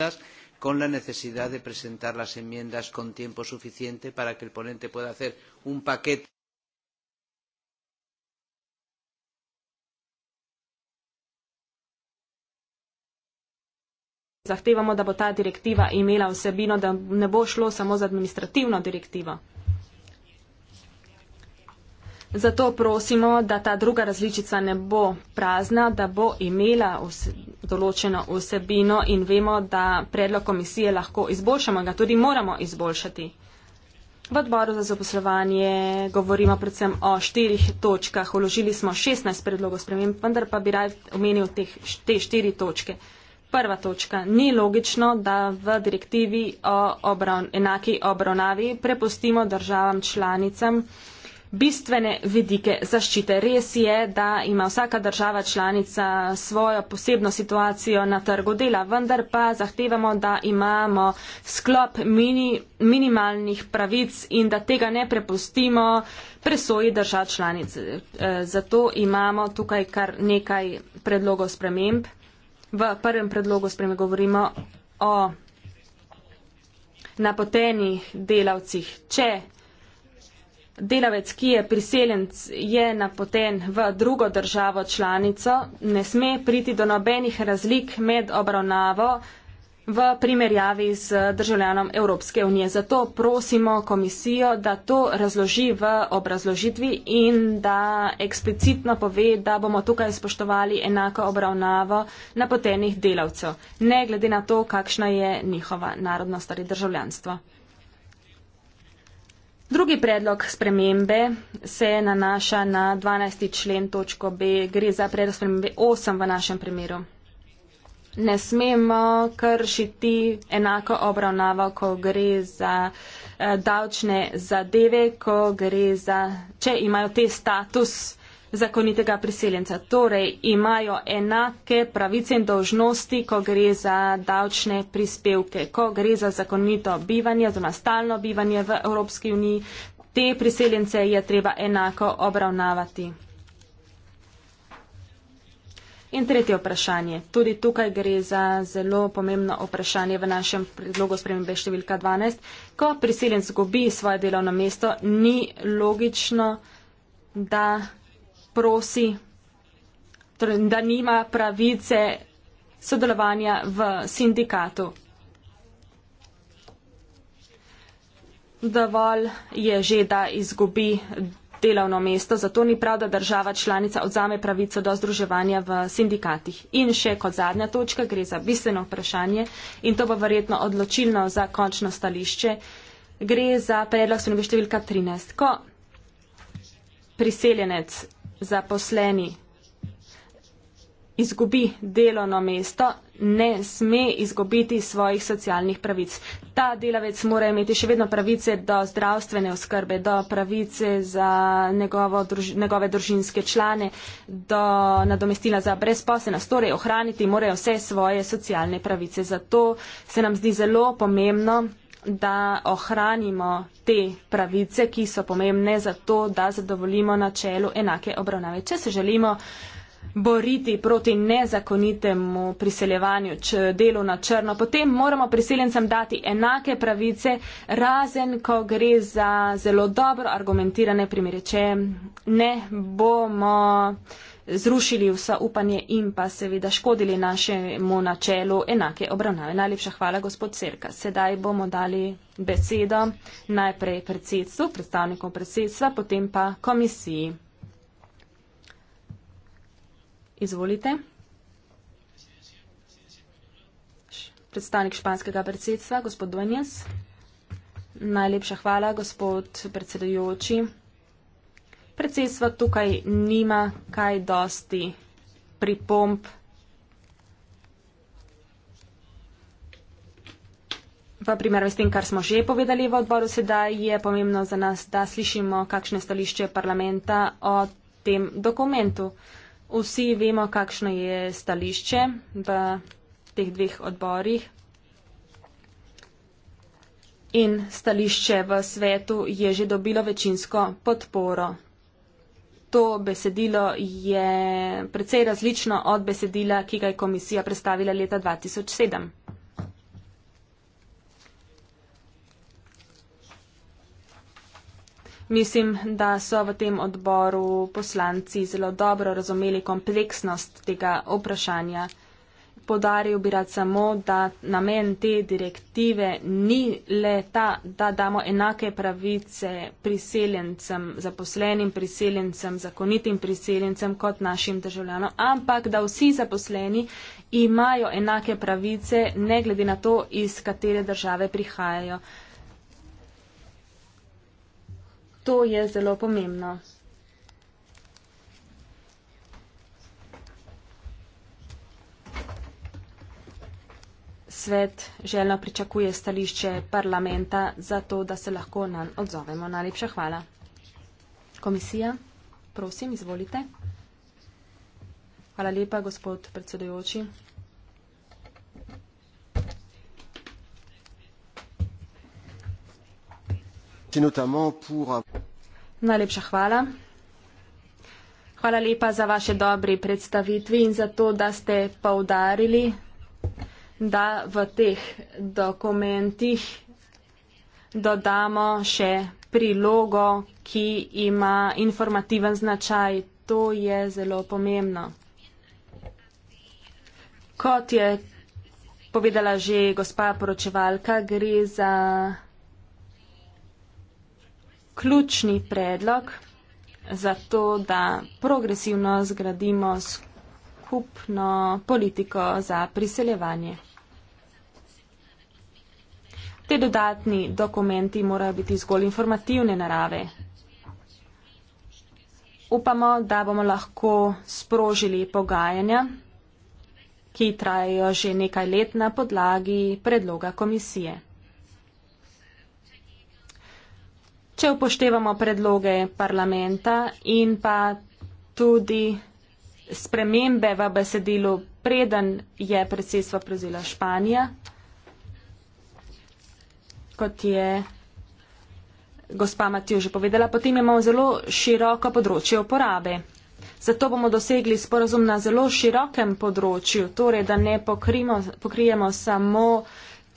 enmiendas con la necesidad de presentar las enmiendas con tiempo suficiente para que el ponente pueda hacer un paquete. Zahtevamo, da bo ta direktiva imela vsebino, da ne bo šlo samo za administrativno direktivo. Zato prosimo, da ta druga različica ne bo prazna, da bo imela vse, določeno vsebino in vemo, da predlog komisije lahko izboljšamo in ga tudi moramo izboljšati. V odboru za zaposlovanje govorimo predvsem o štirih točkah. Uložili smo 16 predlogov sprememb, vendar pa bi rad omenil teh, te štiri točke. Prva točka. Ni logično, da v direktivi o obravn, enaki obravnavi prepustimo državam članicam bistvene vidike zaščite. Res je, da ima vsaka država članica svojo posebno situacijo na trgu dela, vendar pa zahtevamo, da imamo sklop mini, minimalnih pravic in da tega ne prepustimo presoji držav članic. E, zato imamo tukaj kar nekaj predlogov sprememb. V prvem predlogu sprememb govorimo o napotenih delavcih. Če delavec, ki je priseljenc, je napoten v drugo državo članico, ne sme priti do nobenih razlik med obravnavo v primerjavi z državljanom Evropske unije. Zato prosimo komisijo, da to razloži v obrazložitvi in da eksplicitno pove, da bomo tukaj spoštovali enako obravnavo napotenih delavcev, ne glede na to, kakšna je njihova narodnost ali državljanstvo. Drugi predlog spremembe se nanaša na 12. člen točko B. Gre za predlog spremembe 8 v našem primeru. Ne smemo kršiti enako obravnavo, ko gre za eh, davčne zadeve, ko gre za, če imajo te status zakonitega priseljenca. Torej imajo enake pravice in dožnosti, ko gre za davčne prispevke, ko gre za zakonito bivanje oziroma stalno bivanje v Evropski uniji. Te priseljence je treba enako obravnavati. In tretje vprašanje. Tudi tukaj gre za zelo pomembno vprašanje v našem predlogu spremembe številka 12. Ko priseljenc gobi svoje delovno mesto, ni logično, da prosi, torej, da nima pravice sodelovanja v sindikatu. Dovolj je že, da izgubi delovno mesto, zato ni prav, da država članica odzame pravico do združevanja v sindikatih. In še kot zadnja točka gre za bistveno vprašanje in to bo verjetno odločilno za končno stališče. Gre za predlog spremembe številka 13. Ko priseljenec zaposleni izgubi delovno mesto, ne sme izgubiti svojih socialnih pravic. Ta delavec mora imeti še vedno pravice do zdravstvene oskrbe, do pravice za druž njegove družinske člane, do nadomestila za brezposenost, torej ohraniti morajo vse svoje socialne pravice. Zato se nam zdi zelo pomembno, da ohranimo te pravice, ki so pomembne za to, da zadovoljimo načelu enake obravnave. Če se želimo boriti proti nezakonitemu priseljevanju, če delo na črno, potem moramo priseljencem dati enake pravice, razen ko gre za zelo dobro argumentirane primere. Če ne bomo zrušili vsa upanje in pa seveda škodili našemu načelu enake obravnave. Najlepša hvala, gospod Cerka. Sedaj bomo dali besedo najprej predsedstvu, predstavnikom predsedstva, potem pa komisiji. Izvolite. Predstavnik španskega predsedstva, gospod Duenjes. Najlepša hvala, gospod predsedujoči predsedstva tukaj nima kaj dosti pripomp. V primeru s tem, kar smo že povedali v odboru sedaj, je pomembno za nas, da slišimo, kakšne stališče parlamenta o tem dokumentu. Vsi vemo, kakšno je stališče v teh dveh odborih. In stališče v svetu je že dobilo večinsko podporo to besedilo je precej različno od besedila, ki ga je komisija predstavila leta 2007. Mislim, da so v tem odboru poslanci zelo dobro razumeli kompleksnost tega vprašanja. Podaril bi rad samo, da namen te direktive ni le ta, da damo enake pravice priseljencem, zaposlenim priseljencem, zakonitim priseljencem kot našim državljanom, ampak da vsi zaposleni imajo enake pravice, ne glede na to, iz katere države prihajajo. To je zelo pomembno. svet željno pričakuje stališče parlamenta za to, da se lahko nam odzovemo. Najlepša hvala. Komisija, prosim, izvolite. Hvala lepa, gospod predsedujoči. Pour... Najlepša hvala. Hvala lepa za vaše dobre predstavitvi in za to, da ste povdarili da v teh dokumentih dodamo še prilogo, ki ima informativen značaj. To je zelo pomembno. Kot je povedala že gospa poročevalka, gre za ključni predlog za to, da progresivno zgradimo skupno politiko za priseljevanje. Te dodatni dokumenti morajo biti zgolj informativne narave. Upamo, da bomo lahko sprožili pogajanja, ki trajajo že nekaj let na podlagi predloga komisije. Če upoštevamo predloge parlamenta in pa tudi spremembe v besedilu, preden je predsedstvo prevzela Španija, kot je gospa Matijo že povedala, potem imamo zelo široko področje uporabe. Zato bomo dosegli sporozum na zelo širokem področju, torej da ne pokrimo, pokrijemo samo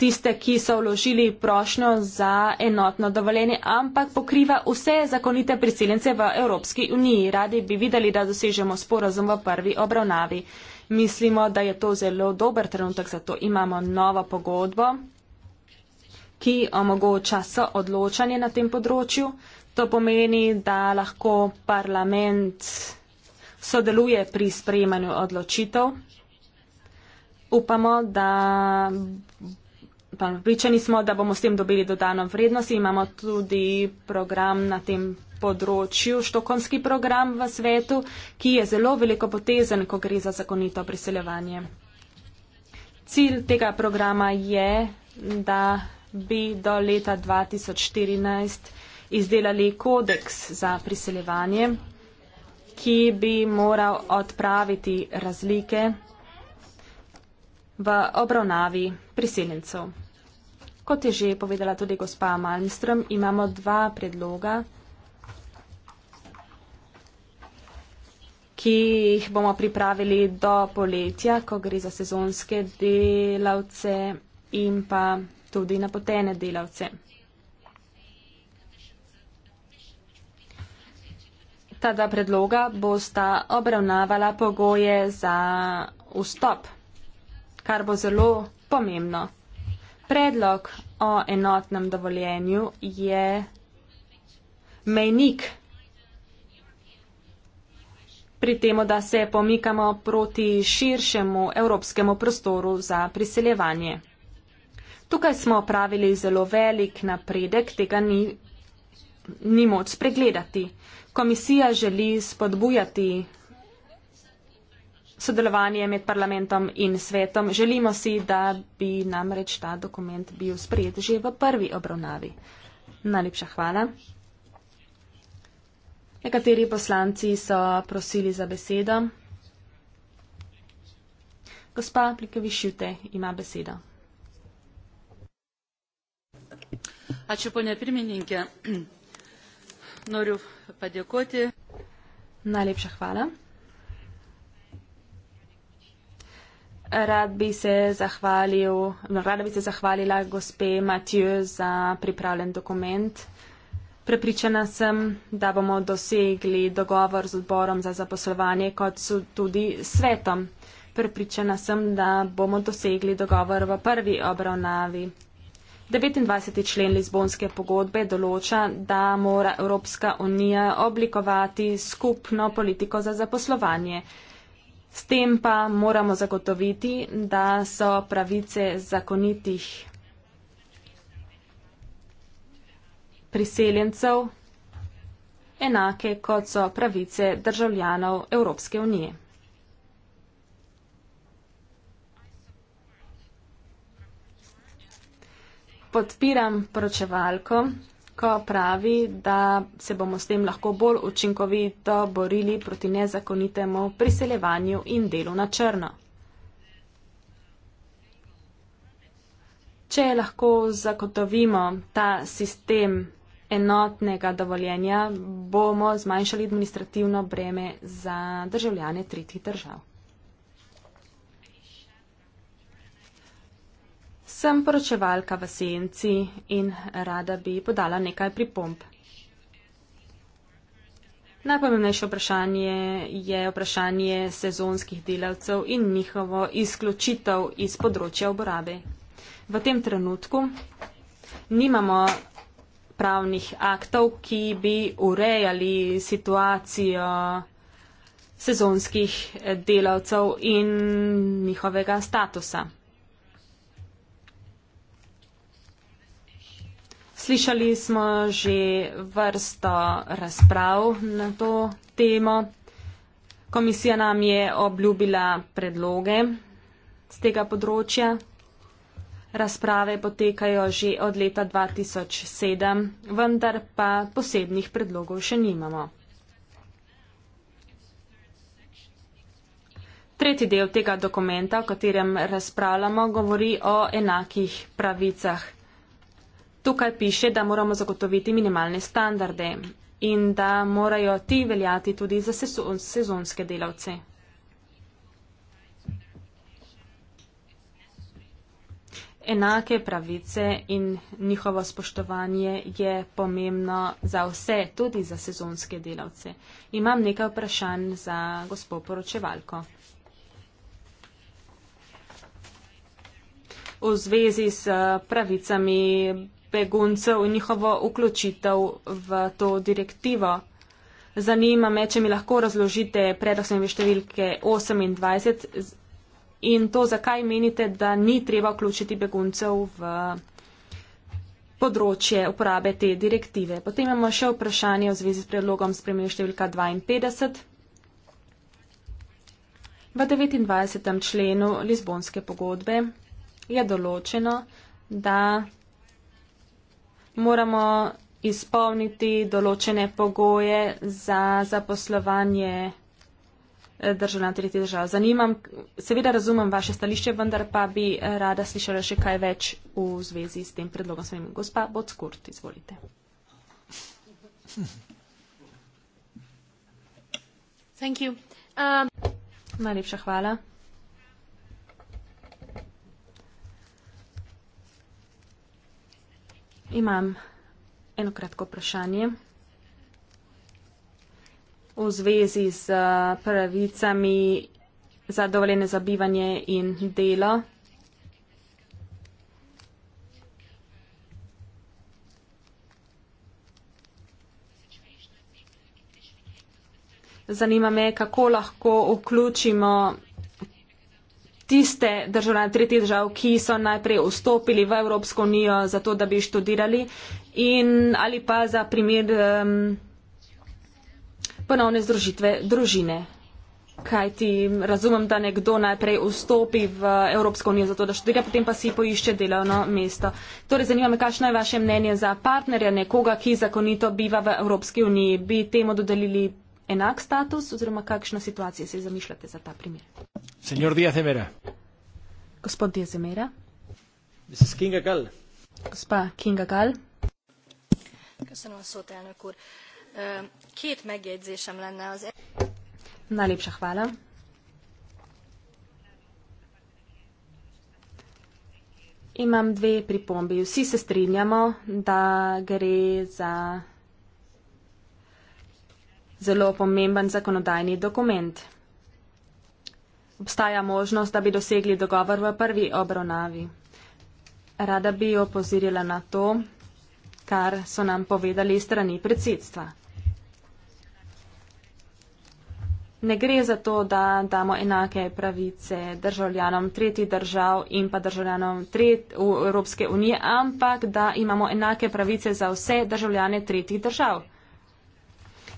tiste, ki so vložili prošnjo za enotno dovoljenje, ampak pokriva vse zakonite priseljence v Evropski uniji. Radi bi videli, da dosežemo sporozum v prvi obravnavi. Mislimo, da je to zelo dober trenutek, zato imamo novo pogodbo ki omogoča soodločanje na tem področju. To pomeni, da lahko parlament sodeluje pri sprejemanju odločitev. Upamo, da. Pričani smo, da bomo s tem dobili dodano vrednost. Imamo tudi program na tem področju, štokonski program v svetu, ki je zelo veliko potezen, ko gre za zakonito priseljevanje. Cilj tega programa je, da bi do leta 2014 izdelali kodeks za priseljevanje, ki bi moral odpraviti razlike v obravnavi priseljencev. Kot je že povedala tudi gospa Malmström, imamo dva predloga, ki jih bomo pripravili do poletja, ko gre za sezonske delavce in pa tudi napotene delavce. Ta dva predloga bosta obravnavala pogoje za vstop, kar bo zelo pomembno. Predlog o enotnem dovoljenju je mejnik pri tem, da se pomikamo proti širšemu evropskemu prostoru za priseljevanje. Tukaj smo opravili zelo velik napredek, tega ni, ni moč spregledati. Komisija želi spodbujati sodelovanje med parlamentom in svetom. Želimo si, da bi namreč ta dokument bil sprejet že v prvi obravnavi. Najlepša hvala. Nekateri poslanci so prosili za besedo. Gospa Plikevišute ima besedo noriu padėkoti najlepša hvala rad bi se zahvalil rada bi se zahvalila gospe Matiju za pripravljen dokument prepričana sem da bomo dosegli dogovor z odborom za zaposlovanje kot so tudi svetom prepričana sem da bomo dosegli dogovor v prvi obravnavi 29. člen Lizbonske pogodbe določa, da mora Evropska unija oblikovati skupno politiko za zaposlovanje. S tem pa moramo zagotoviti, da so pravice zakonitih priseljencev enake kot so pravice državljanov Evropske unije. podpiram poročevalko, ko pravi, da se bomo s tem lahko bolj učinkovito borili proti nezakonitemu priseljevanju in delu na črno. Če lahko zagotovimo ta sistem enotnega dovoljenja, bomo zmanjšali administrativno breme za državljane tretjih držav. Sem poročevalka v senci in rada bi podala nekaj pripomp. Najpomembnejše vprašanje je vprašanje sezonskih delavcev in njihovo izključitev iz področja uporabe. V tem trenutku nimamo pravnih aktov, ki bi urejali situacijo sezonskih delavcev in njihovega statusa. Slišali smo že vrsto razprav na to temo. Komisija nam je obljubila predloge z tega področja. Razprave potekajo že od leta 2007, vendar pa posebnih predlogov še nimamo. Tretji del tega dokumenta, o katerem razpravljamo, govori o enakih pravicah Tukaj piše, da moramo zagotoviti minimalne standarde in da morajo ti veljati tudi za sezonske delavce. Enake pravice in njihovo spoštovanje je pomembno za vse, tudi za sezonske delavce. Imam nekaj vprašanj za gospod poročevalko. V zvezi s pravicami beguncev in njihovo vključitev v to direktivo. Zanima me, če mi lahko razložite predosebne številke 28 in to, zakaj menite, da ni treba vključiti beguncev v področje uporabe te direktive. Potem imamo še vprašanje v zvezi s predlogom spremenja številka 52 v 29. členu Lizbonske pogodbe je določeno, da moramo izpolniti določene pogoje za zaposlovanje eh, državljan tretji držav. Zanimam, seveda razumem vaše stališče, vendar pa bi rada slišala še kaj več v zvezi s tem predlogom svojim. Gospa Bockurt, izvolite. Thank you. Um, Najlepša hvala. Imam eno kratko vprašanje v zvezi z eh, pravicami za dovoljene za bivanje in delo. Zanima me, kako lahko vključimo tiste državljane tretjih držav, ki so najprej vstopili v Evropsko unijo za to, da bi študirali in ali pa za primer um, ponovne združitve družine. Kaj ti razumem, da nekdo najprej vstopi v Evropsko unijo za to, da študira, potem pa si poišče delovno mesto. Torej, zanima me, kakšno je vaše mnenje za partnerja nekoga, ki zakonito biva v Evropski uniji. Bi temu dodelili enak status oziroma kakšna situacija se zamišljate za ta primer? Senjor Díaz Emera. Gospod Díaz Emera. Mrs. Kinga Gal. Gospa Kinga Gal. Köszönöm a szót, elnök úr. Két megjegyzésem lenne az... E- Najlepša hvala. Imam dve pripombi. Vsi se strinjamo, da gre za zelo pomemben zakonodajni dokument. Obstaja možnost, da bi dosegli dogovor v prvi obravnavi. Rada bi opozirila na to, kar so nam povedali strani predsedstva. Ne gre za to, da damo enake pravice državljanom tretjih držav in pa državljanom tret, Evropske unije, ampak da imamo enake pravice za vse državljane tretjih držav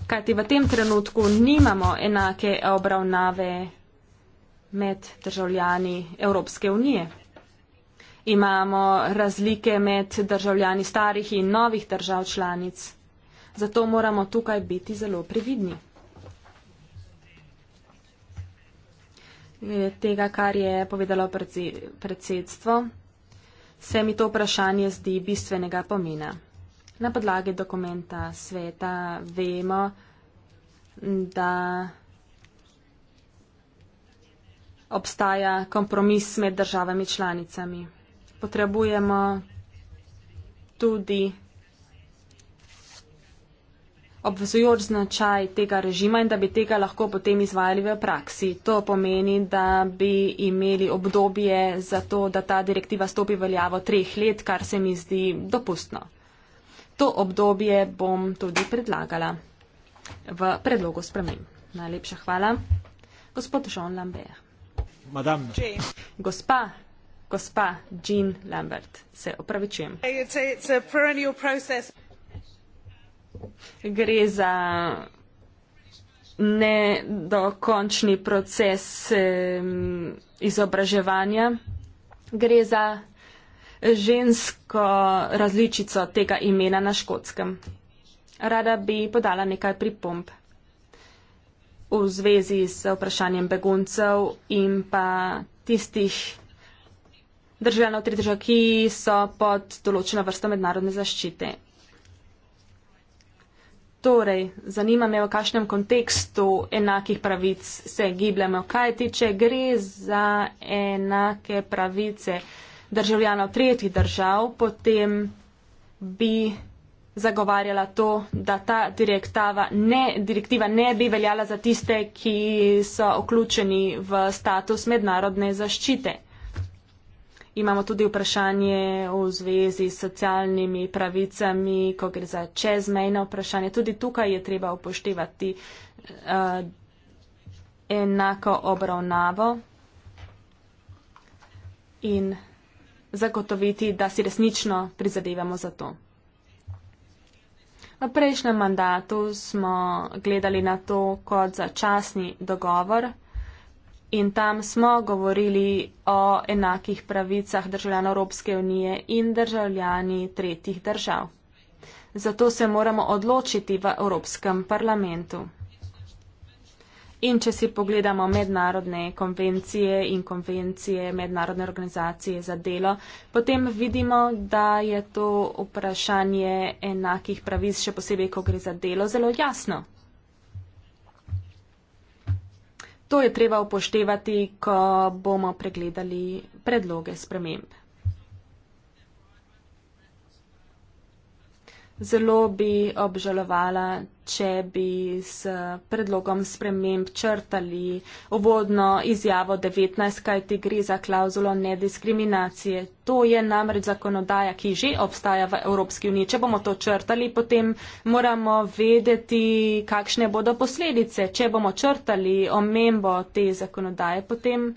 kajti v tem trenutku nimamo enake obravnave med državljani Evropske unije. Imamo razlike med državljani starih in novih držav članic. Zato moramo tukaj biti zelo previdni. Tega, kar je povedalo predsedstvo, se mi to vprašanje zdi bistvenega pomena. Na podlagi dokumenta sveta vemo, da obstaja kompromis med državami članicami. Potrebujemo tudi obvezujoč značaj tega režima in da bi tega lahko potem izvajali v praksi. To pomeni, da bi imeli obdobje za to, da ta direktiva stopi veljavo treh let, kar se mi zdi dopustno. To obdobje bom tudi predlagala v predlogu spremem. Najlepša hvala. Gospod Jean Lambert. Madame. Gospa. Gospa Jean Lambert, se opravičujem. Gre za nedokončni proces izobraževanja. Gre za žensko različico tega imena na škotskem. Rada bi podala nekaj pripomb v zvezi s vprašanjem beguncev in pa tistih državljanov tri držav, ki so pod določeno vrsto mednarodne zaščite. Torej, zanima me, v kakšnem kontekstu enakih pravic se gibljamo, kaj tiče gre za enake pravice državljanov tretjih držav, potem bi zagovarjala to, da ta direktava ne, direktiva ne bi veljala za tiste, ki so vključeni v status mednarodne zaščite. Imamo tudi vprašanje v zvezi s socialnimi pravicami, ko gre za čezmejno vprašanje. Tudi tukaj je treba upoštevati uh, enako obravnavo. In zagotoviti, da si resnično prizadevamo za to. V prejšnjem mandatu smo gledali na to kot začasni dogovor in tam smo govorili o enakih pravicah državljanov Evropske unije in državljani tretjih držav. Zato se moramo odločiti v Evropskem parlamentu. In če si pogledamo mednarodne konvencije in konvencije mednarodne organizacije za delo, potem vidimo, da je to vprašanje enakih pravic, še posebej, ko gre za delo, zelo jasno. To je treba upoštevati, ko bomo pregledali predloge sprememb. Zelo bi obžalovala, če bi s predlogom sprememb črtali uvodno izjavo 19, kajti gre za klauzulo nediskriminacije. To je namreč zakonodaja, ki že obstaja v Evropski uniji. Če bomo to črtali, potem moramo vedeti, kakšne bodo posledice. Če bomo črtali omembo te zakonodaje, potem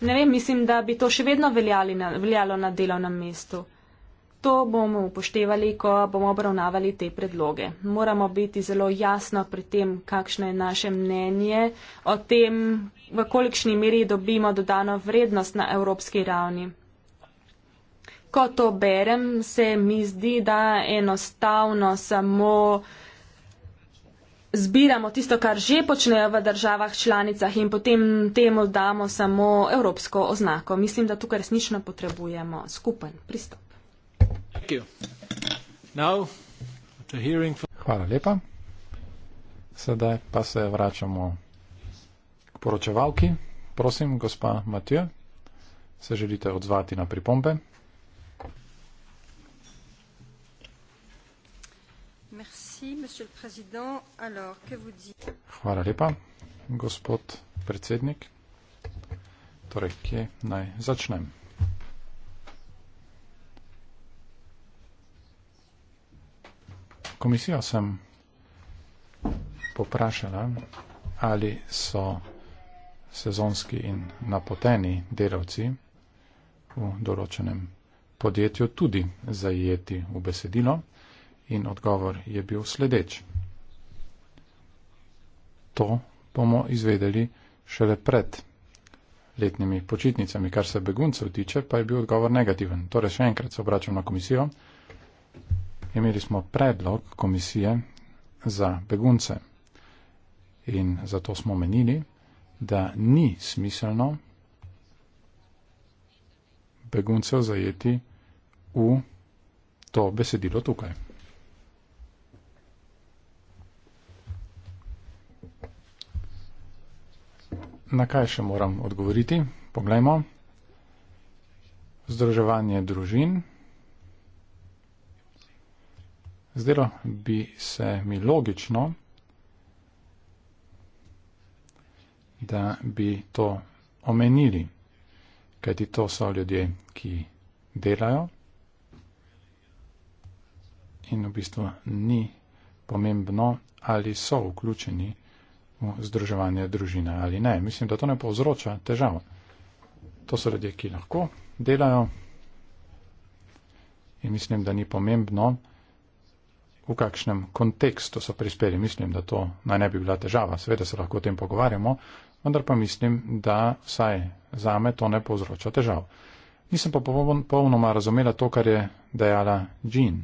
ne vem, mislim, da bi to še vedno veljali na, veljalo na delovnem mestu. To bomo upoštevali, ko bomo obravnavali te predloge. Moramo biti zelo jasno pri tem, kakšno je naše mnenje o tem, v kolikšni meri dobimo dodano vrednost na evropski ravni. Ko to berem, se mi zdi, da enostavno samo zbiramo tisto, kar že počnejo v državah članicah in potem temu damo samo evropsko oznako. Mislim, da tukaj resnično potrebujemo skupen pristop. Hvala lepa. Sedaj pa se vračamo k poročevalki. Prosim, gospa Matija, se želite odzvati na pripombe? Hvala lepa, gospod predsednik. Torej, kje naj začnem? komisijo sem poprašala, ali so sezonski in napoteni delavci v določenem podjetju tudi zajeti v besedilo in odgovor je bil sledeč. To bomo izvedeli šele pred letnimi počitnicami, kar se beguncev tiče, pa je bil odgovor negativen. Torej, še enkrat se obračam na komisijo imeli smo predlog komisije za begunce. In zato smo menili, da ni smiselno beguncev zajeti v to besedilo tukaj. Na kaj še moram odgovoriti? Poglejmo. Združevanje družin. Zdelo bi se mi logično, da bi to omenili, kajti to so ljudje, ki delajo in v bistvu ni pomembno, ali so vključeni v združevanje družine ali ne. Mislim, da to ne povzroča težav. To so ljudje, ki lahko delajo in mislim, da ni pomembno, v kakšnem kontekstu so prispeli. Mislim, da to naj ne bi bila težava. Seveda se lahko o tem pogovarjamo, vendar pa mislim, da vsaj zame to ne povzroča težav. Nisem pa popolnoma razumela to, kar je dejala Jean.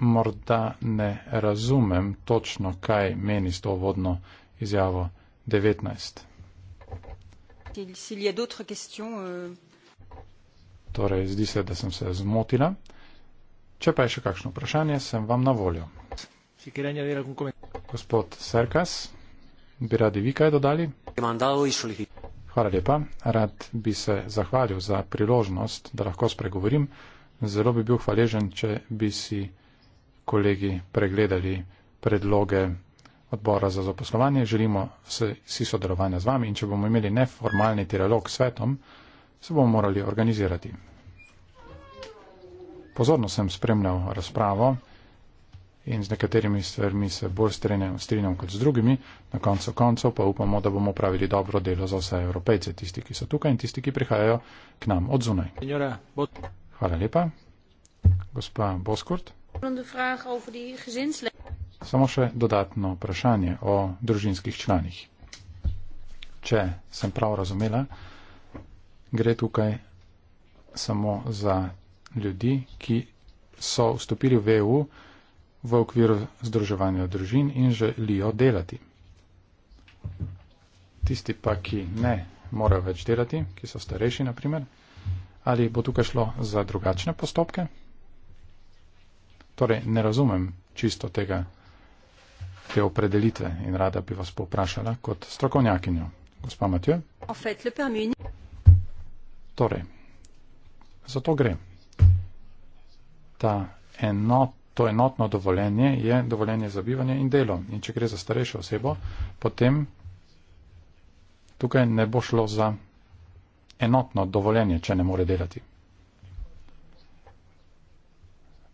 Morda ne razumem točno, kaj meni s to vodno izjavo 19. Euh. Torej, zdi se, da sem se zmotila. Če pa je še kakšno vprašanje, sem vam na voljo. Gospod Serkas, bi radi vi kaj dodali? Hvala lepa. Rad bi se zahvalil za priložnost, da lahko spregovorim. Zelo bi bil hvaležen, če bi si kolegi pregledali predloge odbora za zaposlovanje. Želimo si sodelovanja z vami in če bomo imeli neformalni dialog s svetom, se bomo morali organizirati. Pozorno sem spremljal razpravo in z nekaterimi stvarmi se bolj strenjam, strenjam kot z drugimi. Na koncu koncev pa upamo, da bomo pravili dobro delo za vse evropejce, tisti, ki so tukaj in tisti, ki prihajajo k nam od zunaj. Hvala lepa. Gospa Boskurt. Samo še dodatno vprašanje o družinskih članih. Če sem prav razumela, gre tukaj samo za ljudi, ki so vstopili v EU v okviru združevanja družin in želijo delati. Tisti pa, ki ne morajo več delati, ki so starejši, naprimer, ali bo tukaj šlo za drugačne postopke? Torej, ne razumem čisto tega, te opredelitve in rada bi vas poprašala kot strokovnjakinjo. Gospa Matjo? Torej, zato gre ta enot, to enotno dovoljenje je dovoljenje za bivanje in delo. In če gre za starejšo osebo, potem tukaj ne bo šlo za enotno dovoljenje, če ne more delati.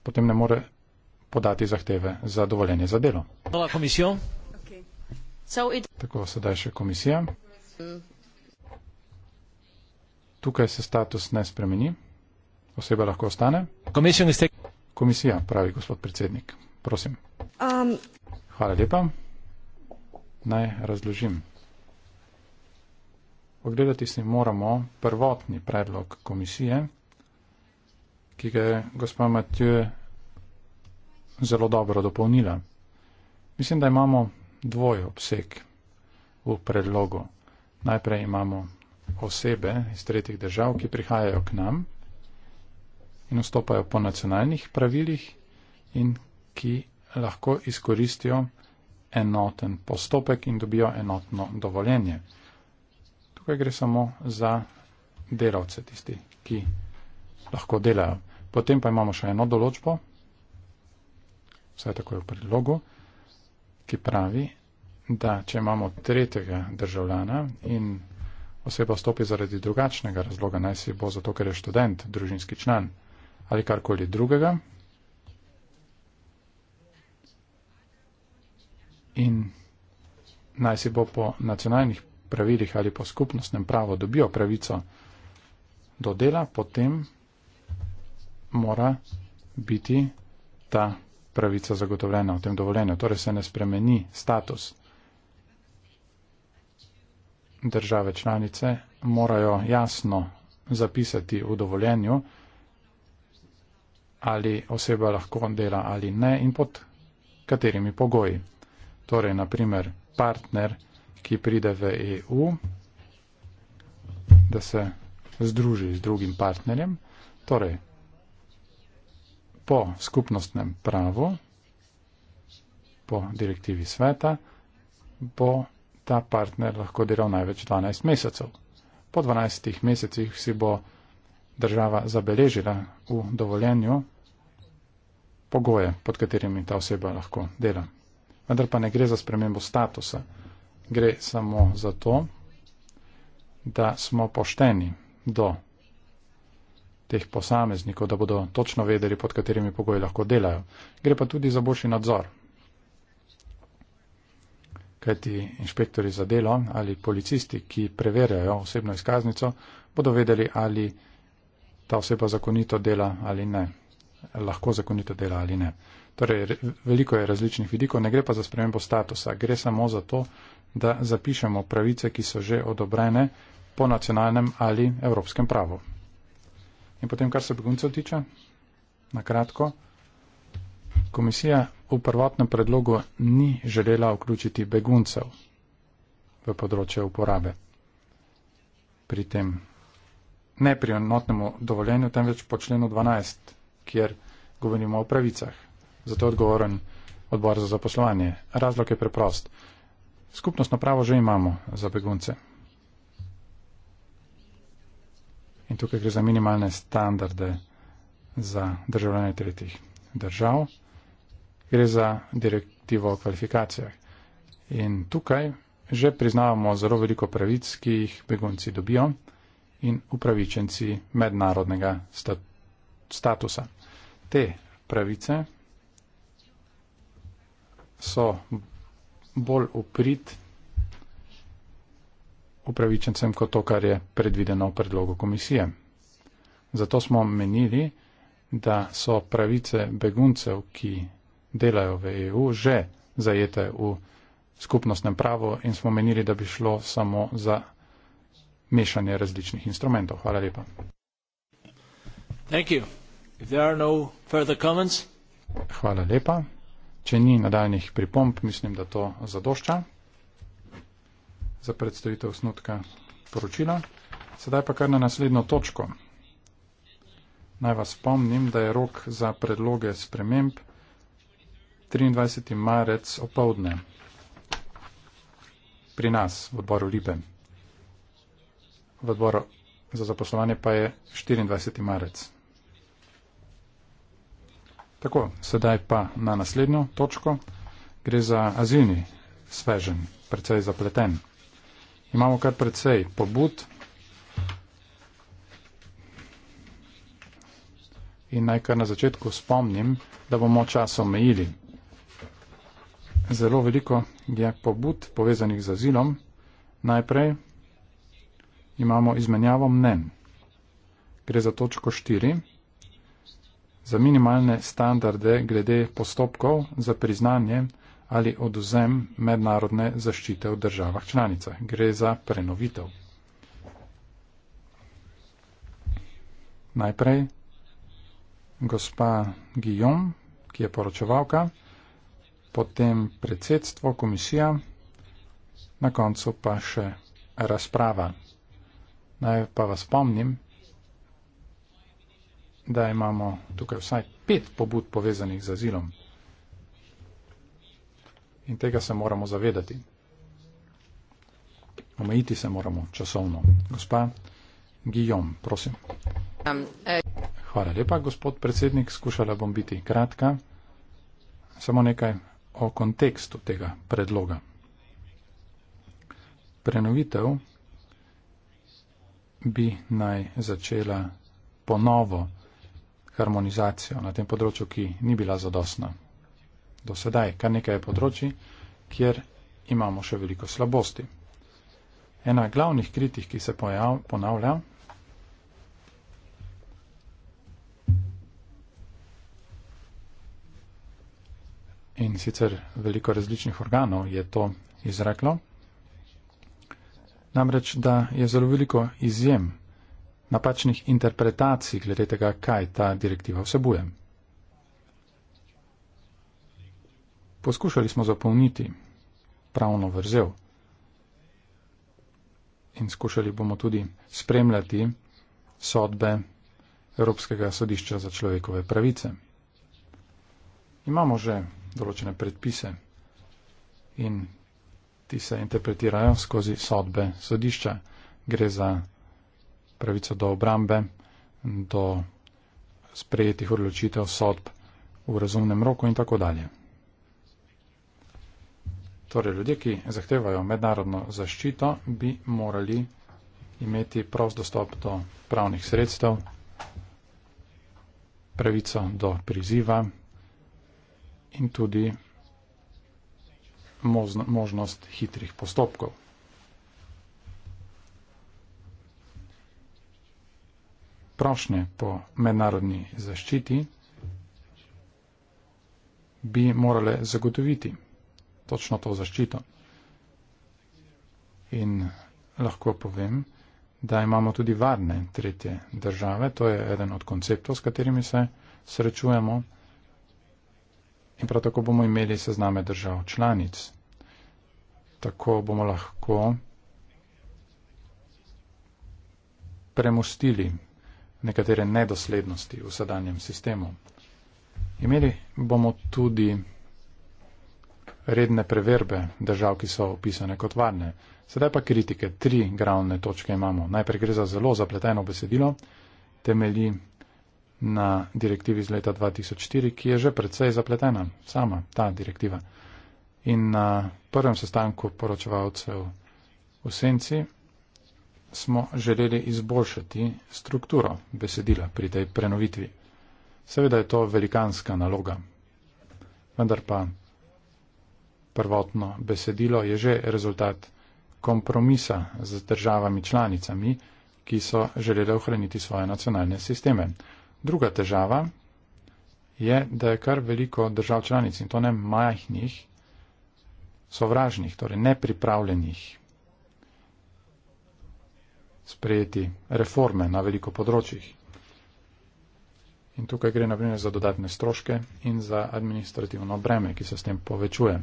Potem ne more podati zahteve za dovoljenje za delo. Nova komisija. Okay. So Tako sedaj še komisija. Tukaj se status ne spremeni oseba lahko ostane. Komisija, pravi gospod predsednik. Prosim. Um. Hvala lepa. Naj razložim. Pogledati si moramo prvotni predlog komisije, ki ga je gospa Matju zelo dobro dopolnila. Mislim, da imamo dvoj obseg v predlogu. Najprej imamo osebe iz tretjih držav, ki prihajajo k nam in vstopajo po nacionalnih pravilih in ki lahko izkoristijo enoten postopek in dobijo enotno dovoljenje. Tukaj gre samo za delavce, tisti, ki lahko delajo. Potem pa imamo še eno določbo, vsaj tako je v predlogu, ki pravi, da če imamo tretjega državljana in oseba vstopi zaradi drugačnega razloga, naj si bo zato, ker je študent, družinski član, ali karkoli drugega. In naj si bo po nacionalnih pravilih ali po skupnostnem pravu dobijo pravico do dela, potem mora biti ta pravica zagotovljena v tem dovoljenju. Torej se ne spremeni status države članice, morajo jasno zapisati v dovoljenju, ali oseba lahko dela ali ne in pod katerimi pogoji. Torej, naprimer, partner, ki pride v EU, da se združi z drugim partnerjem, torej po skupnostnem pravu, po direktivi sveta, bo ta partner lahko delal največ 12 mesecev. Po 12 mesecih si bo država zabeležila v dovoljenju pogoje, pod katerimi ta oseba lahko dela. Vendar pa ne gre za spremembo statusa. Gre samo za to, da smo pošteni do teh posameznikov, da bodo točno vedeli, pod katerimi pogoji lahko delajo. Gre pa tudi za boljši nadzor. Kajti inšpektori za delo ali policisti, ki preverjajo osebno izkaznico, bodo vedeli, ali ta oseba zakonito dela ali ne, lahko zakonito dela ali ne. Torej, veliko je različnih vidikov, ne gre pa za spremembo statusa, gre samo za to, da zapišemo pravice, ki so že odobrene po nacionalnem ali evropskem pravu. In potem, kar se beguncev tiče, na kratko, komisija v prvotnem predlogu ni želela vključiti beguncev v področje uporabe pri tem ne pri enotnemu dovoljenju, temveč po členu 12, kjer govorimo o pravicah. Zato je odgovoren odbor za zaposlovanje. Razlog je preprost. Skupnostno pravo že imamo za begunce. In tukaj gre za minimalne standarde za državljanje tretjih držav. Gre za direktivo o kvalifikacijah. In tukaj že priznavamo zelo veliko pravic, ki jih begunci dobijo in upravičenci mednarodnega statusa. Te pravice so bolj uprit upravičencem kot to, kar je predvideno v predlogu komisije. Zato smo menili, da so pravice beguncev, ki delajo v EU, že zajete v skupnostnem pravu in smo menili, da bi šlo samo za mešanje različnih instrumentov. Hvala lepa. No Hvala lepa. Če ni nadaljnih pripomp, mislim, da to zadošča za predstavitev snutka poročila. Sedaj pa kar na naslednjo točko. Naj vas spomnim, da je rok za predloge sprememb 23. marec opovdne pri nas v odboru Libem v odboru za zaposlovanje pa je 24. marec. Tako, sedaj pa na naslednjo točko. Gre za azilni svežen, precej zapleten. Imamo kar precej pobud in naj kar na začetku spomnim, da bomo čas omejili. Zelo veliko je pobud povezanih z azilom. Najprej imamo izmenjavo mnen. Gre za točko 4, za minimalne standarde glede postopkov za priznanje ali oduzem mednarodne zaščite v državah članicah. Gre za prenovitev. Najprej gospa Guillaume, ki je poročevalka, potem predsedstvo, komisija, na koncu pa še razprava. Naj pa vas spomnim, da imamo tukaj vsaj pet pobud povezanih z azilom. In tega se moramo zavedati. Omejiti se moramo časovno. Gospa Guillaume, prosim. Um, e- Hvala lepa, gospod predsednik. Skušala bom biti kratka. Samo nekaj o kontekstu tega predloga. Prenovitev bi naj začela ponovo harmonizacijo na tem področju, ki ni bila zadosna. Do sedaj kar nekaj je področji, kjer imamo še veliko slabosti. Ena glavnih kritik, ki se pojav, ponavlja, in sicer veliko različnih organov je to izreklo, namreč, da je zelo veliko izjem, napačnih interpretacij glede tega, kaj ta direktiva vsebuje. Poskušali smo zapolniti pravno vrzel in skušali bomo tudi spremljati sodbe Evropskega sodišča za človekove pravice. Imamo že določene predpise in ti se interpretirajo skozi sodbe sodišča. Gre za pravico do obrambe, do sprejetih odločitev sodb v razumnem roku in tako dalje. Torej, ljudje, ki zahtevajo mednarodno zaščito, bi morali imeti prost dostop do pravnih sredstev, pravico do priziva in tudi možnost hitrih postopkov. Prošnje po mednarodni zaščiti bi morale zagotoviti točno to zaščito. In lahko povem, da imamo tudi varne tretje države. To je eden od konceptov, s katerimi se srečujemo in prav tako bomo imeli sezname držav članic. Tako bomo lahko premustili nekatere nedoslednosti v sedanjem sistemu. Imeli bomo tudi redne preverbe držav, ki so opisane kot varne. Sedaj pa kritike. Tri glavne točke imamo. Najprej gre za zelo zapleteno besedilo, temelji na direktivi iz leta 2004, ki je že predvsej zapletena, sama ta direktiva. In na prvem sestanku poročevalcev v Senci smo želeli izboljšati strukturo besedila pri tej prenovitvi. Seveda je to velikanska naloga, vendar pa prvotno besedilo je že rezultat kompromisa z državami članicami, ki so želeli ohraniti svoje nacionalne sisteme. Druga težava je, da je kar veliko držav članic in to ne majhnih, sovražnih, torej nepripravljenih sprejeti reforme na veliko področjih. In tukaj gre naprimer za dodatne stroške in za administrativno breme, ki se s tem povečuje.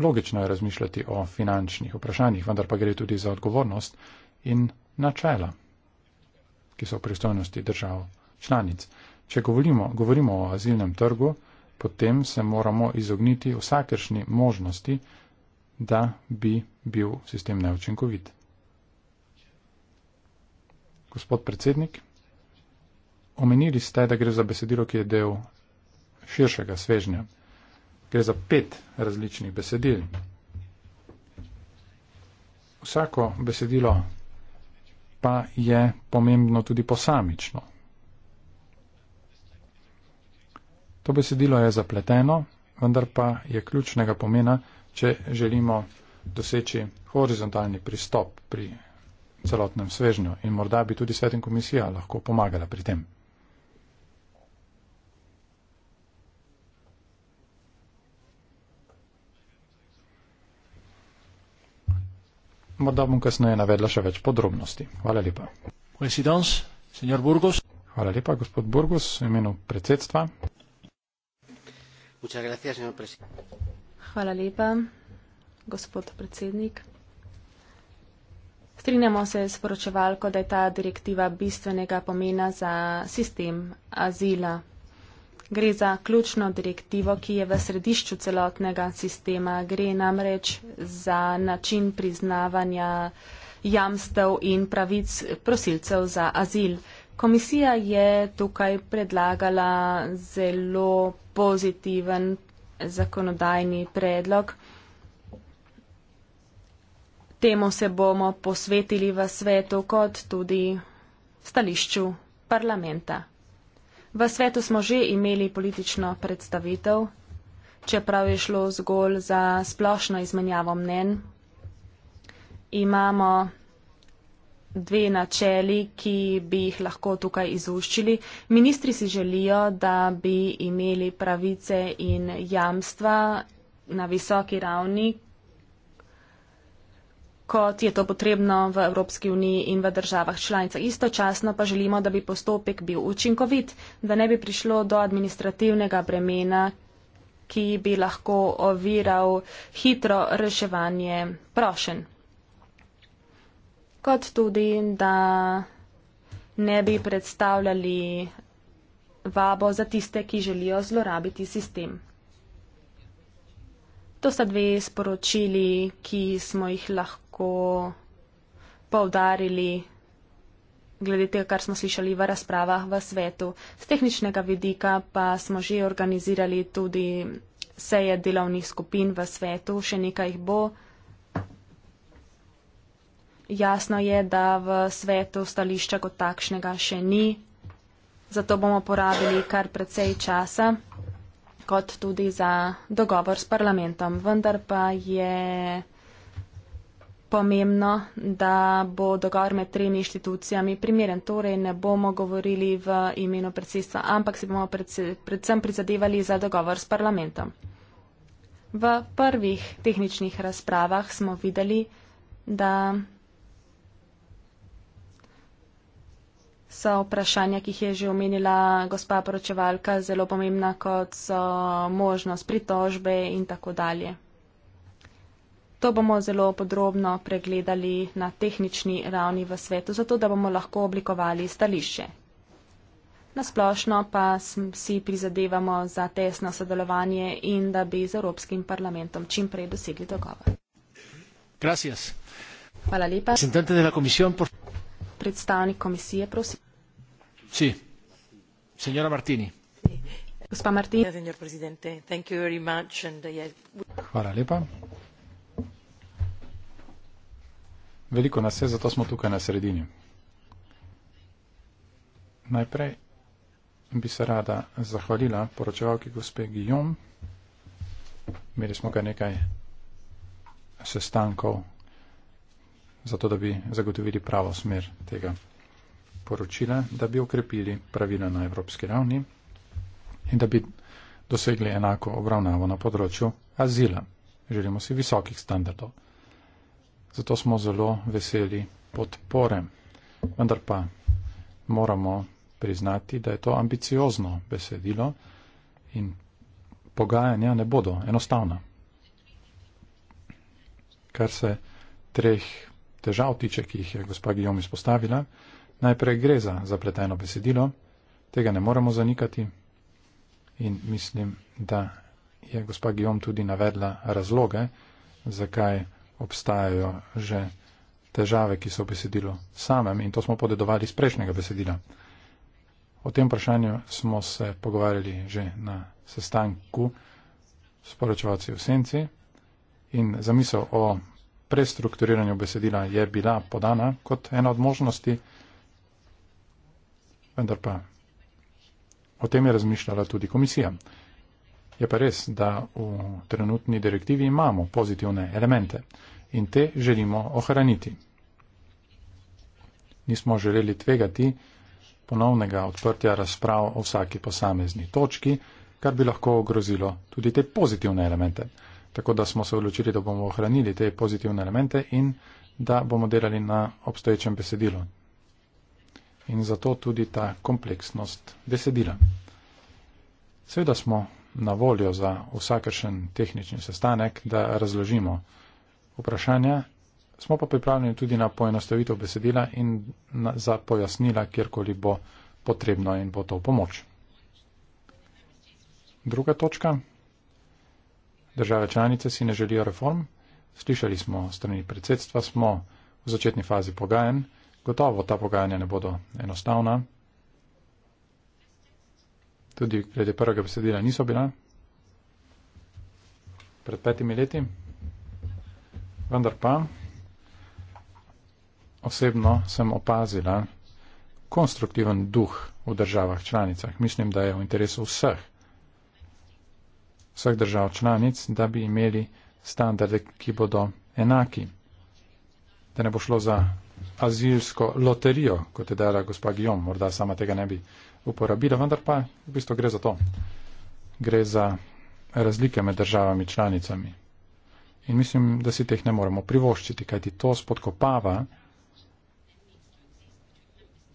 Logično je razmišljati o finančnih vprašanjih, vendar pa gre tudi za odgovornost in načela ki so v pristojnosti držav članic. Če govorimo, govorimo o azilnem trgu, potem se moramo izogniti vsakršni možnosti, da bi bil sistem neučinkovit. Gospod predsednik, omenili ste, da gre za besedilo, ki je del širšega svežnja. Gre za pet različnih besedil. Vsako besedilo pa je pomembno tudi posamično. To besedilo je zapleteno, vendar pa je ključnega pomena, če želimo doseči horizontalni pristop pri celotnem svežnju in morda bi tudi svetem komisija lahko pomagala pri tem. Morda bom kasneje navedla še več podrobnosti. Hvala lepa. Hvala lepa, gospod Burgos, v imenu predsedstva. Hvala lepa, gospod predsednik. Strinjamo se s poročevalko, da je ta direktiva bistvenega pomena za sistem azila Gre za ključno direktivo, ki je v središču celotnega sistema. Gre namreč za način priznavanja jamstev in pravic prosilcev za azil. Komisija je tukaj predlagala zelo pozitiven zakonodajni predlog. Temu se bomo posvetili v svetu kot tudi stališču parlamenta. V svetu smo že imeli politično predstavitev, čeprav je šlo zgolj za splošno izmenjavo mnen. Imamo dve načeli, ki bi jih lahko tukaj izuščili. Ministri si želijo, da bi imeli pravice in jamstva na visoki ravni, kot je to potrebno v Evropski uniji in v državah članicah. Istočasno pa želimo, da bi postopek bil učinkovit, da ne bi prišlo do administrativnega bremena, ki bi lahko oviral hitro reševanje prošen. Kot tudi, da ne bi predstavljali vabo za tiste, ki želijo zlorabiti sistem. To sta dve sporočili, ki smo jih lahko lahko povdarili, glede tega, kar smo slišali v razpravah v svetu. Z tehničnega vidika pa smo že organizirali tudi seje delovnih skupin v svetu, še nekaj jih bo. Jasno je, da v svetu stališča kot takšnega še ni, zato bomo porabili kar precej časa, kot tudi za dogovor s parlamentom. Vendar pa je pomembno, da bo dogovor med tremi inštitucijami primeren. Torej ne bomo govorili v imenu predsedstva, ampak se bomo predvsem prizadevali za dogovor s parlamentom. V prvih tehničnih razpravah smo videli, da so vprašanja, ki jih je že omenila gospa poročevalka, zelo pomembna, kot so možnost pritožbe in tako dalje. To bomo zelo podrobno pregledali na tehnični ravni v svetu, zato da bomo lahko oblikovali stališče. Nasplošno pa si prizadevamo za tesno sodelovanje in da bi z Evropskim parlamentom čim prej dosegli dogovor. Gracias. Hvala lepa. Comisión, por... Predstavnik komisije, prosim. Si. Senjora Martini. Gospa Martini. Uh, Hvala lepa. Veliko nas je, zato smo tukaj na sredini. Najprej bi se rada zahvalila poročevalki gospe Gijom. Imeli smo kar nekaj sestankov, zato da bi zagotovili pravo smer tega poročila, da bi okrepili pravila na evropski ravni in da bi dosegli enako obravnavo na področju azila. Želimo si visokih standardov. Zato smo zelo veseli podpore. Vendar pa moramo priznati, da je to ambiciozno besedilo in pogajanja ne bodo enostavna. Kar se treh težav tiče, ki jih je gospa Gijom izpostavila, najprej gre za zapleteno besedilo, tega ne moremo zanikati in mislim, da je gospa Gijom tudi navedla razloge, zakaj je obstajajo že težave, ki so v besedilu samem in to smo podedovali iz prejšnjega besedila. O tem vprašanju smo se pogovarjali že na sestanku s poročevalci v Senci in zamisel o prestrukturiranju besedila je bila podana kot ena od možnosti, vendar pa o tem je razmišljala tudi komisija. Je pa res, da v trenutni direktivi imamo pozitivne elemente in te želimo ohraniti. Nismo želeli tvegati ponovnega odprtja razprav o vsaki posamezni točki, kar bi lahko ogrozilo tudi te pozitivne elemente. Tako da smo se odločili, da bomo ohranili te pozitivne elemente in da bomo delali na obstoječem besedilu. In zato tudi ta kompleksnost besedila. Seveda smo na voljo za vsakršen tehnični sestanek, da razložimo vprašanja. Smo pa pripravljeni tudi na poenostavitev besedila in na, za pojasnila, kjerkoli bo potrebno in bo to v pomoč. Druga točka. Države članice si ne želijo reform. Slišali smo strani predsedstva, smo v začetni fazi pogajen. Gotovo ta pogajanja ne bodo enostavna tudi glede prvega besedila niso bila pred petimi leti. Vendar pa osebno sem opazila konstruktiven duh v državah članicah. Mislim, da je v interesu vseh, vseh držav članic, da bi imeli standarde, ki bodo enaki. Da ne bo šlo za azilsko loterijo, kot je dala gospa Gijom, morda sama tega ne bi uporabila, vendar pa v bistvu gre za to. Gre za razlike med državami članicami. In mislim, da si teh ne moremo privoščiti, kajti to spodkopava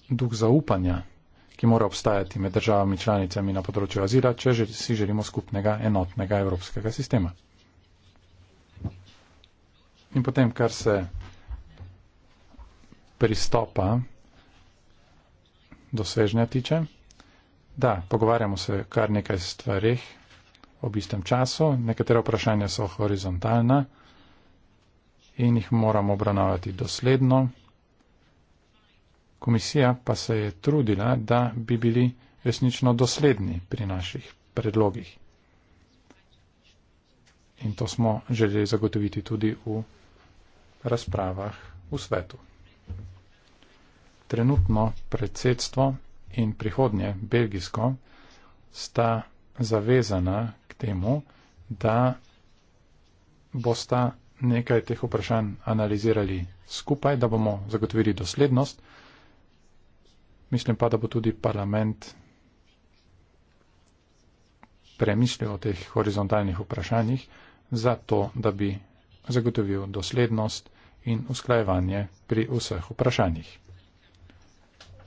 duh zaupanja, ki mora obstajati med državami članicami na področju azila, če si želimo skupnega enotnega evropskega sistema. In potem, kar se pristopa do svežnja tiče. Da, pogovarjamo se kar nekaj stvarih ob istem času. Nekatera vprašanja so horizontalna in jih moramo obravnavati dosledno. Komisija pa se je trudila, da bi bili resnično dosledni pri naših predlogih. In to smo želeli zagotoviti tudi v razpravah v svetu trenutno predsedstvo in prihodnje belgijsko sta zavezana k temu, da bosta nekaj teh vprašanj analizirali skupaj, da bomo zagotovili doslednost. Mislim pa, da bo tudi parlament premislil o teh horizontalnih vprašanjih za to, da bi zagotovil doslednost in usklajevanje pri vseh vprašanjih.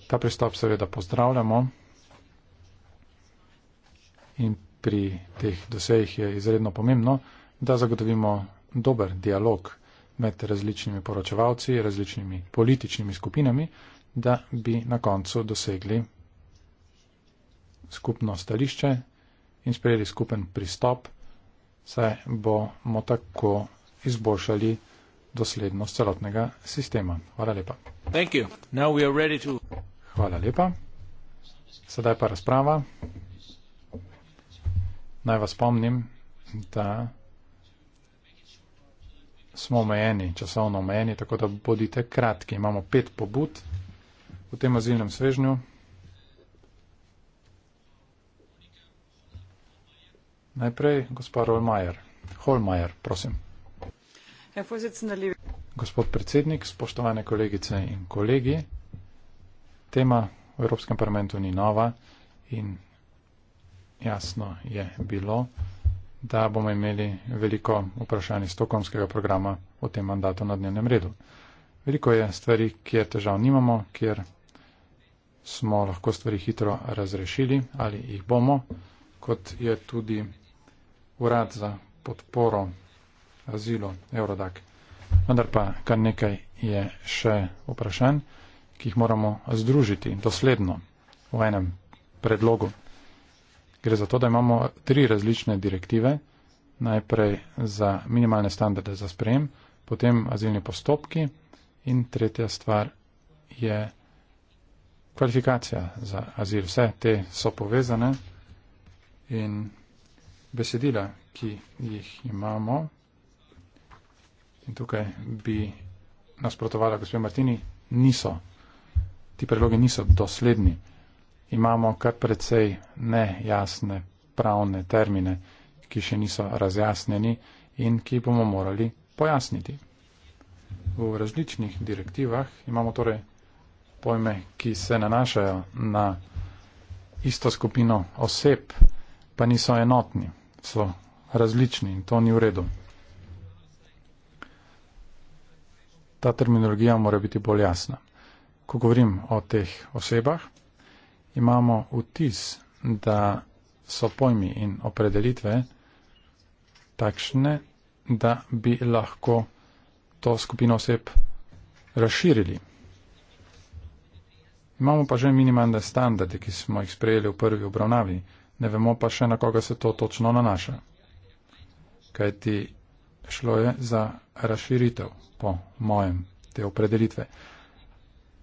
Ta pristop seveda pozdravljamo in pri teh dosejih je izredno pomembno, da zagotovimo dober dialog med različnimi poročevalci, različnimi političnimi skupinami, da bi na koncu dosegli skupno stališče in sprejeli skupen pristop, saj bomo tako izboljšali doslednost celotnega sistema. Hvala lepa. Hvala lepa. Sedaj pa razprava. Naj vas spomnim, da smo omejeni, časovno omejeni, tako da bodite kratki. Imamo pet pobud v tem azilnem svežnju. Najprej gospod Holmajer. Holmajer, prosim. Gospod predsednik, spoštovane kolegice in kolegi tema v Evropskem parlamentu ni nova in jasno je bilo, da bomo imeli veliko vprašanj iz stokholmskega programa o tem mandatu na dnevnem redu. Veliko je stvari, kjer težav nimamo, kjer smo lahko stvari hitro razrešili ali jih bomo, kot je tudi urad za podporo azilo Eurodak. Vendar pa kar nekaj je še vprašanj ki jih moramo združiti dosledno v enem predlogu. Gre za to, da imamo tri različne direktive. Najprej za minimalne standarde za sprejem, potem azilni postopki in tretja stvar je kvalifikacija za azil. Vse te so povezane in besedila, ki jih imamo. In tukaj bi nasprotovala gospod Martini, niso ti predlogi niso dosledni. Imamo kar precej nejasne pravne termine, ki še niso razjasneni in ki bomo morali pojasniti. V različnih direktivah imamo torej pojme, ki se nanašajo na isto skupino oseb, pa niso enotni, so različni in to ni v redu. Ta terminologija mora biti bolj jasna ko govorim o teh osebah, imamo vtis, da so pojmi in opredelitve takšne, da bi lahko to skupino oseb razširili. Imamo pa že minimalne standarde, ki smo jih sprejeli v prvi obravnavi, ne vemo pa še, na koga se to točno nanaša. Kajti šlo je za razširitev po mojem te opredelitve.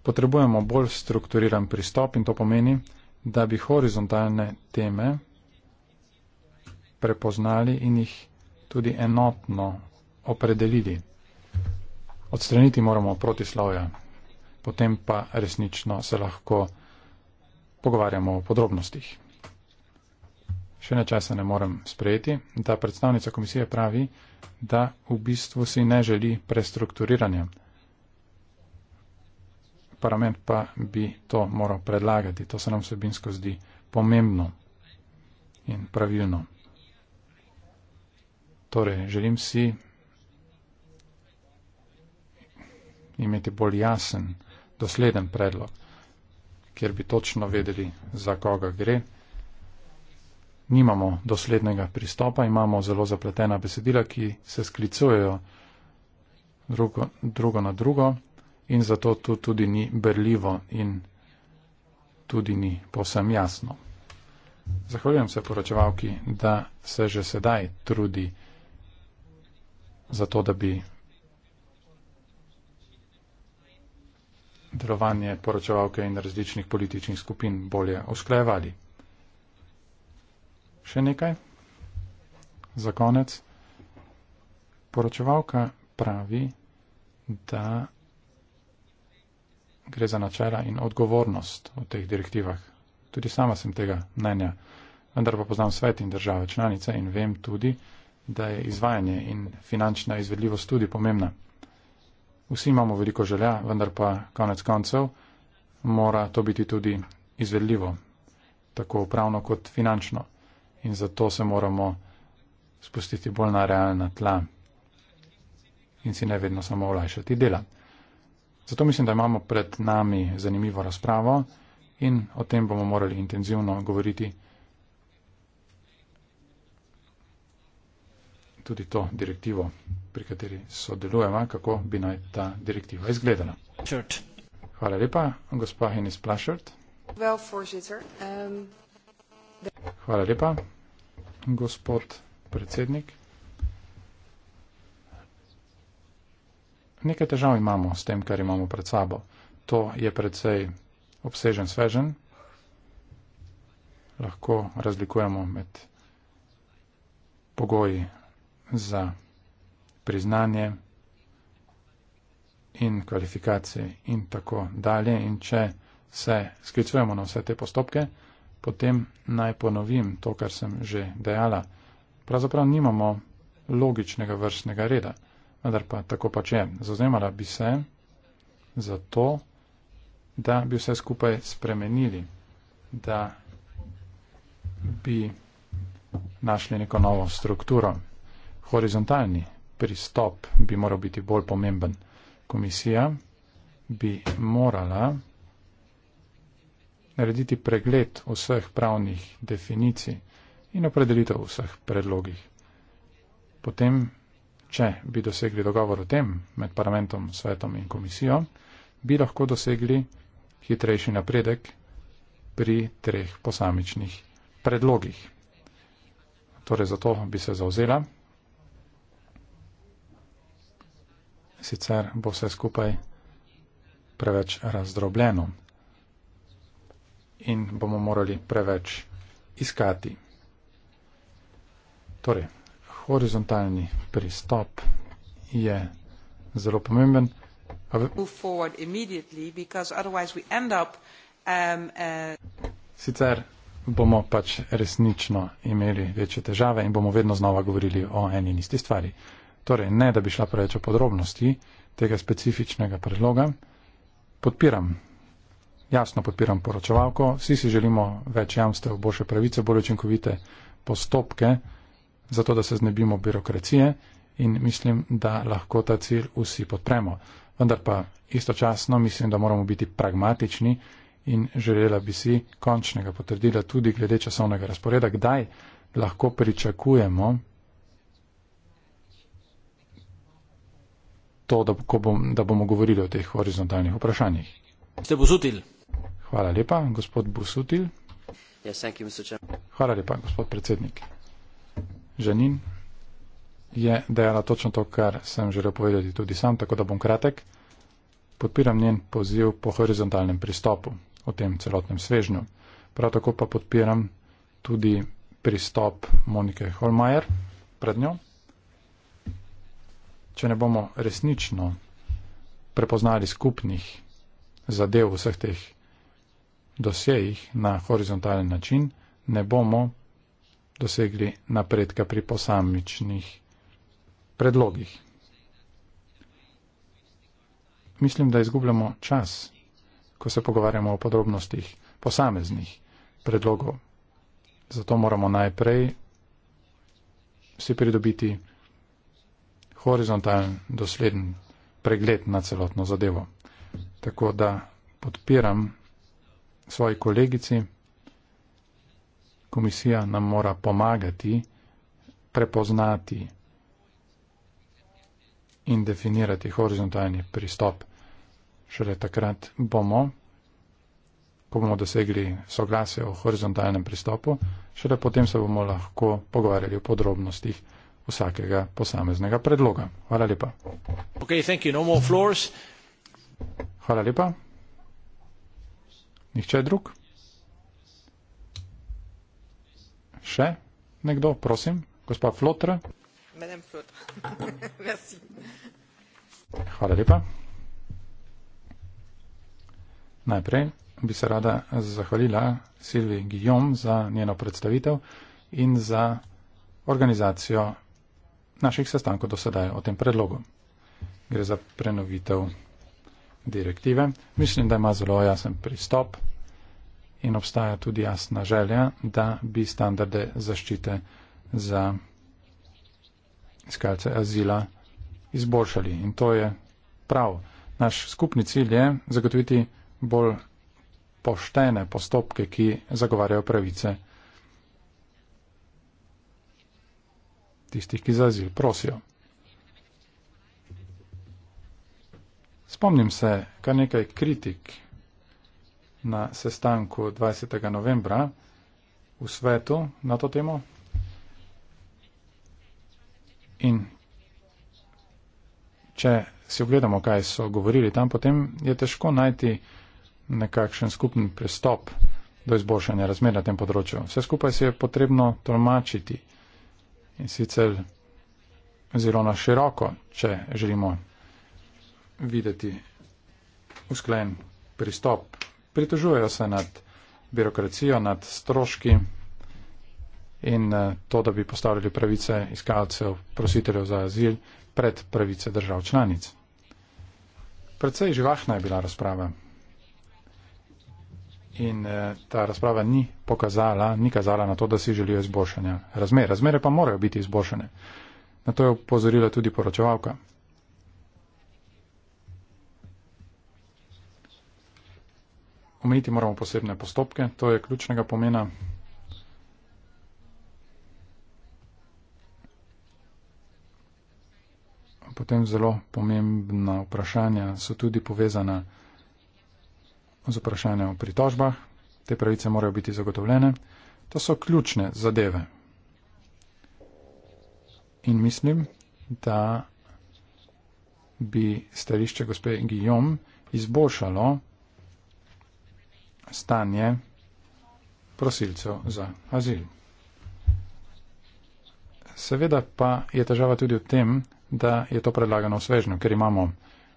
Potrebujemo bolj strukturiran pristop in to pomeni, da bi horizontalne teme prepoznali in jih tudi enotno opredelili. Odstraniti moramo protislovja, potem pa resnično se lahko pogovarjamo o podrobnostih. Še nečesa ne morem sprejeti, da predstavnica komisije pravi, da v bistvu si ne želi prestrukturiranja parlament pa bi to moral predlagati. To se nam vsebinsko zdi pomembno in pravilno. Torej, želim si imeti bolj jasen, dosleden predlog, kjer bi točno vedeli, za koga gre. Nimamo doslednega pristopa, imamo zelo zapletena besedila, ki se sklicujejo drugo, drugo na drugo in zato tu tudi ni berljivo in tudi ni posem jasno. Zahvaljujem se poročevalki, da se že sedaj trudi za to, da bi delovanje poročevalke in različnih političnih skupin bolje usklajevali. Še nekaj? Za konec. Poročevalka pravi, da gre za načela in odgovornost v teh direktivah. Tudi sama sem tega mnenja, vendar pa poznam svet in države članice in vem tudi, da je izvajanje in finančna izvedljivost tudi pomembna. Vsi imamo veliko želja, vendar pa konec koncev mora to biti tudi izvedljivo, tako upravno kot finančno. In zato se moramo spustiti bolj na realna tla in si ne vedno samo olajšati delati. Zato mislim, da imamo pred nami zanimivo razpravo in o tem bomo morali intenzivno govoriti. Tudi to direktivo, pri kateri sodelujemo, kako bi naj ta direktiva izgledala. Hvala lepa, gospa Hennis Plašert. Ehm, Hvala lepa, gospod predsednik. nekaj težav imamo s tem, kar imamo pred sabo. To je predvsej obsežen svežen. Lahko razlikujemo med pogoji za priznanje in kvalifikacije in tako dalje. In če se sklicujemo na vse te postopke, potem naj ponovim to, kar sem že dejala. Pravzaprav nimamo logičnega vrstnega reda vendar pa tako pač je. Zauzemala bi se za to, da bi vse skupaj spremenili, da bi našli neko novo strukturo. Horizontalni pristop bi moral biti bolj pomemben. Komisija bi morala narediti pregled vseh pravnih definicij in opredelitev vseh predlogih. Potem Če bi dosegli dogovor o tem med parlamentom, svetom in komisijo, bi lahko dosegli hitrejši napredek pri treh posamičnih predlogih. Torej, zato bi se zauzela. Sicer bo vse skupaj preveč razdrobljeno in bomo morali preveč iskati. Torej, horizontalni pristop je zelo pomemben. Um, uh, Sicer bomo pač resnično imeli večje težave in bomo vedno znova govorili o eni in isti stvari. Torej, ne da bi šla preveč o podrobnosti tega specifičnega predloga, podpiram, jasno podpiram poročevalko, vsi si želimo več jamstev, boljše pravice, bolj učinkovite postopke zato da se znebimo birokracije in mislim, da lahko ta cilj vsi podpremo. Vendar pa istočasno mislim, da moramo biti pragmatični in želela bi si končnega potrdila tudi glede časovnega razporeda, kdaj lahko pričakujemo to, da, bom, da bomo govorili o teh horizontalnih vprašanjih. Ste posutili? Hvala lepa, gospod Busutil. Yes, you, Hvala lepa, gospod predsednik. Ženin je dejala točno to, kar sem želel povedati tudi sam, tako da bom kratek. Podpiram njen poziv po horizontalnem pristopu, o tem celotnem svežnju. Prav tako pa podpiram tudi pristop Monike Holmajer pred njo. Če ne bomo resnično prepoznali skupnih zadev v vseh teh dosejih na horizontalen način, ne bomo dosegli napredka pri posamičnih predlogih. Mislim, da izgubljamo čas, ko se pogovarjamo o podrobnostih posameznih predlogov. Zato moramo najprej si pridobiti horizontalen, dosleden pregled na celotno zadevo. Tako da podpiram svoji kolegici, komisija nam mora pomagati prepoznati in definirati horizontalni pristop. Šele takrat bomo, ko bomo dosegli soglasje o horizontalnem pristopu, šele potem se bomo lahko pogovarjali o podrobnostih vsakega posameznega predloga. Hvala lepa. Okay, thank you. No more floors. Hvala lepa. Nihče drug? še nekdo, prosim, gospa Flotra. Madame Flotra, merci. Hvala lepa. Najprej bi se rada zahvalila Silvi Guillaume za njeno predstavitev in za organizacijo naših sestankov do sedaj o tem predlogu. Gre za prenovitev direktive. Mislim, da ima zelo jasen pristop in obstaja tudi jasna želja, da bi standarde zaščite za iskalce azila izboljšali. In to je prav. Naš skupni cilj je zagotoviti bolj poštene postopke, ki zagovarjajo pravice tistih, ki za azil prosijo. Spomnim se kar nekaj kritik na sestanku 20. novembra v svetu na to temo. In če si ogledamo, kaj so govorili tam, potem je težko najti nekakšen skupen pristop do izboljšanja razmer na tem področju. Vse skupaj se je potrebno tolmačiti in sicer zelo na široko, če želimo videti usklajen pristop pritožujejo se nad birokracijo, nad stroški in eh, to, da bi postavili pravice iskalcev, prositeljev za azil pred pravice držav članic. Predvsej živahna je bila razprava. In eh, ta razprava ni pokazala, ni kazala na to, da si želijo izboljšanja razmer. Razmere pa morajo biti izboljšane. Na to je upozorila tudi poročevalka. Omejiti moramo posebne postopke, to je ključnega pomena. Potem zelo pomembna vprašanja so tudi povezana z vprašanjem o pritožbah. Te pravice morajo biti zagotovljene. To so ključne zadeve. In mislim, da bi stališče gospe Guillaume izboljšalo stanje prosilcev za azil. Seveda pa je težava tudi v tem, da je to predlagano v svežnju, ker imamo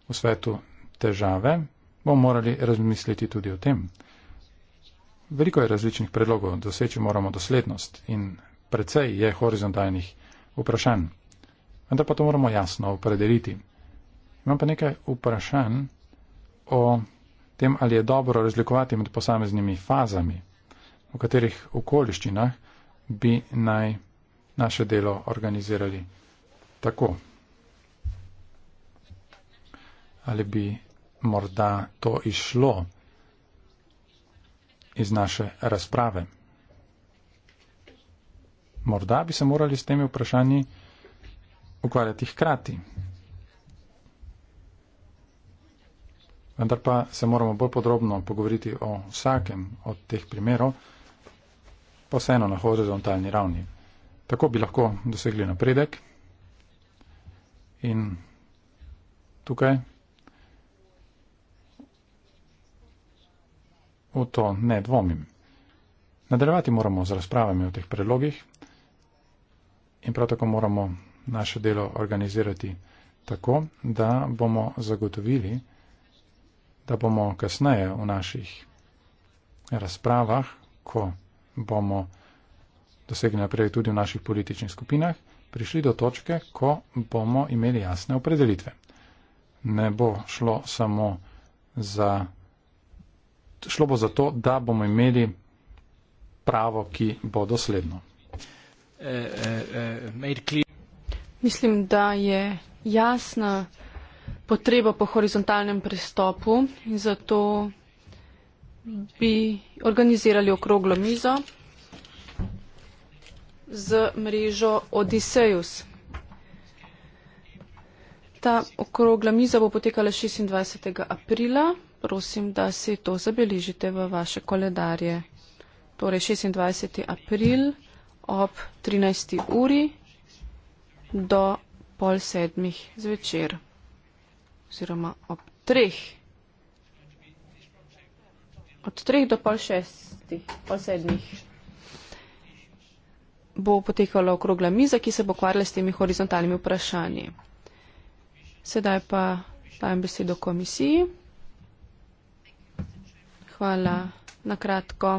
v svetu težave, bomo morali razmisliti tudi o tem. Veliko je različnih predlogov, doseči moramo doslednost in precej je horizontalnih vprašanj. Vendar pa to moramo jasno opredeliti. Imam pa nekaj vprašanj o tem, ali je dobro razlikovati med posameznimi fazami, v katerih okoliščinah bi naj naše delo organizirali tako. Ali bi morda to išlo iz naše razprave. Morda bi se morali s temi vprašanji ukvarjati hkrati, vendar pa se moramo bolj podrobno pogovoriti o vsakem od teh primerov, pa vseeno na horizontalni ravni. Tako bi lahko dosegli napredek in tukaj v to ne dvomim. Nadaljevati moramo z razpravami o teh predlogih in prav tako moramo naše delo organizirati tako, da bomo zagotovili, da bomo kasneje v naših razpravah, ko bomo dosegli napredek tudi v naših političnih skupinah, prišli do točke, ko bomo imeli jasne opredelitve. Ne bo šlo samo za. Šlo bo za to, da bomo imeli pravo, ki bo dosledno. Uh, uh, uh, Mislim, da je jasna potrebo po horizontalnem pristopu in zato bi organizirali okroglo mizo z mrežo Odiseus. Ta okrogla miza bo potekala 26. aprila. Prosim, da si to zabeležite v vaše koledarje. Torej 26. april ob 13. uri do pol sedmih zvečer oziroma ob treh. Od treh do pol šestih, pol sedmih bo potekala okrogla miza, ki se bo kvarjala s temi horizontalnimi vprašanji. Sedaj pa dajem besedo komisiji. Hvala na kratko.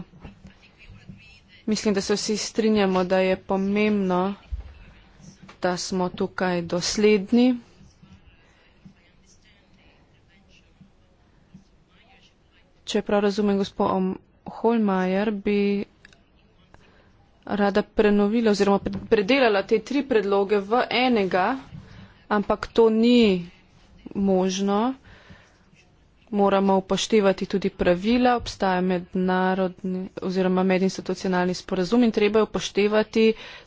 Mislim, da se vsi strinjamo, da je pomembno, da smo tukaj dosledni, če prav razumem gospod Holmajer, bi rada prenovila oziroma predelala te tri predloge v enega, ampak to ni možno. Moramo upoštevati tudi pravila, obstaja mednarodni oziroma medinstitucionalni sporazum in treba je upoštevati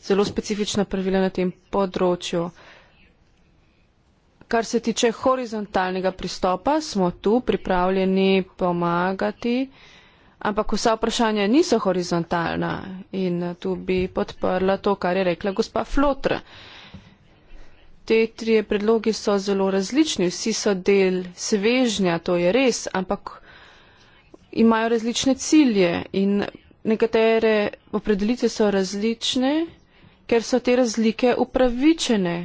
zelo specifična pravila na tem področju kar se tiče horizontalnega pristopa, smo tu pripravljeni pomagati, ampak vsa vprašanja niso horizontalna in tu bi podprla to, kar je rekla gospa Flotra. Te trije predlogi so zelo različni, vsi so del svežnja, to je res, ampak imajo različne cilje in nekatere opredelitve so različne, ker so te razlike upravičene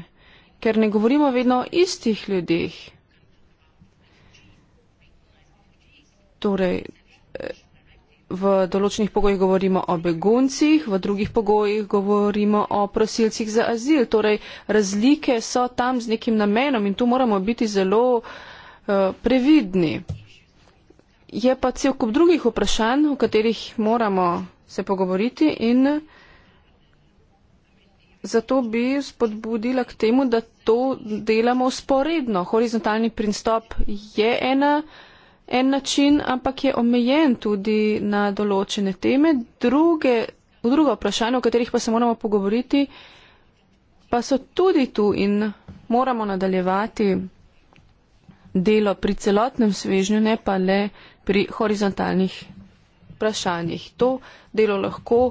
ker ne govorimo vedno o istih ljudeh. Torej, v določenih pogojih govorimo o beguncih, v drugih pogojih govorimo o prosilcih za azil. Torej, razlike so tam z nekim namenom in tu moramo biti zelo uh, previdni. Je pa cel kup drugih vprašanj, o katerih moramo se pogovoriti in zato bi spodbudila k temu, da to delamo sporedno. Horizontalni pristop je ena, en način, ampak je omejen tudi na določene teme. Druge, drugo vprašanje, o katerih pa se moramo pogovoriti, pa so tudi tu in moramo nadaljevati delo pri celotnem svežnju, ne pa le pri horizontalnih vprašanjih. To delo lahko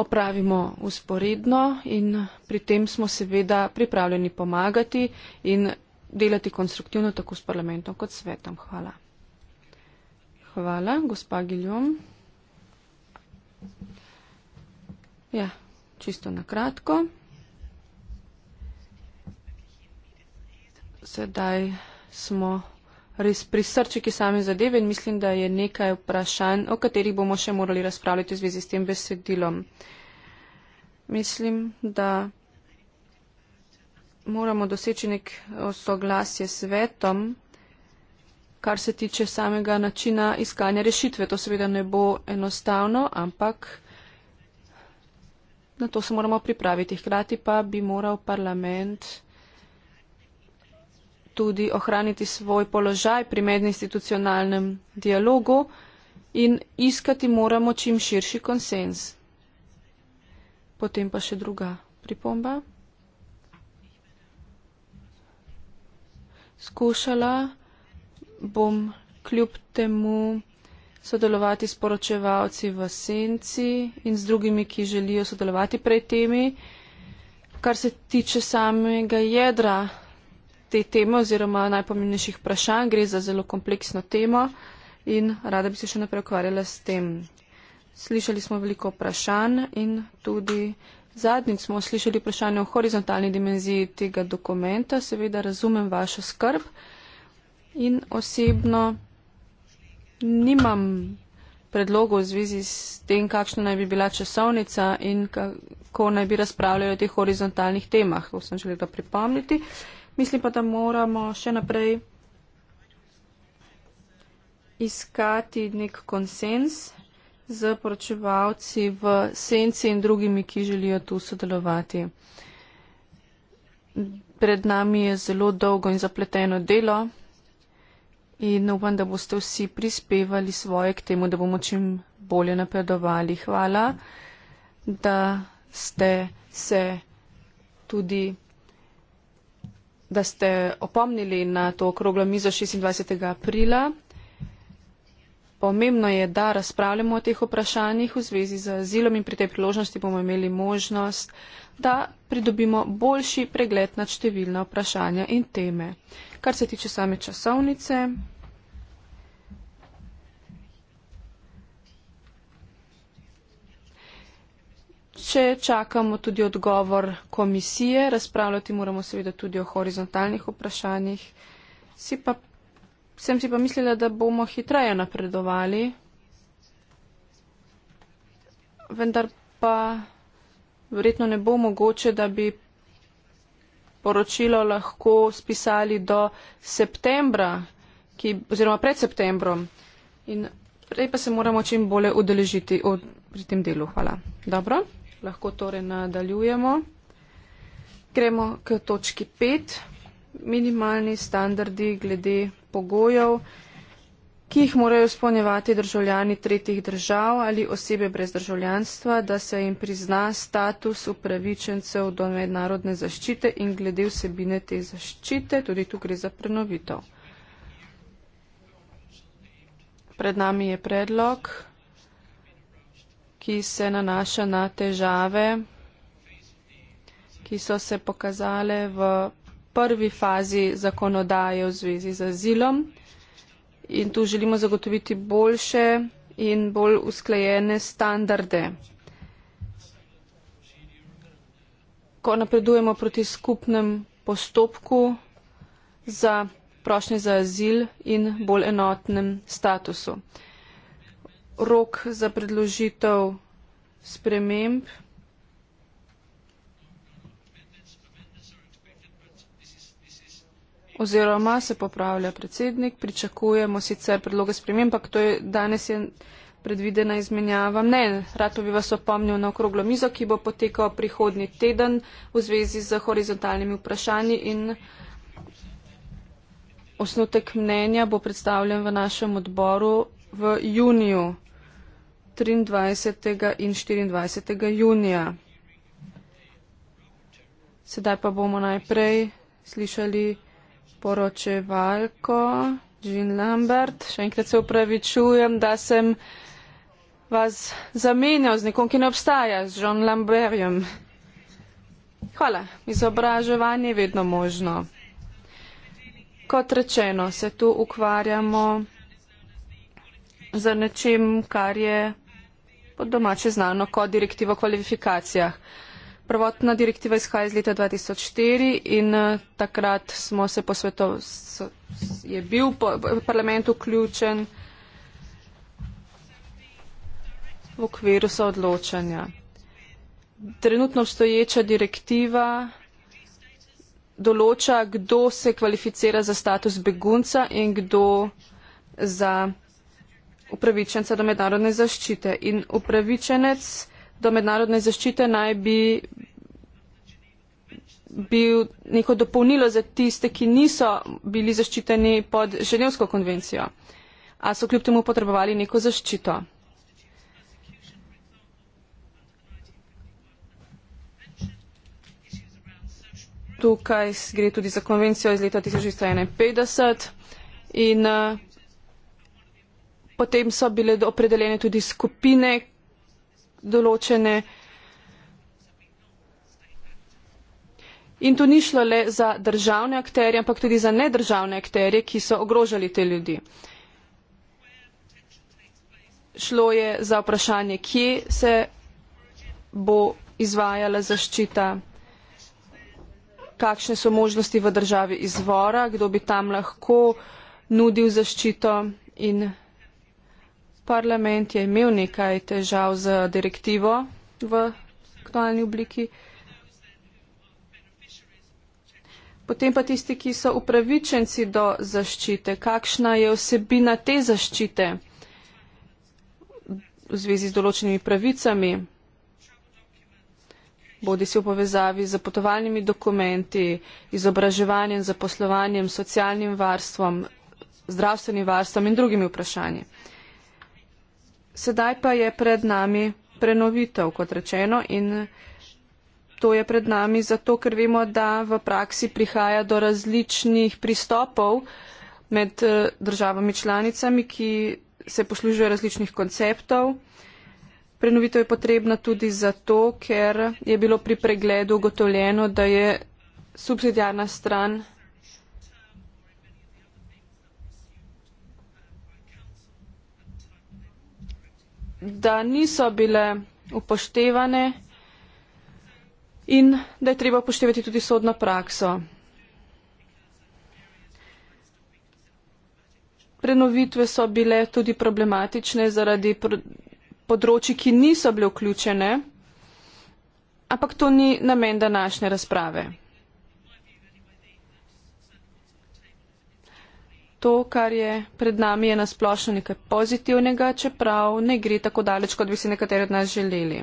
opravimo usporedno in pri tem smo seveda pripravljeni pomagati in delati konstruktivno tako s parlamentom kot svetom. Hvala. Hvala, gospa Giljom. Ja, čisto na kratko. Sedaj smo res pri srčiki same zadeve in mislim, da je nekaj vprašanj, o katerih bomo še morali razpravljati v zvezi s tem besedilom. Mislim, da moramo doseči nek soglasje s svetom, kar se tiče samega načina iskanja rešitve. To seveda ne bo enostavno, ampak na to se moramo pripraviti. Hkrati pa bi moral parlament tudi ohraniti svoj položaj pri medinstitucionalnem dialogu in iskati moramo čim širši konsens. Potem pa še druga pripomba. Skušala bom kljub temu sodelovati s poročevalci v senci in z drugimi, ki želijo sodelovati pri temi. Kar se tiče samega jedra te teme oziroma najpomembnejših vprašanj. Gre za zelo kompleksno temo in rada bi se še naprej ukvarjala s tem. Slišali smo veliko vprašanj in tudi zadnjič smo slišali vprašanje o horizontalni dimenziji tega dokumenta. Seveda razumem vašo skrb in osebno nimam predlogov v zvezi s tem, kakšna naj bi bila časovnica in kako naj bi razpravljali o teh horizontalnih temah. To sem želela pripomniti. Uh, Mislim pa, da moramo še naprej iskati nek konsens z poročevalci v senci in drugimi, ki želijo tu sodelovati. Pred nami je zelo dolgo in zapleteno delo in upam, da boste vsi prispevali svoje k temu, da bomo čim bolje napredovali. Hvala, da ste se tudi da ste opomnili na to okroglo mizo 26. aprila. Pomembno je, da razpravljamo o teh vprašanjih v zvezi z azilom in pri tej priložnosti bomo imeli možnost, da pridobimo boljši pregled nad številna vprašanja in teme. Kar se tiče same časovnice, stališče, čakamo tudi odgovor komisije, razpravljati moramo seveda tudi o horizontalnih vprašanjih. Si pa, sem si pa mislila, da bomo hitreje napredovali, vendar pa verjetno ne bo mogoče, da bi poročilo lahko spisali do septembra, ki, oziroma pred septembrom. In prej pa se moramo čim bolje udeležiti od, pri tem delu. Hvala. Dobro lahko torej nadaljujemo. Gremo k točki 5. Minimalni standardi glede pogojev, ki jih morajo spolnjevati državljani tretjih držav ali osebe brez državljanstva, da se jim prizna status upravičencev do mednarodne zaščite in glede vsebine te zaščite, tudi tu gre za prenovitev. Pred nami je predlog ki se nanaša na težave, ki so se pokazale v prvi fazi zakonodaje v zvezi z azilom. In tu želimo zagotoviti boljše in bolj usklejene standarde. Ko napredujemo proti skupnem postopku za prošnje za azil in bolj enotnem statusu rok za predložitev sprememb. Oziroma se popravlja predsednik, pričakujemo sicer predloge sprememb, ampak to je danes je predvidena izmenjava mnen. Rad pa bi vas opomnil na okroglo mizo, ki bo potekal prihodnji teden v zvezi z horizontalnimi vprašanji in osnutek mnenja bo predstavljen v našem odboru v juniju. 23. in 24. junija. Sedaj pa bomo najprej slišali poročevalko Jean Lambert. Še enkrat se upravičujem, da sem vas zamenjal z nekom, ki ne obstaja, z Jean Lambertjem. Hvala, izobraževanje je vedno možno. Kot rečeno, se tu ukvarjamo za nečem, kar je po domače znano kot direktiva o kvalifikacijah. Prvotna direktiva izhaja iz leta 2004 in eh, takrat smo se posvetovali, je bil parlament vključen v okviru soodločanja. Trenutno obstoječa direktiva določa, kdo se kvalificira za status begunca in kdo za upravičenca do mednarodne zaščite. In upravičenec do mednarodne zaščite naj bi bil neko dopolnilo za tiste, ki niso bili zaščiteni pod Ženevsko konvencijo, a so kljub temu potrebovali neko zaščito. Tukaj gre tudi za konvencijo iz leta 1951 in potem so bile opredeljene tudi skupine določene. In tu ni šlo le za državne akterje, ampak tudi za nedržavne akterje, ki so ogrožali te ljudi. Šlo je za vprašanje, kje se bo izvajala zaščita, kakšne so možnosti v državi izvora, kdo bi tam lahko nudil zaščito in parlament je imel nekaj težav z direktivo v aktualni obliki. Potem pa tisti, ki so upravičenci do zaščite. Kakšna je osebina te zaščite v zvezi z določenimi pravicami? Bodi si v povezavi z potovalnimi dokumenti, izobraževanjem, zaposlovanjem, socialnim varstvom, zdravstvenim varstvom in drugimi vprašanji sedaj pa je pred nami prenovitev, kot rečeno, in to je pred nami zato, ker vemo, da v praksi prihaja do različnih pristopov med eh, državami članicami, ki se poslužuje različnih konceptov. Prenovitev je potrebna tudi zato, ker je bilo pri pregledu ugotovljeno, da je subsidijarna stran da niso bile upoštevane in da je treba upoštevati tudi sodno prakso. Prenovitve so bile tudi problematične zaradi področji, ki niso bile vključene, ampak to ni namen današnje razprave. to, kar je pred nami, je nasplošno nekaj pozitivnega, čeprav ne gre tako daleč, kot bi si nekateri od nas želeli.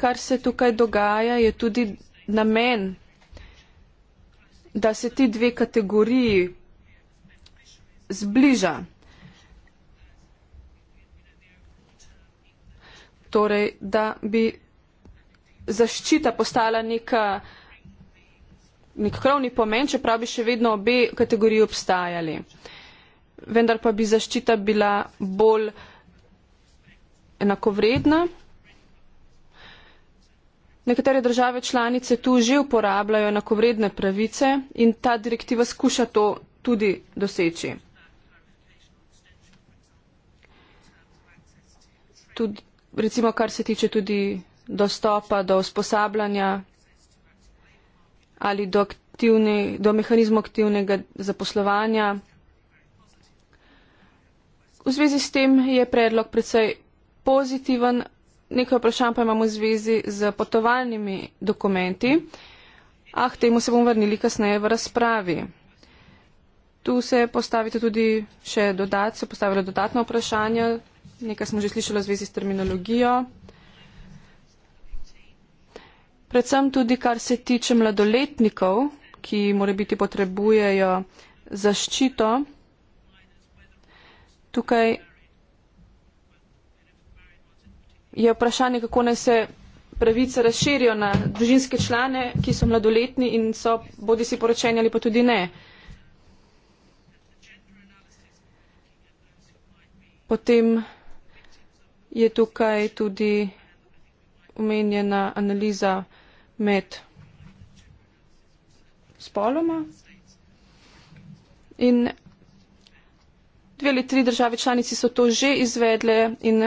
Kar se tukaj dogaja, je tudi namen, da se ti dve kategoriji zbliža. Torej, da bi zaščita postala neka nek krovni pomen, čeprav bi še vedno obe kategoriji obstajali. Vendar pa bi zaščita bila bolj enakovredna. Nekatere države članice tu že uporabljajo enakovredne pravice in ta direktiva skuša to tudi doseči. Tud, recimo, kar se tiče tudi dostopa do usposabljanja ali do, aktivni, do mehanizmu aktivnega zaposlovanja. V zvezi s tem je predlog predvsej pozitiven. Nekaj vprašanj pa imamo v zvezi z potovalnimi dokumenti. Ah, temu se bomo vrnili kasneje v razpravi. Tu se postavite tudi še dodat, se postavilo dodatno vprašanje. Nekaj smo že slišali v zvezi s terminologijo predvsem tudi kar se tiče mladoletnikov, ki mora biti potrebujejo zaščito. Tukaj je vprašanje, kako naj se pravice razširijo na družinske člane, ki so mladoletni in so bodi si poročeni ali pa tudi ne. Potem je tukaj tudi omenjena analiza med spoloma in dve ali tri države članici so to že izvedle in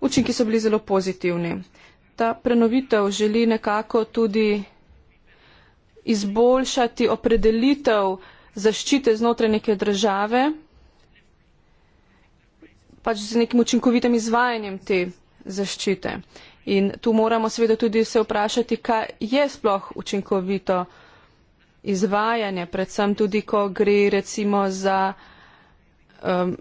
učinki so bili zelo pozitivni. Ta prenovitev želi nekako tudi izboljšati opredelitev zaščite znotraj neke države, pač z nekim učinkovitim izvajanjem te zaščite in tu moramo seveda tudi se vprašati, kaj je sploh učinkovito izvajanje, predvsem tudi, ko gre recimo za um,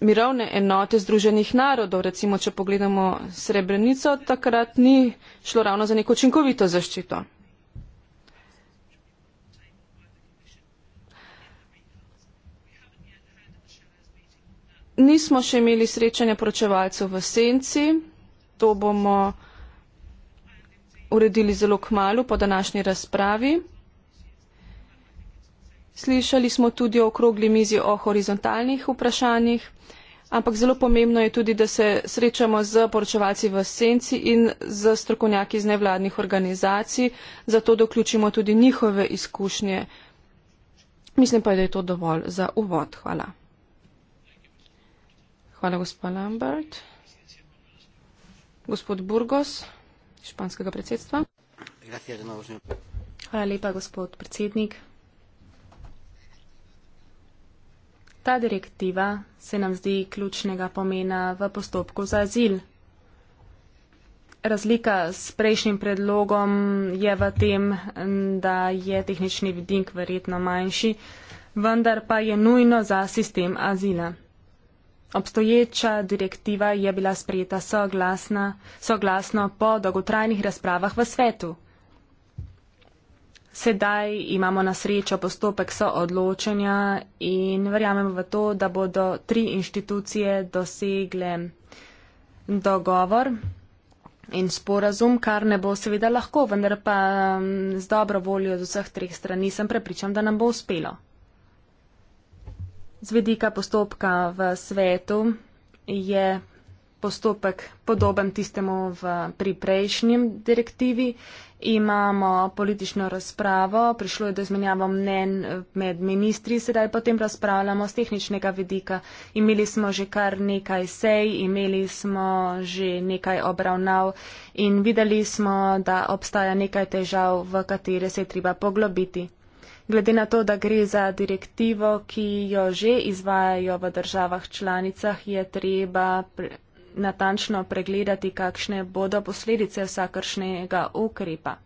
mirovne enote Združenih narodov. Recimo, če pogledamo Srebrenico, takrat ni šlo ravno za neko učinkovito zaščito. Nismo še imeli srečanja poročevalcev v senci. To bomo uredili zelo k malu po današnji razpravi. Slišali smo tudi o okrogli mizi o horizontalnih vprašanjih, ampak zelo pomembno je tudi, da se srečamo z poročevalci v senci in z strokovnjaki iz nevladnih organizacij, zato doključimo tudi njihove izkušnje. Mislim pa, da je to dovolj za uvod. Hvala. Hvala, gospod Lambert. Gospod Burgos, španskega predsedstva. Hvala lepa, gospod predsednik. Ta direktiva se nam zdi ključnega pomena v postopku za azil. Razlika s prejšnjim predlogom je v tem, da je tehnični vidik verjetno manjši, vendar pa je nujno za sistem azila. Obstoječa direktiva je bila sprejeta soglasna, soglasno po dolgotrajnih razpravah v svetu. Sedaj imamo na srečo postopek soodločenja in verjamem v to, da bodo tri inštitucije dosegle dogovor in sporazum, kar ne bo seveda lahko, vendar pa z dobro voljo z vseh treh strani sem prepričan, da nam bo uspelo. Z vedika postopka v svetu je postopek podoben tistemu v, pri prejšnjem direktivi. Imamo politično razpravo, prišlo je do izmenjava mnen med ministri, sedaj potem razpravljamo z tehničnega vidika. Imeli smo že kar nekaj sej, imeli smo že nekaj obravnav in videli smo, da obstaja nekaj težav, v katere se je treba poglobiti. Glede na to, da gre za direktivo, ki jo že izvajajo v državah članicah, je treba natančno pregledati, kakšne bodo posledice vsakršnega ukrepa.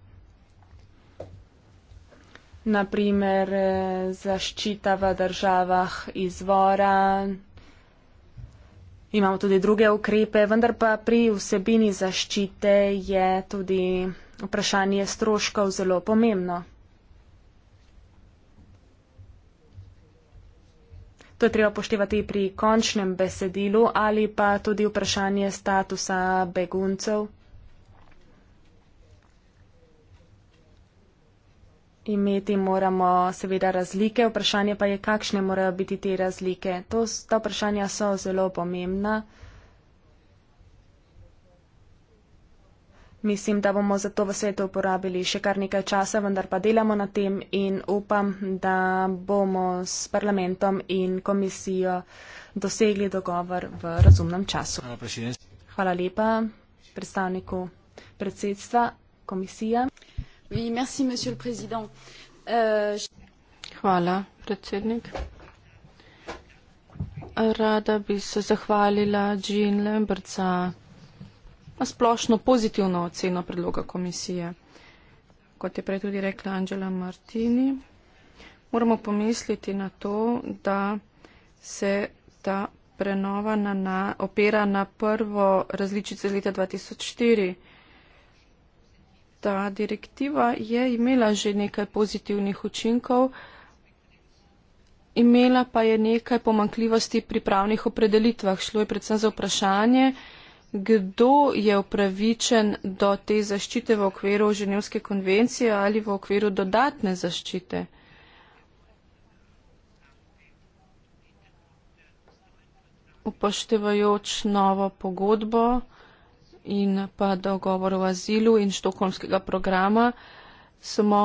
Naprimer, eh, zaščita v državah izvora. Imamo tudi druge ukrepe, vendar pa pri vsebini zaščite je tudi vprašanje stroškov zelo pomembno. To je treba poštevati pri končnem besedilu ali pa tudi vprašanje statusa beguncev. Imeti moramo seveda razlike, vprašanje pa je, kakšne morajo biti te razlike. To, ta vprašanja so zelo pomembna. Mislim, da bomo za to v svetu uporabili še kar nekaj časa, vendar pa delamo na tem in upam, da bomo s parlamentom in komisijo dosegli dogovor v razumnem času. Hvala lepa predstavniku predsedstva komisije. Euh, Hvala, predsednik. Rada bi se zahvalila Jean Lambert za na splošno pozitivno oceno predloga komisije. Kot je prej tudi rekla Angela Martini, moramo pomisliti na to, da se ta prenova na, na, opera na prvo različico iz leta 2004. Ta direktiva je imela že nekaj pozitivnih učinkov, imela pa je nekaj pomankljivosti pri pravnih opredelitvah. Šlo je predvsem za vprašanje, kdo je upravičen do te zaščite v okviru Ženevske konvencije ali v okviru dodatne zaščite. Upoštevajoč novo pogodbo in pa dogovor o azilu in štokholmskega programa smo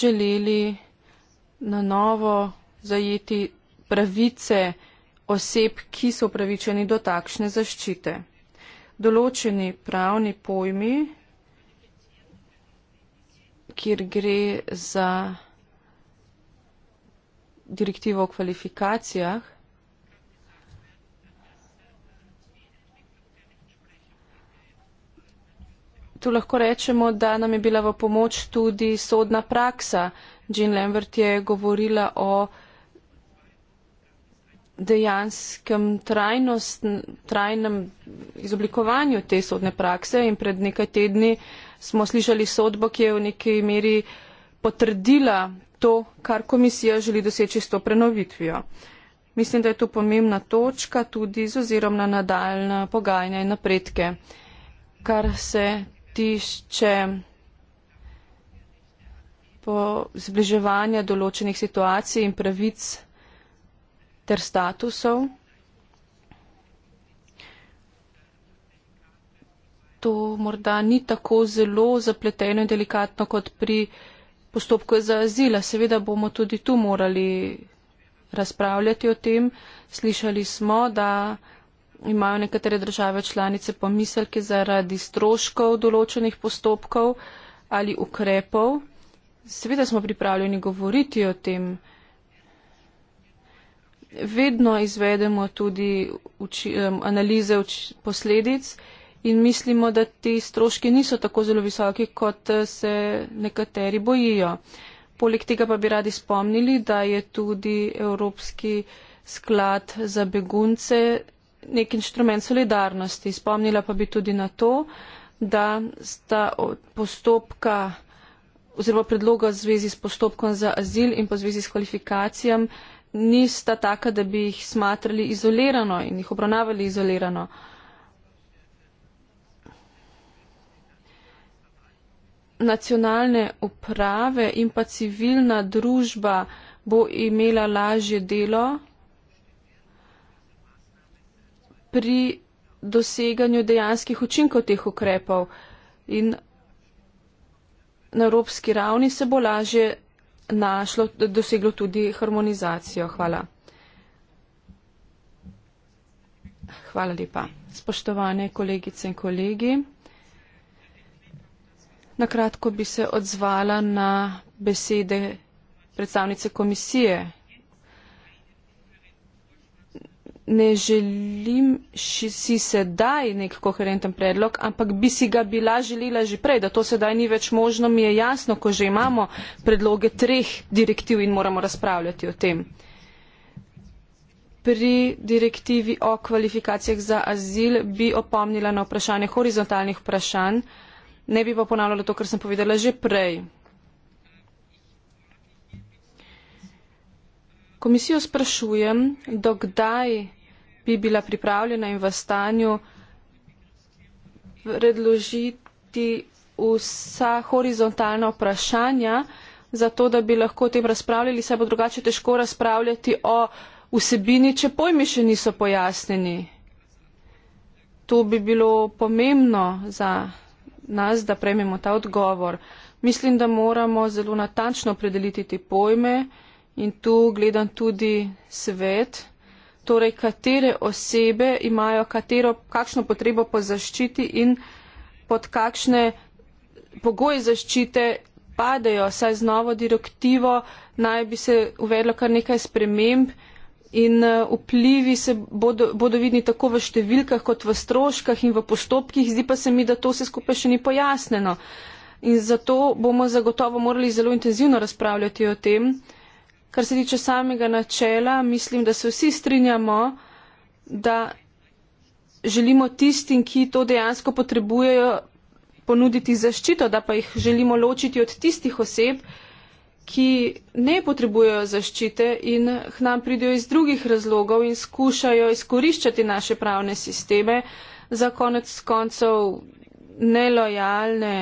želeli na novo zajeti pravice oseb, ki so upravičeni do takšne zaščite. Določeni pravni pojmi, kjer gre za direktivo o kvalifikacijah, Tu lahko rečemo, da nam je bila v pomoč tudi sodna praksa. Jean Lambert je govorila o dejanskem trajnem izoblikovanju te sodne prakse in pred nekaj tedni smo slišali sodbo, ki je v neki meri potrdila to, kar komisija želi doseči s to prenovitvijo. Mislim, da je to pomembna točka tudi z ozirom na nadaljne pogajanja in napredke, kar se tišče po zbliževanja določenih situacij in pravic ter statusov. To morda ni tako zelo zapleteno in delikatno kot pri postopku za azila. Seveda bomo tudi tu morali razpravljati o tem. Slišali smo, da imajo nekatere države članice pomiselke zaradi stroškov določenih postopkov ali ukrepov. Seveda smo pripravljeni govoriti o tem vedno izvedemo tudi uči, analize uči, posledic in mislimo, da ti stroški niso tako zelo visoki, kot eh, se nekateri bojijo. Poleg tega pa bi radi spomnili, da je tudi Evropski sklad za begunce nek inštrument solidarnosti. Spomnila pa bi tudi na to, da sta postopka oziroma predloga v zvezi s postopkom za azil in pa v zvezi s kvalifikacijami nista taka, da bi jih smatrali izolirano in jih obravnavali izolirano. Nacionalne uprave in pa civilna družba bo imela lažje delo pri doseganju dejanskih učinkov teh ukrepov in na evropski ravni se bo lažje našlo, doseglo tudi harmonizacijo. Hvala. Hvala lepa. Spoštovane kolegice in kolegi, nakratko bi se odzvala na besede predstavnice komisije, ne želim si sedaj nek koherenten predlog, ampak bi si ga bila želela že prej, da to sedaj ni več možno, mi je jasno, ko že imamo predloge treh direktiv in moramo razpravljati o tem. Pri direktivi o kvalifikacijah za azil bi opomnila na vprašanje horizontalnih vprašanj, ne bi pa ponavljala to, kar sem povedala že prej. Komisijo sprašujem, dokdaj bi bila pripravljena in v stanju predložiti vsa horizontalna vprašanja, zato da bi lahko o tem razpravljali, saj bo drugače težko razpravljati o vsebini, če pojmi še niso pojasneni. To bi bilo pomembno za nas, da prejmemo ta odgovor. Mislim, da moramo zelo natančno predeliti te pojme in tu gledam tudi svet torej katere osebe imajo katero, kakšno potrebo po zaščiti in pod kakšne pogoje zaščite padejo. Saj z novo direktivo naj bi se uvedlo kar nekaj sprememb in eh, vplivi se bodo, bodo vidni tako v številkah kot v stroških in v postopkih. Zdi pa se mi, da to se skupaj še ni pojasneno. In zato bomo zagotovo morali zelo intenzivno razpravljati o tem. Kar se tiče samega načela, mislim, da se vsi strinjamo, da želimo tistim, ki to dejansko potrebujejo, ponuditi zaščito, da pa jih želimo ločiti od tistih oseb, ki ne potrebujejo zaščite in k nam pridejo iz drugih razlogov in skušajo izkoriščati naše pravne sisteme za konec koncev nelojalne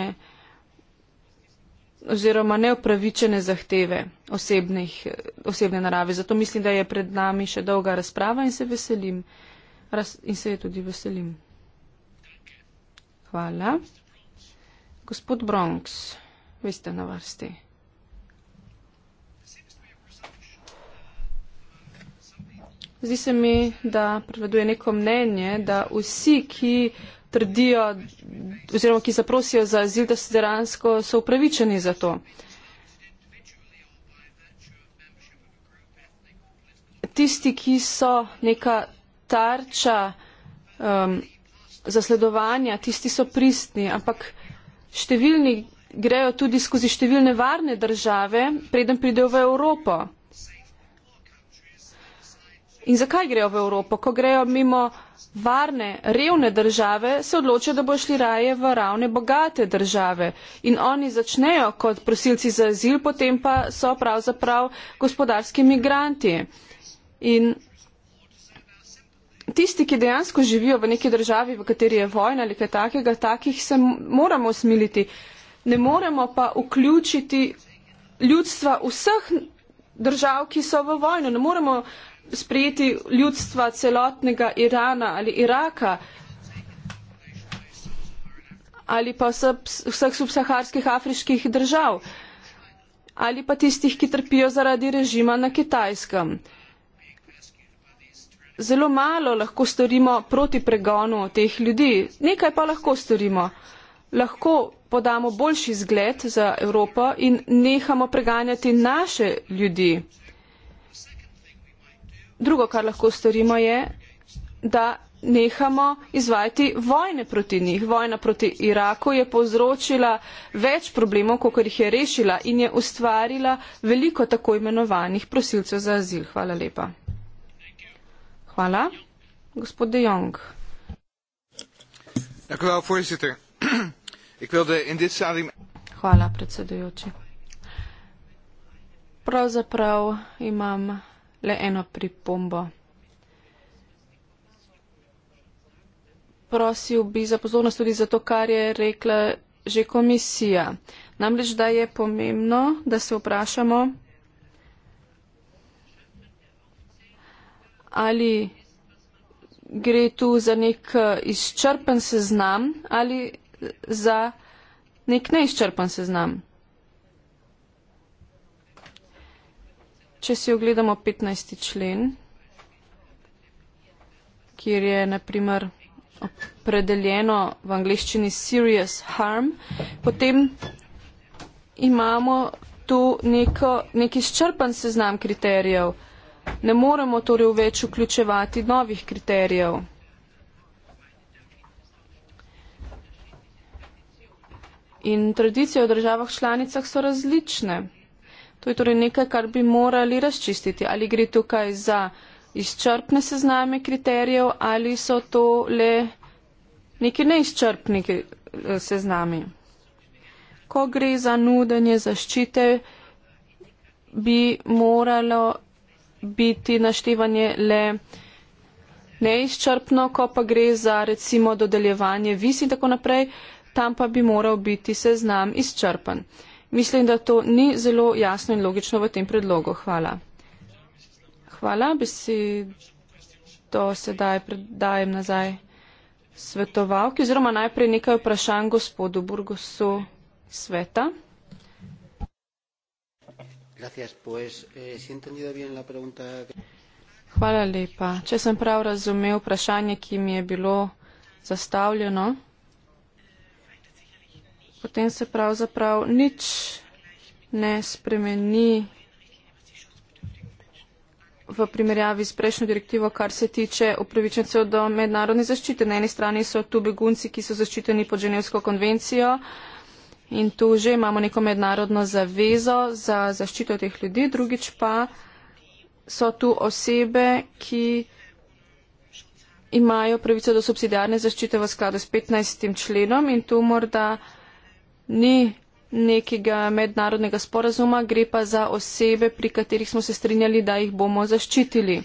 oziroma neopravičene zahteve osebnih, osebne narave. Zato mislim, da je pred nami še dolga razprava in se veselim. Raz, in se je tudi veselim. Hvala. Gospod Bronx, vi ste na vrsti. Zdi se mi, da prevladuje neko mnenje, da vsi, ki trdijo oziroma ki zaprosijo za azil, da so dejansko so upravičeni za to. Tisti, ki so neka tarča um, zasledovanja, tisti so pristni, ampak številni grejo tudi skozi številne varne države, preden pridejo v Evropo. In zakaj grejo v Evropo? Ko grejo mimo varne, revne države se odločijo, da bojo šli raje v ravne, bogate države in oni začnejo kot prosilci za azil, potem pa so pravzaprav gospodarski migranti. In tisti, ki dejansko živijo v neki državi, v kateri je vojna ali kaj takega, takih se moramo usmiliti. Ne moremo pa vključiti ljudstva vseh držav, ki so v vojno. Ne moremo sprejeti ljudstva celotnega Irana ali Iraka ali pa vseh subsaharskih afriških držav ali pa tistih, ki trpijo zaradi režima na kitajskem. Zelo malo lahko storimo proti pregonu teh ljudi, nekaj pa lahko storimo. Lahko podamo boljši zgled za Evropo in nehamo preganjati naše ljudi. Drugo, kar lahko storimo, je, da nehamo izvajati vojne proti njih. Vojna proti Iraku je povzročila več problemov, kot jih je rešila in je ustvarila veliko tako imenovanih prosilcev za azil. Hvala lepa. Hvala. Gospod De Jong. Hvala, predsedujoči. Pravzaprav imam le eno pripombo. Prosil bi za pozornost tudi zato, kar je rekla že komisija. Namreč, da je pomembno, da se vprašamo, ali gre tu za nek eh, izčrpen seznam ali za nek neizčrpen seznam. če si ogledamo 15. člen, kjer je naprimer opredeljeno v angliščini serious harm, potem imamo tu neko, neki izčrpan seznam kriterijev. Ne moremo torej več vključevati novih kriterijev. In tradicije v državah članicah so različne. To je torej nekaj, kar bi morali razčistiti. Ali gre tukaj za izčrpne sezname kriterijev ali so to le neki neizčrpni eh, seznami. Ko gre za nudenje zaščite, bi moralo biti naštevanje le neizčrpno, ko pa gre za recimo dodeljevanje vis in tako naprej, tam pa bi moral biti seznam izčrpen. Mislim, da to ni zelo jasno in logično v tem predlogu. Hvala. Hvala. Bi si to sedaj predajem nazaj svetovalki. Oziroma najprej nekaj vprašanj gospodu Burgosu sveta. Eh, Hvala lepa. Če sem prav razumel vprašanje, ki mi je bilo zastavljeno potem se pravzaprav nič ne spremeni v primerjavi s prejšnjo direktivo, kar se tiče upravičencev do mednarodne zaščite. Na eni strani so tu begunci, ki so zaščiteni pod Ženevsko konvencijo in tu že imamo neko mednarodno zavezo za zaščito teh ljudi, drugič pa so tu osebe, ki imajo pravico do subsidijarne zaščite v skladu s 15. členom in tu morda ni nekega mednarodnega sporazuma, gre pa za osebe, pri katerih smo se strinjali, da jih bomo zaščitili.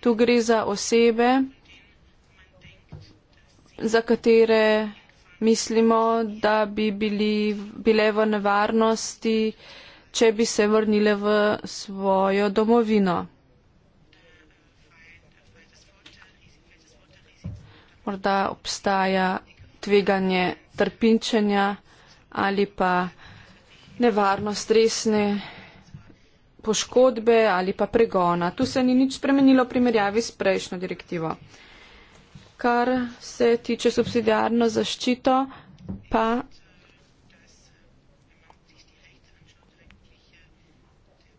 Tu gre za osebe, za katere mislimo, da bi bili, bile v nevarnosti, če bi se vrnile v svojo domovino. Morda obstaja tveganje trpinčenja ali pa nevarno stresne poškodbe ali pa pregona. Tu se ni nič spremenilo v primerjavi s prejšnjo direktivo. Kar se tiče subsidijarno zaščito, pa.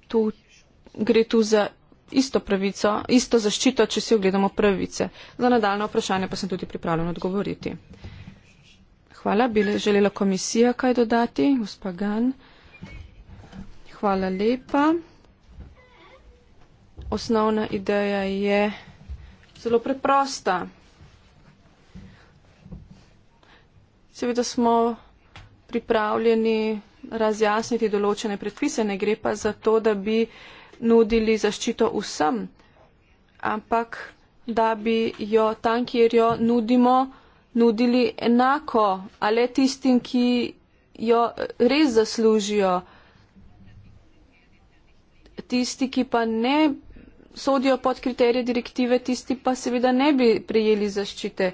Tu gre tu za isto pravico, isto zaščito, če si ogledamo pravice. Za nadaljno vprašanje pa sem tudi pripravljen odgovoriti. Hvala. Bi želela komisija kaj dodati? Gospa Gan. Hvala lepa. Osnovna ideja je zelo preprosta. Seveda smo pripravljeni razjasniti določene predpise, ne gre pa za to, da bi nudili zaščito vsem, ampak da bi jo tam, kjer jo nudimo, nudili enako, a le tistim, ki jo res zaslužijo. Tisti, ki pa ne sodijo pod kriterije direktive, tisti pa seveda ne bi prejeli zaščite.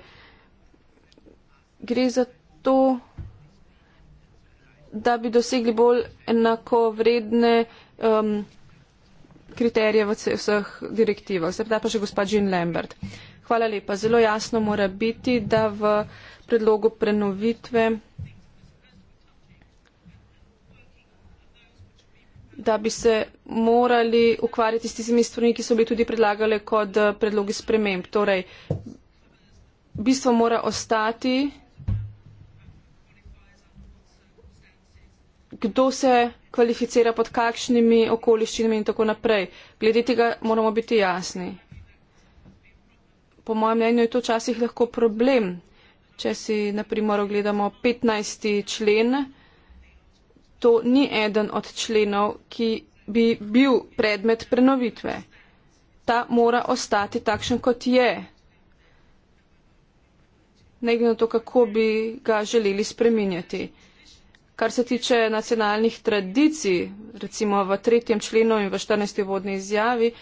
Gre za to, da bi dosegli bolj enako vredne um, kriterije v vseh direktivah. Zdaj pa še gospod Jean Lambert. Uh, Hvala lepa. Zelo jasno mora biti, da v predlogu prenovitve, da bi se morali ukvarjati s tistimi stvarmi, ki so bili tudi predlagale kot eh, predlogi sprememb. Torej, bistvo mora ostati, kdo se kvalificira pod kakšnimi okoliščinami in tako naprej. Glede tega moramo biti jasni po mojem mnenju je to včasih lahko problem. Če si, na primer, ogledamo 15. člen, to ni eden od členov, ki bi bil predmet prenovitve. Ta mora ostati takšen, kot je. Ne glede na to, kako bi ga želeli spreminjati. Kar se tiče nacionalnih tradicij, recimo v tretjem členu in v 14. vodni izjavi,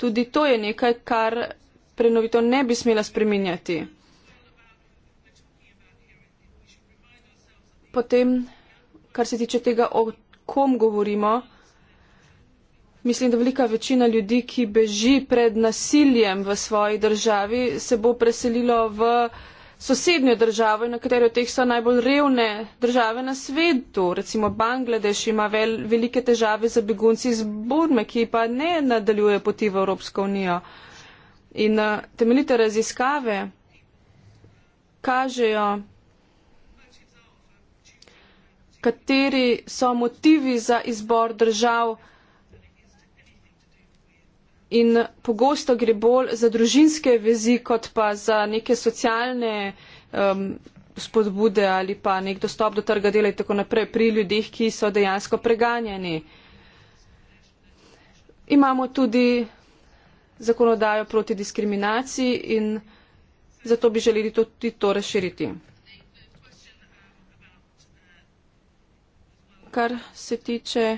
tudi to je nekaj, kar prenovitev ne bi smela spreminjati. Potem, kar se tiče tega, o kom govorimo, mislim, da velika večina ljudi, ki beži pred nasiljem v svoji državi, se bo preselilo v sosednjo državo, na katero teh so najbolj revne države na svetu. Recimo Bangladeš ima vel, velike težave za begunci iz Burme, ki pa ne nadaljuje poti v Evropsko unijo. Uh, In eh, temeljite raziskave kažejo, kateri so motivi za izbor držav in eh, pogosto gre bolj za družinske vezi, kot pa za neke socialne um, spodbude ali pa nek dostop do trga dela in tako naprej pri ljudeh, ki so dejansko preganjeni. Imamo tudi zakonodajo proti diskriminaciji in zato bi želeli tudi to razširiti. Kar se tiče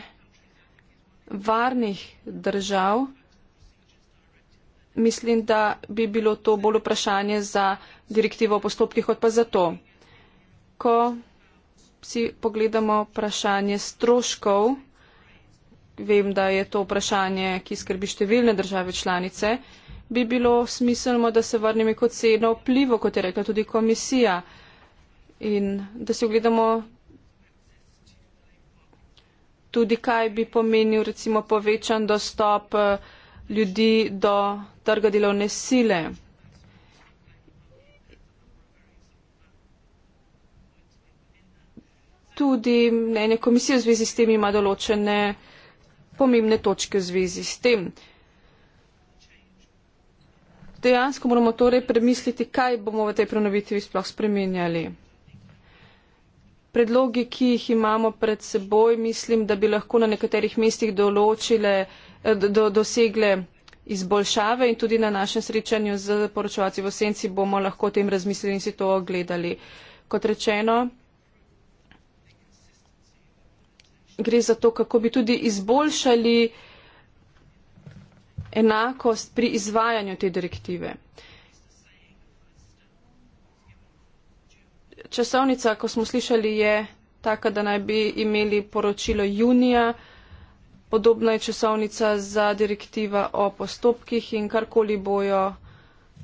varnih držav, mislim, da bi bilo to bolj vprašanje za direktivo o postopkih, kot pa za to. Ko si pogledamo vprašanje stroškov, vem, da je to vprašanje, ki skrbi številne države članice, bi bilo smiselno, da se vrnemo k oceno vplivo, kot je rekla tudi komisija, in da si ogledamo tudi, kaj bi pomenil recimo povečan dostop eh, ljudi do trga delovne sile. Tudi mnenje komisije v zvezi s tem ima določene pomembne točke v zvezi s tem. Dejansko moramo torej premisliti, kaj bomo v tej prenovitvi sploh spremenjali. Predlogi, ki jih imamo pred seboj, mislim, da bi lahko na nekaterih mestih določile, eh, do, dosegle izboljšave in tudi na našem srečanju z poročovalci v Senci bomo lahko o tem razmislili in si to ogledali. Kot rečeno, gre za to, kako bi tudi izboljšali enakost pri izvajanju te direktive. Časovnica, ko smo slišali, je taka, da naj bi imeli poročilo junija. Podobna je časovnica za direktiva o postopkih in karkoli bojo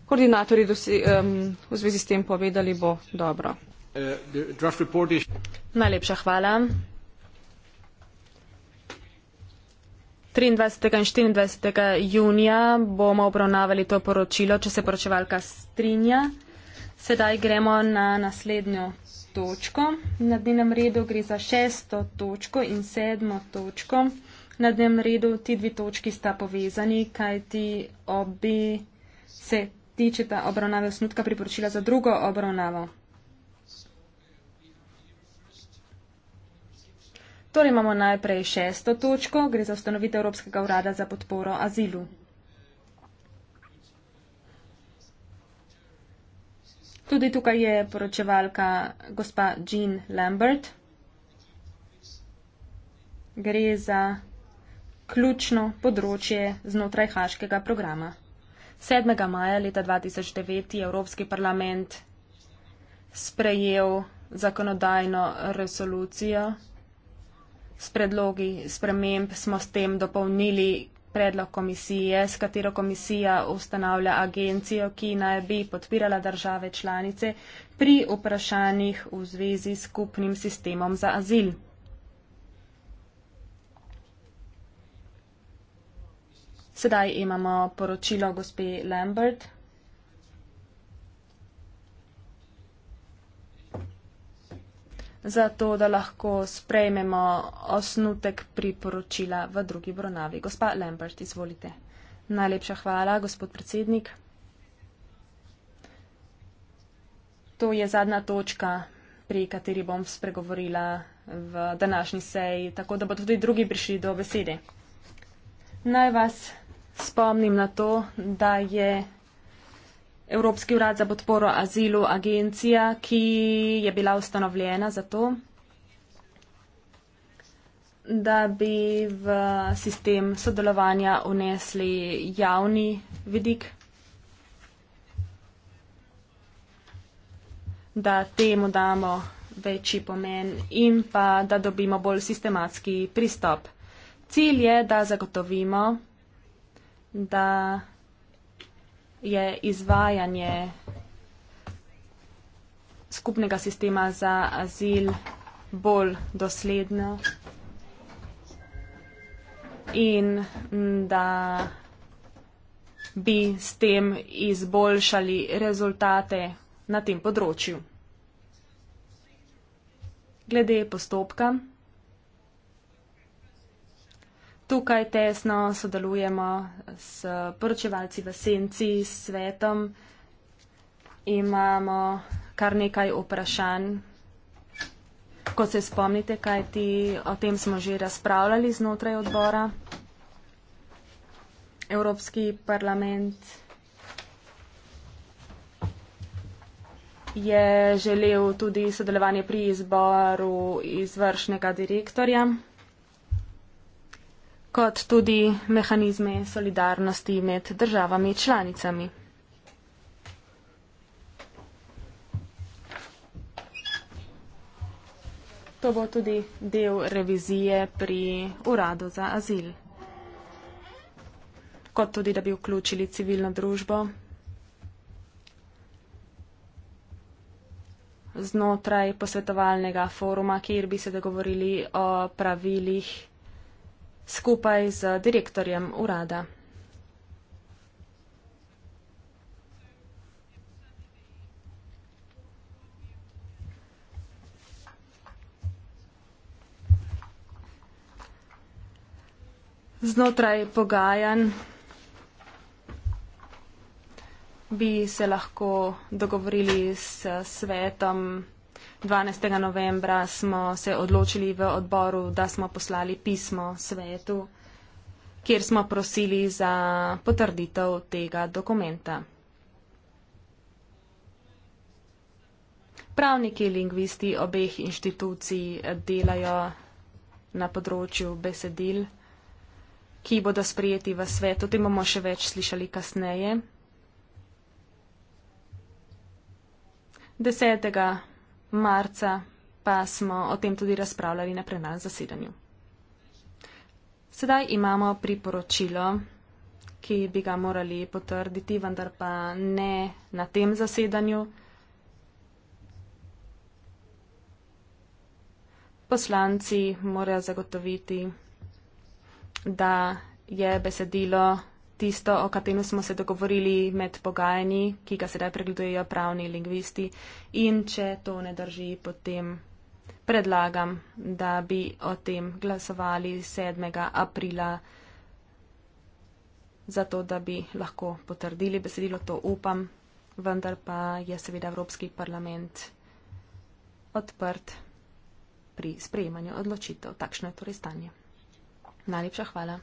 koordinatori dosi, um, v zvezi s tem povedali, bo dobro. Eh, Najlepša hvala. 23. in 24. junija bomo obravnavali to poročilo, če se poročevalka strinja. Sedaj gremo na naslednjo točko. Na dnevnem redu gre za šesto točko in sedmo točko. Na dnevnem redu ti dve točki sta povezani, kaj ti obi se tičeta obravnave osnutka priporočila za drugo obravnavo. Torej imamo najprej šesto točko, gre za ustanovitev Evropskega urada za podporo azilu. Tudi tukaj je poročevalka gospa Jean Lambert. Gre za ključno področje znotraj haškega programa. 7. maja leta 2009 je Evropski parlament sprejel zakonodajno resolucijo s predlogi sprememb smo s tem dopolnili predlog komisije, s katero komisija ustanavlja agencijo, ki naj bi podpirala države članice pri vprašanjih v zvezi s skupnim sistemom za azil. Sedaj imamo poročilo gospe Lambert. zato da lahko sprejmemo osnutek priporočila v drugi obravnavi. Gospa Lambert, izvolite. Najlepša hvala, gospod predsednik. To je zadnja točka, pri kateri bom spregovorila v današnji seji, tako da bodo tudi drugi prišli do besede. Naj vas spomnim na to, da je Evropski urad za podporo azilu, agencija, ki je bila ustanovljena za to, da bi v sistem sodelovanja unesli javni vidik, da temu damo večji pomen in pa da dobimo bolj sistematski pristop. Cilj je, da zagotovimo, da je izvajanje skupnega sistema za azil bolj dosledno in da bi s tem izboljšali rezultate na tem področju. Glede postopka tukaj tesno sodelujemo s poročevalci v senci, s svetom. Imamo kar nekaj vprašanj, ko se spomnite, kaj ti o tem smo že razpravljali znotraj odbora. Evropski parlament je želel tudi sodelovanje pri izboru izvršnega direktorja kot tudi mehanizme solidarnosti med državami članicami. To bo tudi del revizije pri Uradu za azil, kot tudi, da bi vključili civilno družbo znotraj posvetovalnega foruma, kjer bi se dogovorili o pravilih skupaj z direktorjem urada. Znotraj pogajanj bi se lahko dogovorili s svetom. 12. novembra smo se odločili v odboru, da smo poslali pismo svetu, kjer smo prosili za potrditev tega dokumenta. Pravniki lingvisti obeh inštitucij delajo na področju besedil, ki bodo sprijeti v svet. O tem bomo še več slišali kasneje. 10 marca pa smo o tem tudi razpravljali na prenajem zasedanju. Sedaj imamo priporočilo, ki bi ga morali potrditi, vendar pa ne na tem zasedanju. Poslanci morajo zagotoviti, da je besedilo tisto, o katerem smo se dogovorili med pogajanji, ki ga sedaj pregledujejo pravni lingvisti. In če to ne drži, potem predlagam, da bi o tem glasovali 7. aprila, zato da bi lahko potrdili besedilo, to upam, vendar pa je seveda Evropski parlament odprt pri sprejemanju odločitev. Takšno je torej stanje. Najlepša hvala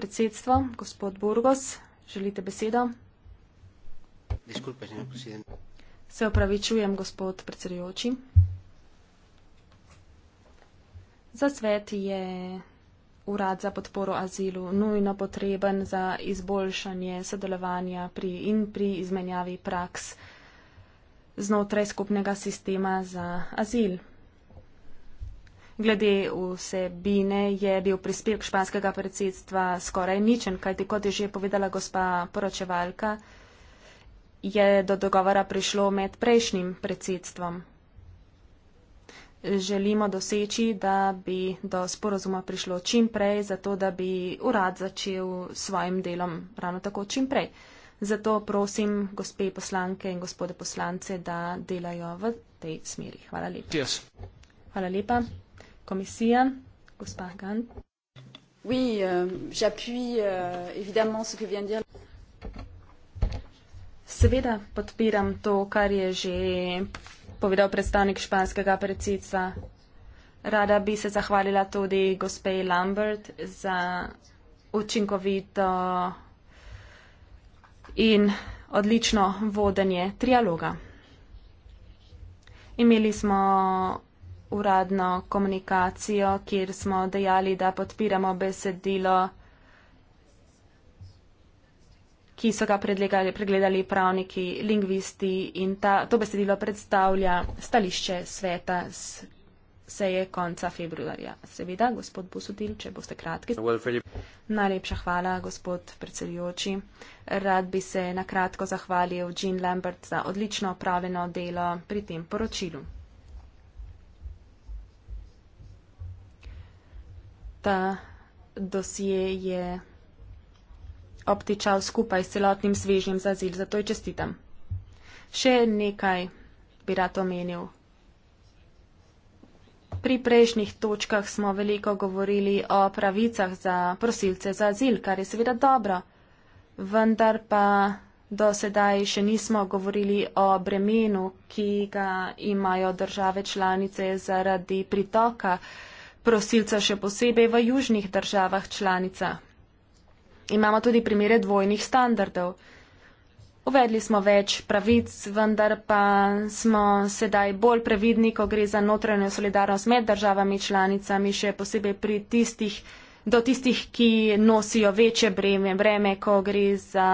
predsedstvo, gospod Burgos, želite besedo? Disculpe, señor presidente. Se opravičujem, gospod predsedujoči. Za svet je urad za podporo azilu nujno potreben za izboljšanje sodelovanja pri in pri izmenjavi praks znotraj skupnega sistema za azil glede vsebine je bil prispevk španskega predsedstva skoraj ničen, kajti kot je že povedala gospa poročevalka, je do dogovora prišlo med prejšnjim predsedstvom. Želimo doseči, da bi do sporozuma prišlo čim prej, zato da bi urad začel svojim delom ravno tako čim prej. Zato prosim gospe poslanke in gospode poslance, da delajo v tej smeri. Hvala lepa. Yes. Hvala lepa komisija, gospa Gant. Oui, euh, j'appuie euh, évidemment ce que vient de dire. Seveda podpiram to, kar je že povedal predstavnik španskega predsedstva. Rada bi se zahvalila tudi gospe Lambert za učinkovito in odlično vodenje trialoga. Imeli smo uradno komunikacijo, kjer smo dejali, da podpiramo besedilo, ki so ga pregledali pravniki, lingvisti in ta, to besedilo predstavlja stališče sveta s seje konca februarja. Seveda, gospod Busudil, če boste kratki. Well, Najlepša hvala, gospod predsedujoči. Rad bi se na kratko zahvalil Jean Lambert za odlično opravljeno delo pri tem poročilu. ta dosje je obtičal skupaj s celotnim svežnjem za zil, zato je čestitam. Še nekaj bi rad omenil. Pri prejšnjih točkah smo veliko govorili o pravicah za prosilce za zil, kar je seveda dobro, vendar pa do sedaj še nismo govorili o bremenu, ki ga imajo države članice zaradi pritoka prosilca še posebej v južnih državah članica. Imamo tudi primere dvojnih standardov. Uvedli smo več pravic, vendar pa smo sedaj bolj previdni, ko gre za notranjo solidarnost med državami članicami, še posebej pri tistih, do tistih, ki nosijo večje breme, breme, ko gre za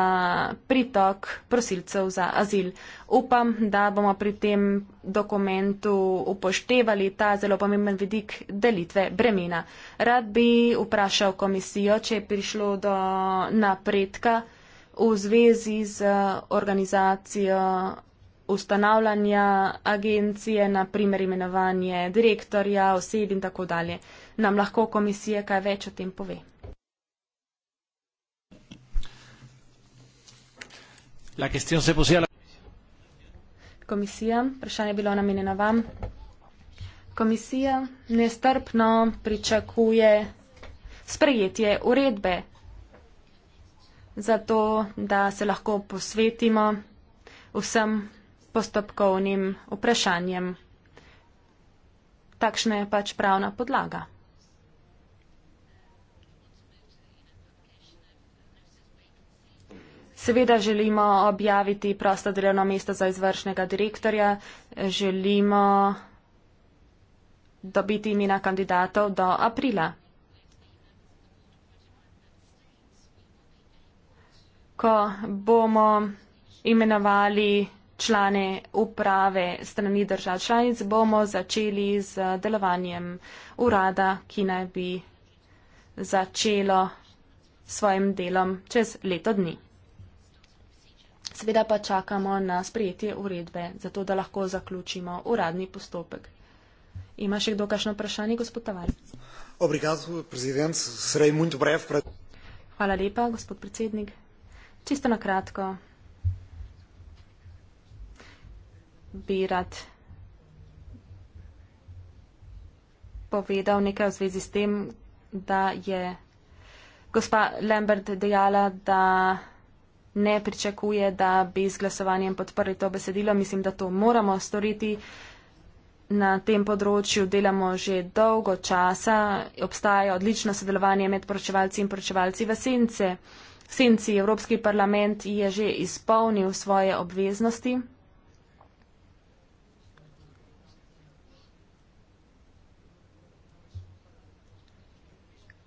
pritok prosilcev za azil. Upam, da bomo pri tem dokumentu upoštevali ta zelo pomemben vidik delitve bremena. Rad bi vprašal komisijo, če je prišlo do napredka v zvezi z organizacijo ustanavljanja agencije, naprimer imenovanje direktorja, osebi in tako dalje nam lahko komisija kaj več o tem pove. Komisija, vprašanje je bilo namenjeno vam. Komisija nestrpno pričakuje sprejetje uredbe za to, da se lahko posvetimo vsem postopkovnim vprašanjem. Takšna je pač pravna podlaga. Seveda želimo objaviti prosto delovno mesto za izvršnega direktorja, želimo dobiti imena kandidatov do aprila. Ko bomo imenovali člane uprave strani držav članic, bomo začeli z delovanjem urada, ki naj bi začelo svojim delom čez leto dni. Sveda pa čakamo na sprejetje uredbe, zato da lahko zaključimo uradni postopek. Ima še kdo kakšno vprašanje, gospod Tavar? Obrigado, predsednik. Srej muito brev. Hvala lepa, gospod predsednik. Čisto na kratko. Bi rad povedal nekaj v zvezi s tem, da je gospa Lambert dejala, da ne pričakuje, da bi z glasovanjem podprli to besedilo. Mislim, da to moramo storiti. Na tem področju delamo že dolgo časa, obstaja odlično sodelovanje med poročevalci in poročevalci v Sence. Senci Evropski parlament je že izpolnil svoje obveznosti.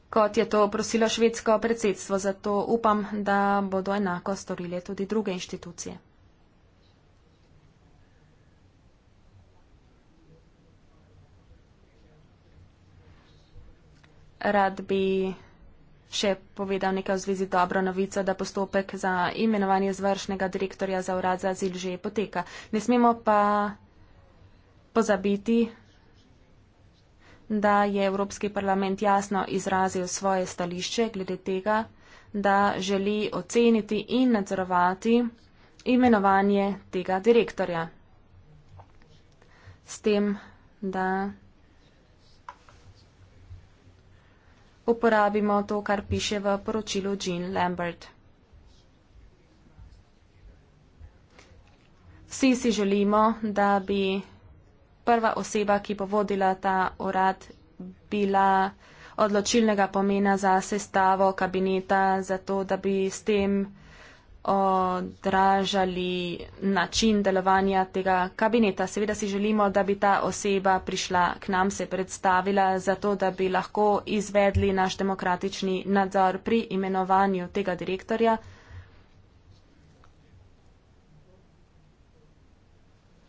kot je to prosilo švedsko predsedstvo. Zato upam, da bodo enako storile tudi druge inštitucije. Rad bi še povedal nekaj v zvezi dobro novico, da postopek za imenovanje zvršnega direktorja za urad za azil že poteka. Ne smemo pa pozabiti, da je Evropski parlament jasno izrazil svoje stališče glede tega, da želi oceniti in nadzorovati imenovanje tega direktorja. S tem, da uporabimo to, kar piše v poročilu Jean Lambert. Vsi si želimo, da bi prva oseba, ki bo vodila ta urad, bila odločilnega pomena za sestavo kabineta, zato da bi s tem odražali način delovanja tega kabineta. Seveda si želimo, da bi ta oseba prišla k nam, se predstavila, zato da bi lahko izvedli naš demokratični nadzor pri imenovanju tega direktorja.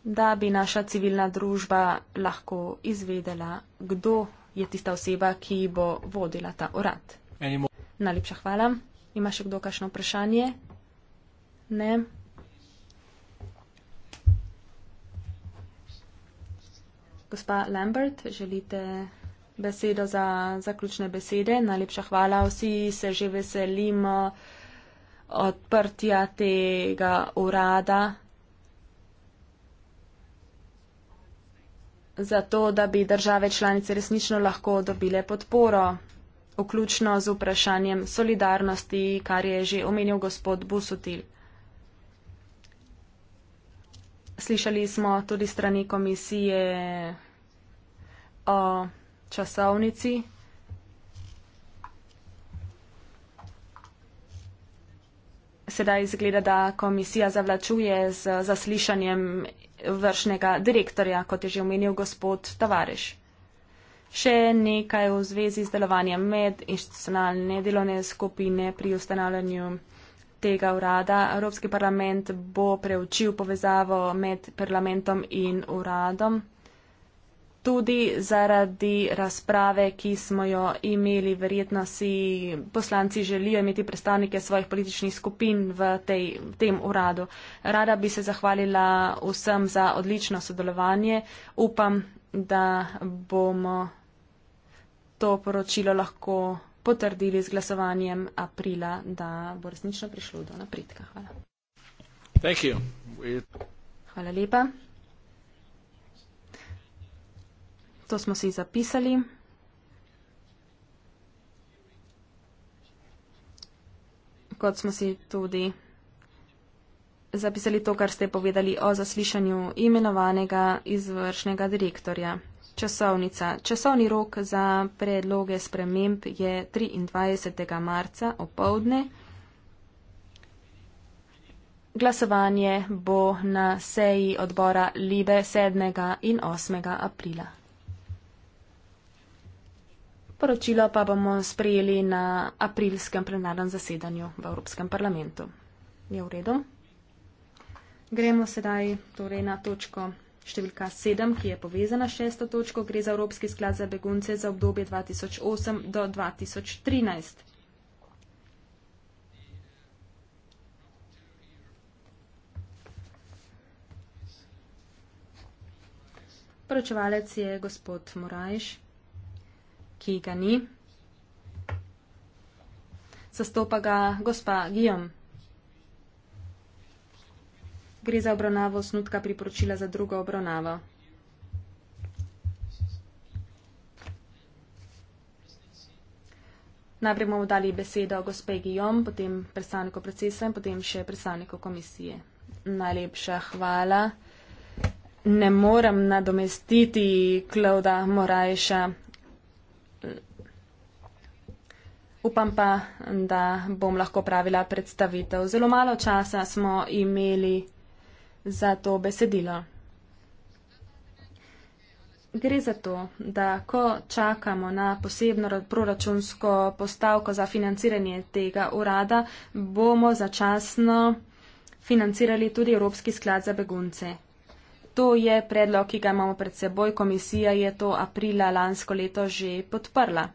da bi naša civilna družba lahko izvedela, kdo je tista oseba, ki bo vodila ta urad. Najlepša hvala. Ima še kdo kakšno vprašanje? Ne. Gospa Lambert, želite besedo za zaključne besede? Najlepša hvala. Vsi se že veselimo odprtja tega urada, zato da bi države članice resnično lahko dobile podporo, vključno z vprašanjem solidarnosti, kar je že omenil gospod Busutil. Slišali smo tudi strani komisije o časovnici. Sedaj izgleda, da komisija zavlačuje z zaslišanjem vršnega direktorja, kot je že omenil gospod Tavareš. Še nekaj v zvezi z delovanjem medinstitucionalne delovne skupine pri ustanavljanju tega urada. Evropski parlament bo preučil povezavo med parlamentom in uradom tudi zaradi razprave, ki smo jo imeli. Verjetno si poslanci želijo imeti predstavnike svojih političnih skupin v tej, tem uradu. Rada bi se zahvalila vsem za odlično sodelovanje. Upam, da bomo to poročilo lahko potrdili z glasovanjem aprila, da bo resnično prišlo do napredka. Hvala. Hvala lepa. To smo si zapisali. Kot smo si tudi zapisali to, kar ste povedali o zaslišanju imenovanega izvršnega direktorja. Časovnica. Časovni rok za predloge sprememb je 23. marca opovdne. Glasovanje bo na seji odbora Libe 7. in 8. aprila. Poročilo pa bomo sprejeli na aprilskem plenarnem zasedanju v Evropskem parlamentu. Je v redu? Gremo sedaj torej na točko številka 7, ki je povezana s šesto točko. Gre za Evropski sklad za begunce za obdobje 2008 do 2013. Poročevalec je gospod Morajš ki ga ni. Zastopa ga gospa Gijom. Gre za obravnavo snutka priporočila za drugo obravnavo. Najprej bomo dali besedo gospe Gijom, potem predstavniku procesa in potem še predstavniku komisije. Najlepša hvala. Ne morem nadomestiti Klauda Morajša. Upam pa, da bom lahko pravila predstavitev. Zelo malo časa smo imeli za to besedilo. Gre za to, da ko čakamo na posebno proračunsko postavko za financiranje tega urada, bomo začasno financirali tudi Evropski sklad za begunce. To je predlog, ki ga imamo pred seboj. Komisija je to aprila lansko leto že podprla.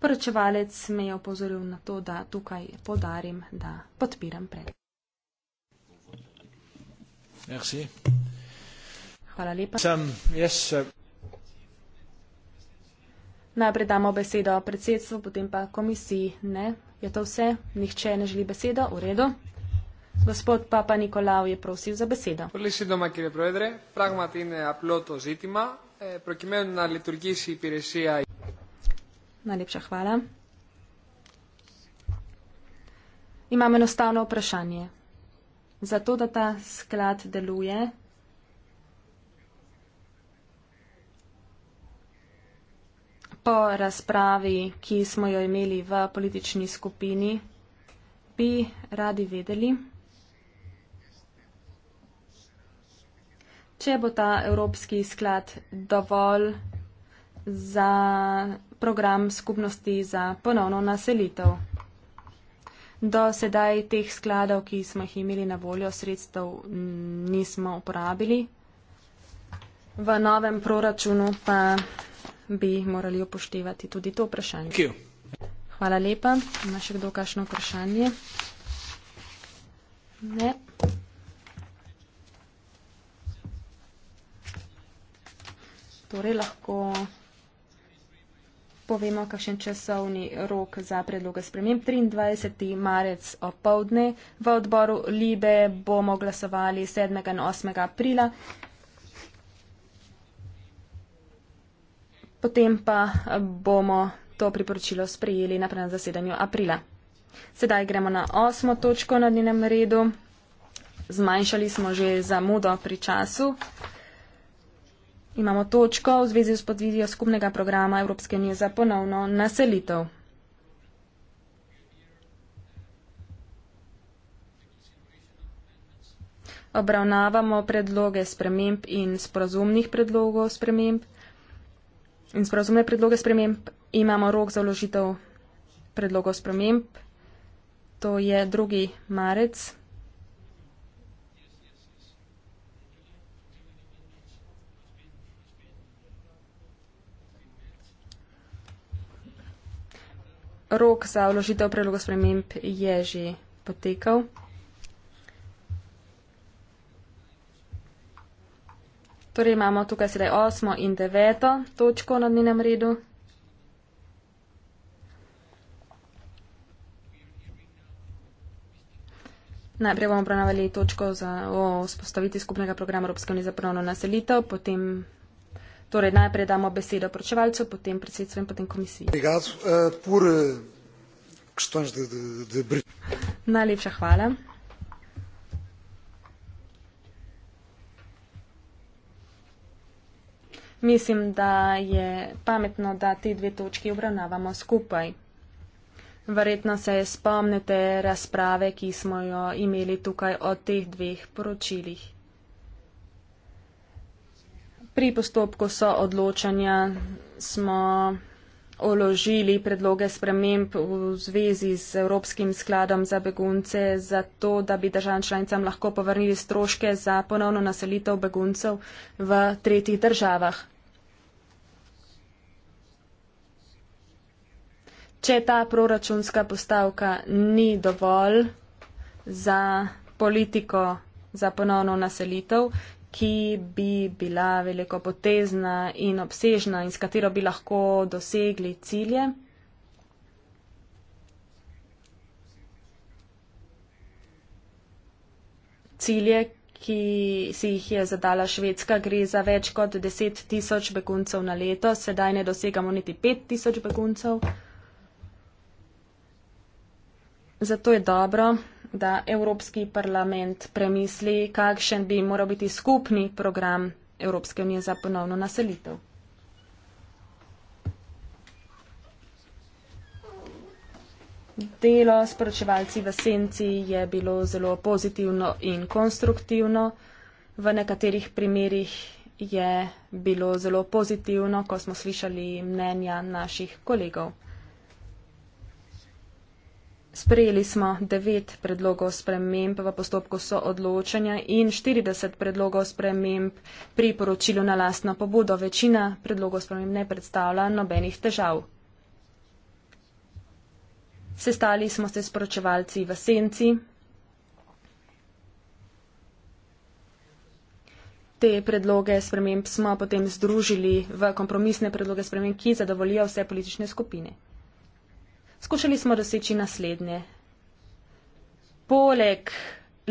Poročevalec me je opozoril na to, da tukaj podarim, da podpiram predlog. Merci. Hvala lepa. Sem, jaz, uh... Najprej damo besedo predsedstvu, potem pa komisiji. Ne, je to vse? Nihče ne želi besedo? V redu. Gospod Papa Nikolaov je prosil za besedo. Prosim, Najlepša hvala. Imam enostavno vprašanje. Zato, da ta sklad deluje, po razpravi, ki smo jo imeli v politični skupini, bi radi vedeli, če bo ta evropski sklad dovolj za program skupnosti za ponovno naselitev. Do sedaj teh skladov, ki smo jih imeli na voljo, sredstev nismo uporabili. V novem proračunu pa bi morali upoštevati tudi to vprašanje. Hvala lepa. Ima še kdo kakšno vprašanje? Ne. Torej lahko povemo, kakšen časovni rok za predloge sprememb. 23. marec opovdne v odboru Libe bomo glasovali 7. in 8. aprila. Potem pa bomo to priporočilo sprejeli na prenos zasedanju aprila. Sedaj gremo na osmo točko na dnevnem redu. Zmanjšali smo že zamudo pri času imamo točko v zvezi s podvidijo skupnega programa Evropske unije za ponovno naselitev. Obravnavamo predloge sprememb in sporozumnih predlogov sprememb. In sporozumne predloge sprememb imamo rok za vložitev predlogov sprememb. To je drugi marec rok za vložitev predloga sprememb je že potekal. Torej imamo tukaj sedaj osmo in deveto točko na dnevnem redu. Najprej bomo obravnavali točko za, o spostavitvi skupnega programa Evropske unije za ponovno naselitev, potem Torej, najprej damo besedo poročevalcu, potem predsedstvu in potem komisiji. Eh, eh, Najlepša hvala. Mislim, da je pametno, da te dve točki obravnavamo skupaj. Verjetno se spomnite razprave, ki smo jo imeli tukaj o teh dveh poročilih pri postopku so odločanja smo oložili predloge sprememb v zvezi z Evropskim skladom za begunce, zato da bi državam članicam lahko povrnili stroške za ponovno naselitev beguncev v tretjih državah. Če ta proračunska postavka ni dovolj za politiko za ponovno naselitev, ki bi bila veliko potezna in obsežna in s katero bi lahko dosegli cilje. Cilje, ki si jih je zadala Švedska, gre za več kot 10 tisoč beguncev na leto, sedaj ne dosegamo niti 5 tisoč beguncev. Zato je dobro, da Evropski parlament premisli, kakšen bi moral biti skupni program Evropske unije za ponovno naselitev. Delo s poročevalci v senci je bilo zelo pozitivno in konstruktivno. V nekaterih primerjih je bilo zelo pozitivno, ko smo slišali mnenja naših kolegov. Sprejeli smo 9 predlogov sprememb v postopku so odločanja in 40 predlogov sprememb pri poročilu na lastno pobudo. Večina predlogov sprememb ne predstavlja nobenih težav. Sestali smo se s poročevalci v senci. Te predloge sprememb smo potem združili v kompromisne predloge sprememb, ki zadovoljijo vse politične skupine. Skušali smo doseči naslednje. Poleg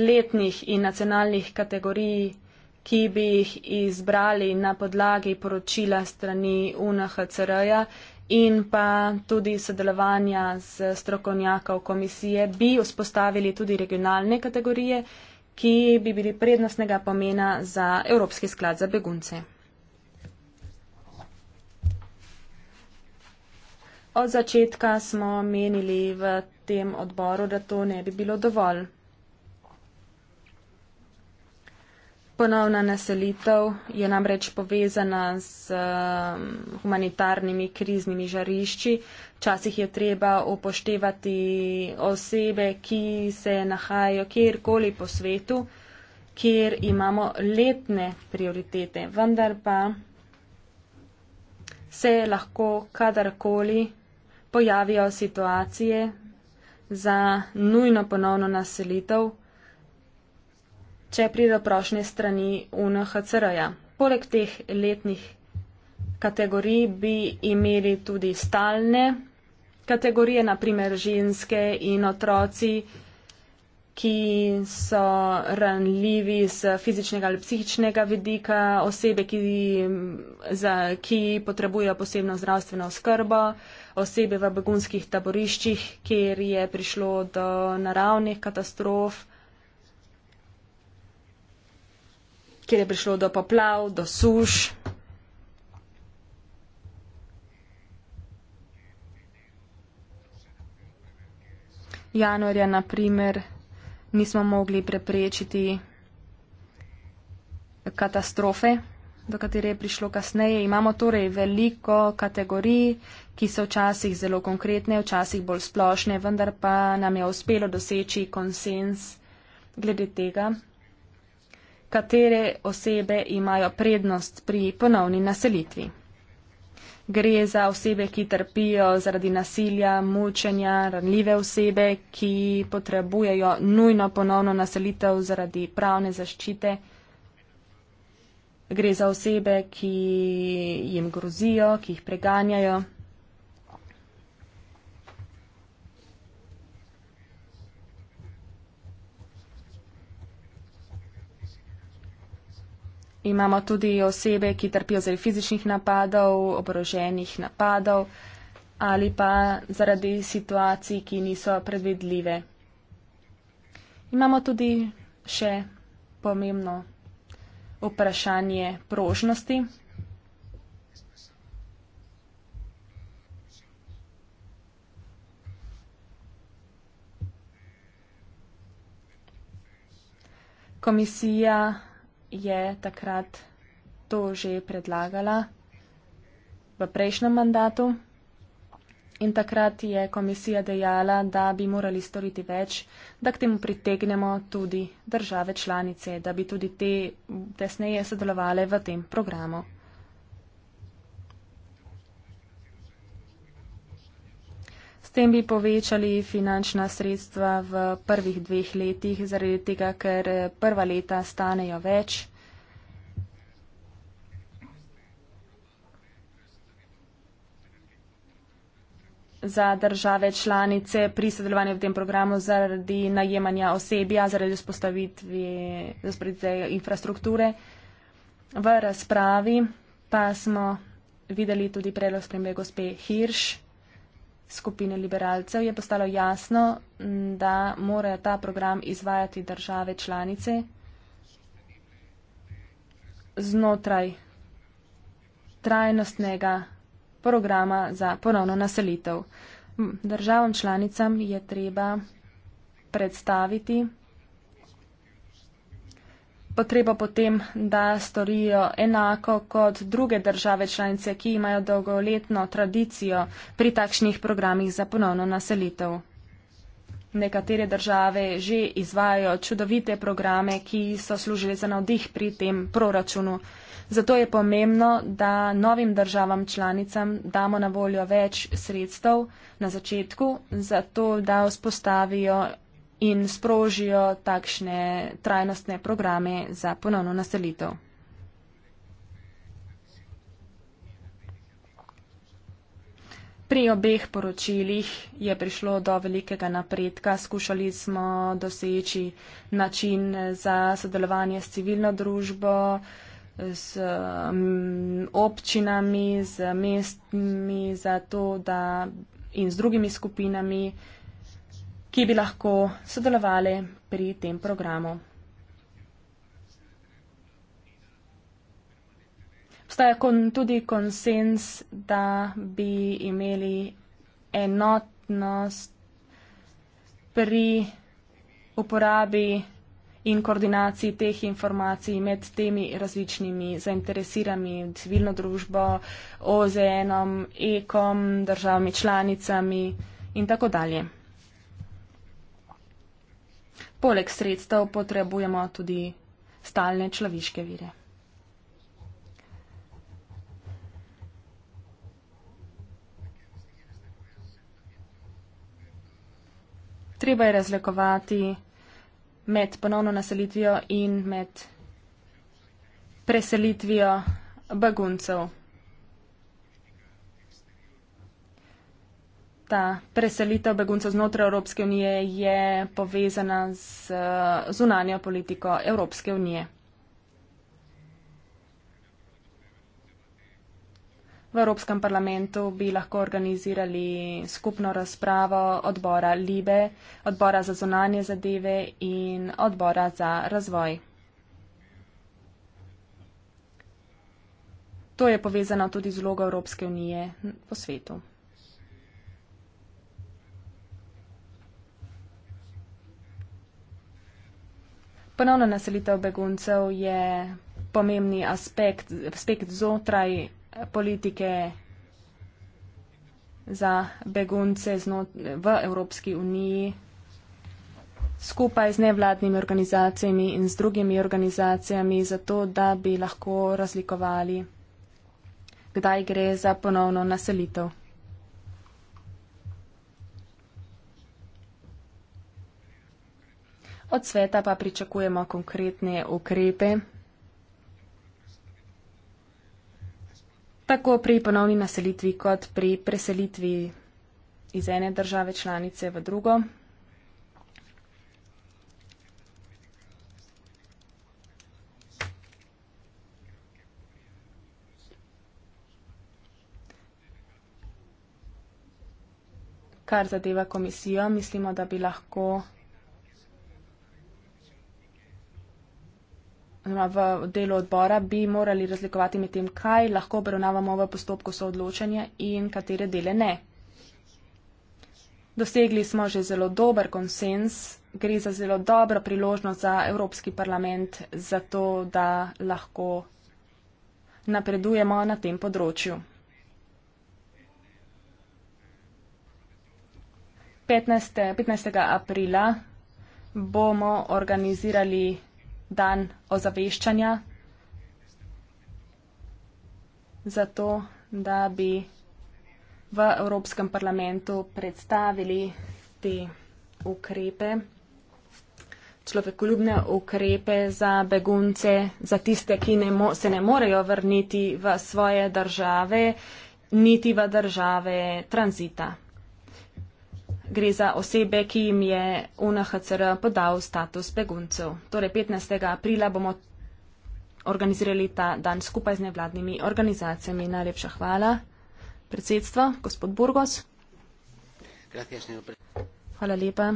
letnih in nacionalnih kategorij, ki bi jih izbrali na podlagi poročila strani UNHCR-ja in pa tudi sodelovanja z strokovnjakov komisije, bi vzpostavili tudi regionalne kategorije, ki bi bili prednostnega pomena za Evropski sklad za begunce. Od začetka smo menili v tem odboru, da to ne bi bilo dovolj. Ponovna naselitev je namreč povezana z um, humanitarnimi kriznimi žarišči. Včasih je treba upoštevati osebe, ki se nahajajo kjerkoli po svetu, kjer imamo letne prioritete. Vendar pa se lahko kadarkoli pojavijo situacije za nujno ponovno naselitev, če pride do prošnje strani UNHCR-ja. Poleg teh letnih kategorij bi imeli tudi stalne kategorije, naprimer ženske in otroci, ki so ranljivi z fizičnega ali psihičnega vidika, osebe, ki, za, ki potrebujejo posebno zdravstveno skrbo osebe v begunskih taboriščih, kjer je prišlo do naravnih katastrof, kjer je prišlo do poplav, do suš. Januarja, naprimer, nismo mogli preprečiti katastrofe do katere je prišlo kasneje. Imamo torej veliko kategorij, ki so včasih zelo konkretne, včasih bolj splošne, vendar pa nam je uspelo doseči konsens glede tega, katere osebe imajo prednost pri ponovni naselitvi. Gre za osebe, ki trpijo zaradi nasilja, mučenja, ranljive osebe, ki potrebujejo nujno ponovno naselitev zaradi pravne zaščite gre za osebe, ki jim grozijo, ki jih preganjajo. Imamo tudi osebe, ki trpijo zaradi fizičnih napadov, oboroženih napadov ali pa zaradi situacij, ki niso predvidljive. Imamo tudi še pomembno vprašanje prožnosti. Komisija je takrat to že predlagala v prejšnjem mandatu. In takrat je komisija dejala, da bi morali storiti več, da k temu pritegnemo tudi države članice, da bi tudi te tesneje sodelovale v tem programu. S tem bi povečali finančna sredstva v prvih dveh letih, zaradi tega, ker prva leta stanejo več. za države članice pri sodelovanju v tem programu zaradi najemanja osebja, zaradi vzpostavitve infrastrukture. V razpravi pa smo videli tudi predlog spremembe gospe Hirš, skupine liberalcev. Je postalo jasno, da morajo ta program izvajati države članice znotraj trajnostnega programa za ponovno naselitev. Državam članicam je treba predstaviti potrebo potem, da storijo enako kot druge države članice, ki imajo dolgoletno tradicijo pri takšnih programih za ponovno naselitev. Nekatere države že izvajajo čudovite programe, ki so služili za navdih pri tem proračunu. Zato je pomembno, da novim državam članicam damo na voljo več sredstev na začetku, zato da vzpostavijo in sprožijo takšne trajnostne programe za ponovno naselitev. Pri obeh poročilih je prišlo do velikega napredka. Skušali smo doseči način za sodelovanje s civilno družbo, z mm, občinami, z mestmi za to, da in z drugimi skupinami, ki bi lahko sodelovali pri tem programu. Obstaja kon, tudi konsens, da bi imeli enotnost pri uporabi in koordinaciji teh informacij med temi različnimi zainteresirami, civilno družbo, OZN-om, EKOM, državami članicami in tako dalje. Poleg sredstev potrebujemo tudi stalne človeške vire. Treba je razlikovati med ponovno naselitvijo in med preselitvijo beguncev. Ta preselitev beguncev znotraj Evropske unije je povezana z zunanjo politiko Evropske unije. V Evropskem parlamentu bi lahko organizirali skupno razpravo odbora Libe, odbora za zunanje zadeve in odbora za razvoj. To je povezano tudi z vlogo Evropske unije po svetu. Ponovna naselitev beguncev je pomembni aspekt, aspekt zotraj politike za begunce znot, v Evropski uniji skupaj z nevladnimi organizacijami in z drugimi organizacijami, zato da bi lahko razlikovali, kdaj gre za ponovno naselitev. Od sveta pa pričakujemo konkretne ukrepe. tako pri ponovni naselitvi kot pri preselitvi iz ene države članice v drugo. Kar zadeva komisijo, mislimo, da bi lahko v delu odbora, bi morali razlikovati med tem, kaj lahko obravnavamo v postopku soodločanja in katere dele ne. Dosegli smo že zelo dober konsens, gre za zelo dobro priložnost za Evropski parlament, zato da lahko napredujemo na tem področju. 15. 15. aprila bomo organizirali dan ozaveščanja, zato da bi v Evropskem parlamentu predstavili te ukrepe, človekoljubne ukrepe za begunce, za tiste, ki ne se ne morejo vrniti v svoje države, niti v države tranzita gre za osebe, ki jim je UNHCR podal status beguncev. Torej 15. aprila bomo organizirali ta dan skupaj z nevladnimi organizacijami. Najlepša hvala. Predsedstvo, gospod Burgos. Hvala lepa.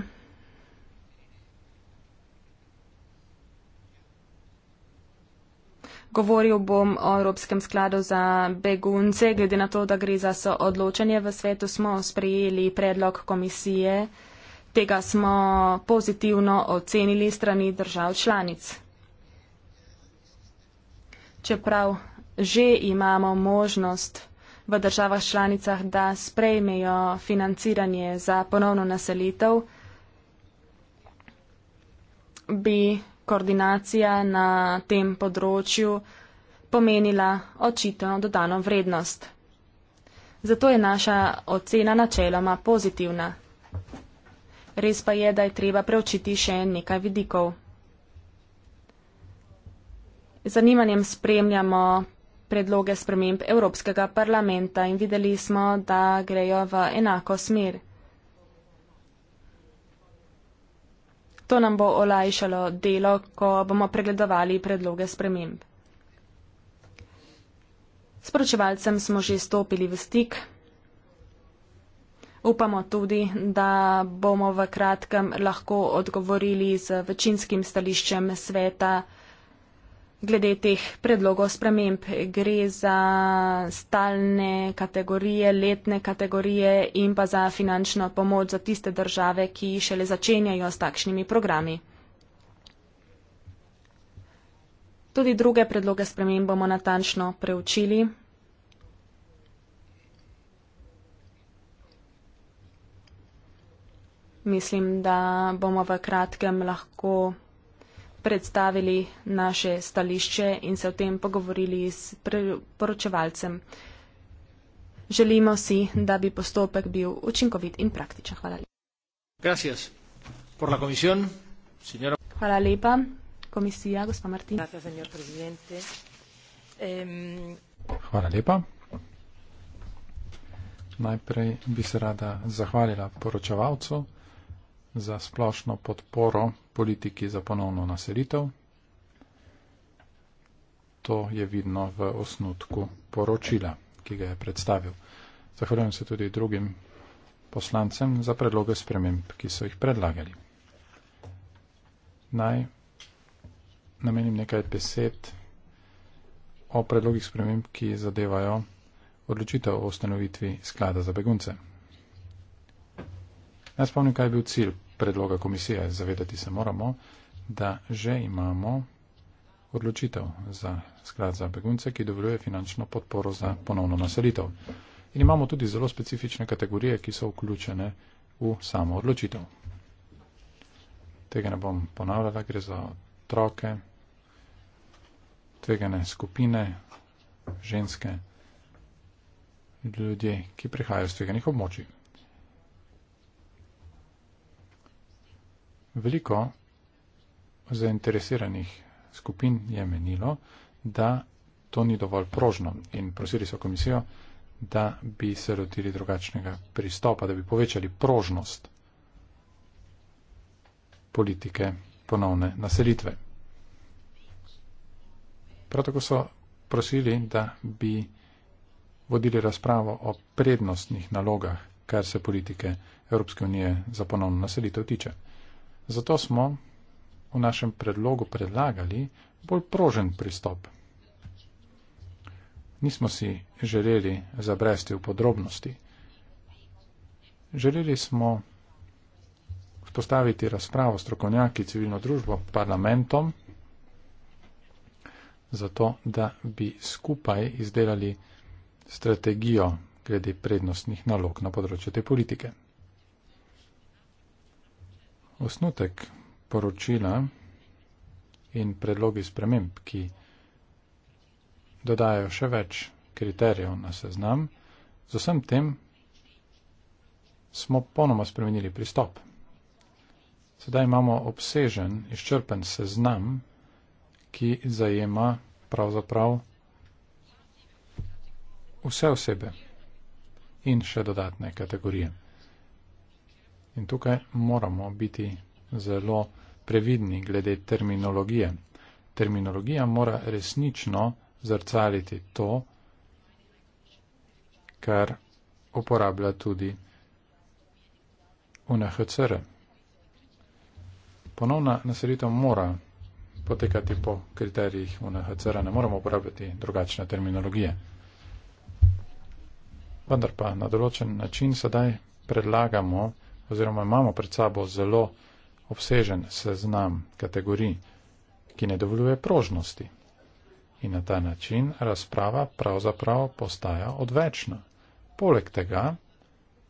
Govoril bom o Evropskem skladu za begunce. Glede na to, da gre za soodločanje v svetu, smo sprejeli predlog komisije. Tega smo pozitivno ocenili strani držav članic. Čeprav že imamo možnost v državah članicah, da sprejmejo financiranje za ponovno naselitev, bi koordinacija na tem področju pomenila očitno dodano vrednost. Zato je naša ocena načeloma pozitivna. Res pa je, da je treba preučiti še nekaj vidikov. Zanimanjem spremljamo predloge sprememb Evropskega parlamenta in videli smo, da grejo v enako smer. To nam bo olajšalo delo, ko bomo pregledovali predloge sprememb. S poročevalcem smo že stopili v stik. Upamo tudi, da bomo v kratkem lahko odgovorili z večinskim stališčem sveta glede teh predlogov sprememb. Gre za stalne kategorije, letne kategorije in pa za finančno pomoč za tiste države, ki šele začenjajo s takšnimi programi. Tudi druge predloge sprememb bomo natančno preučili. Mislim, da bomo v kratkem lahko predstavili naše stališče in se o tem pogovorili s poročevalcem. Želimo si, da bi postopek bil učinkovit in praktičen. Hvala lepa. Gracias. Por la komisión, señora... Hvala lepa, komisija, gospod Martin. Gracias, señor presidente. Um... Hvala lepa. Najprej bi se rada zahvalila poročevalcu za splošno podporo politiki za ponovno naselitev. To je vidno v osnutku poročila, ki ga je predstavil. Zahvaljujem se tudi drugim poslancem za predloge sprememb, ki so jih predlagali. Naj namenim nekaj besed o predlogih sprememb, ki zadevajo odločitev o ustanovitvi sklada za begunce. Naj spomnim, kaj je bil cilj predloga komisije. Zavedati se moramo, da že imamo odločitev za sklad za begunce, ki dovoljuje finančno podporo za ponovno naselitev. In imamo tudi zelo specifične kategorije, ki so vključene v samo odločitev. Tega ne bom ponavljala, gre za otroke, tvegane skupine, ženske, ljudje, ki prihajajo iz tveganih območij. Veliko zainteresiranih skupin je menilo, da to ni dovolj prožno in prosili so komisijo, da bi se rotili drugačnega pristopa, da bi povečali prožnost politike ponovne naselitve. Prav tako so prosili, da bi vodili razpravo o prednostnih nalogah, kar se politike Evropske unije za ponovno naselitev tiče. Zato smo v našem predlogu predlagali bolj prožen pristop. Nismo si želeli zabresti v podrobnosti. Želeli smo vzpostaviti razpravo strokovnjaki civilno družbo parlamentom, zato da bi skupaj izdelali strategijo glede prednostnih nalog na področju te politike osnutek poročila in predlogi sprememb, ki dodajajo še več kriterijev na seznam, z vsem tem smo ponoma spremenili pristop. Sedaj imamo obsežen, izčrpen seznam, ki zajema pravzaprav vse osebe in še dodatne kategorije. In tukaj moramo biti zelo previdni glede terminologije. Terminologija mora resnično zrcaliti to, kar uporablja tudi UNHCR. Ponovna naselitev mora potekati po kriterijih UNHCR, ne moramo uporabljati drugačne terminologije. Vendar pa na določen način sedaj predlagamo, oziroma imamo pred sabo zelo obsežen seznam kategorij, ki ne dovoljuje prožnosti. In na ta način razprava pravzaprav postaja odvečna. Poleg tega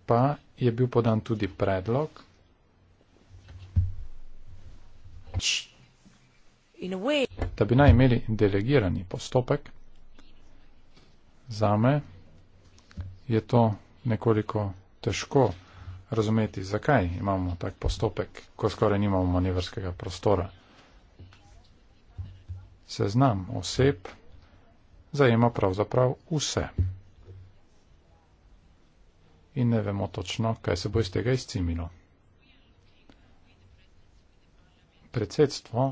pa je bil podan tudi predlog. Da bi naj imeli delegirani postopek, za me je to nekoliko težko razumeti, zakaj imamo tak postopek, ko skoraj nimamo manevrskega prostora. Seznam oseb zajema pravzaprav vse. In ne vemo točno, kaj se bo iz tega izcimilo. Predsedstvo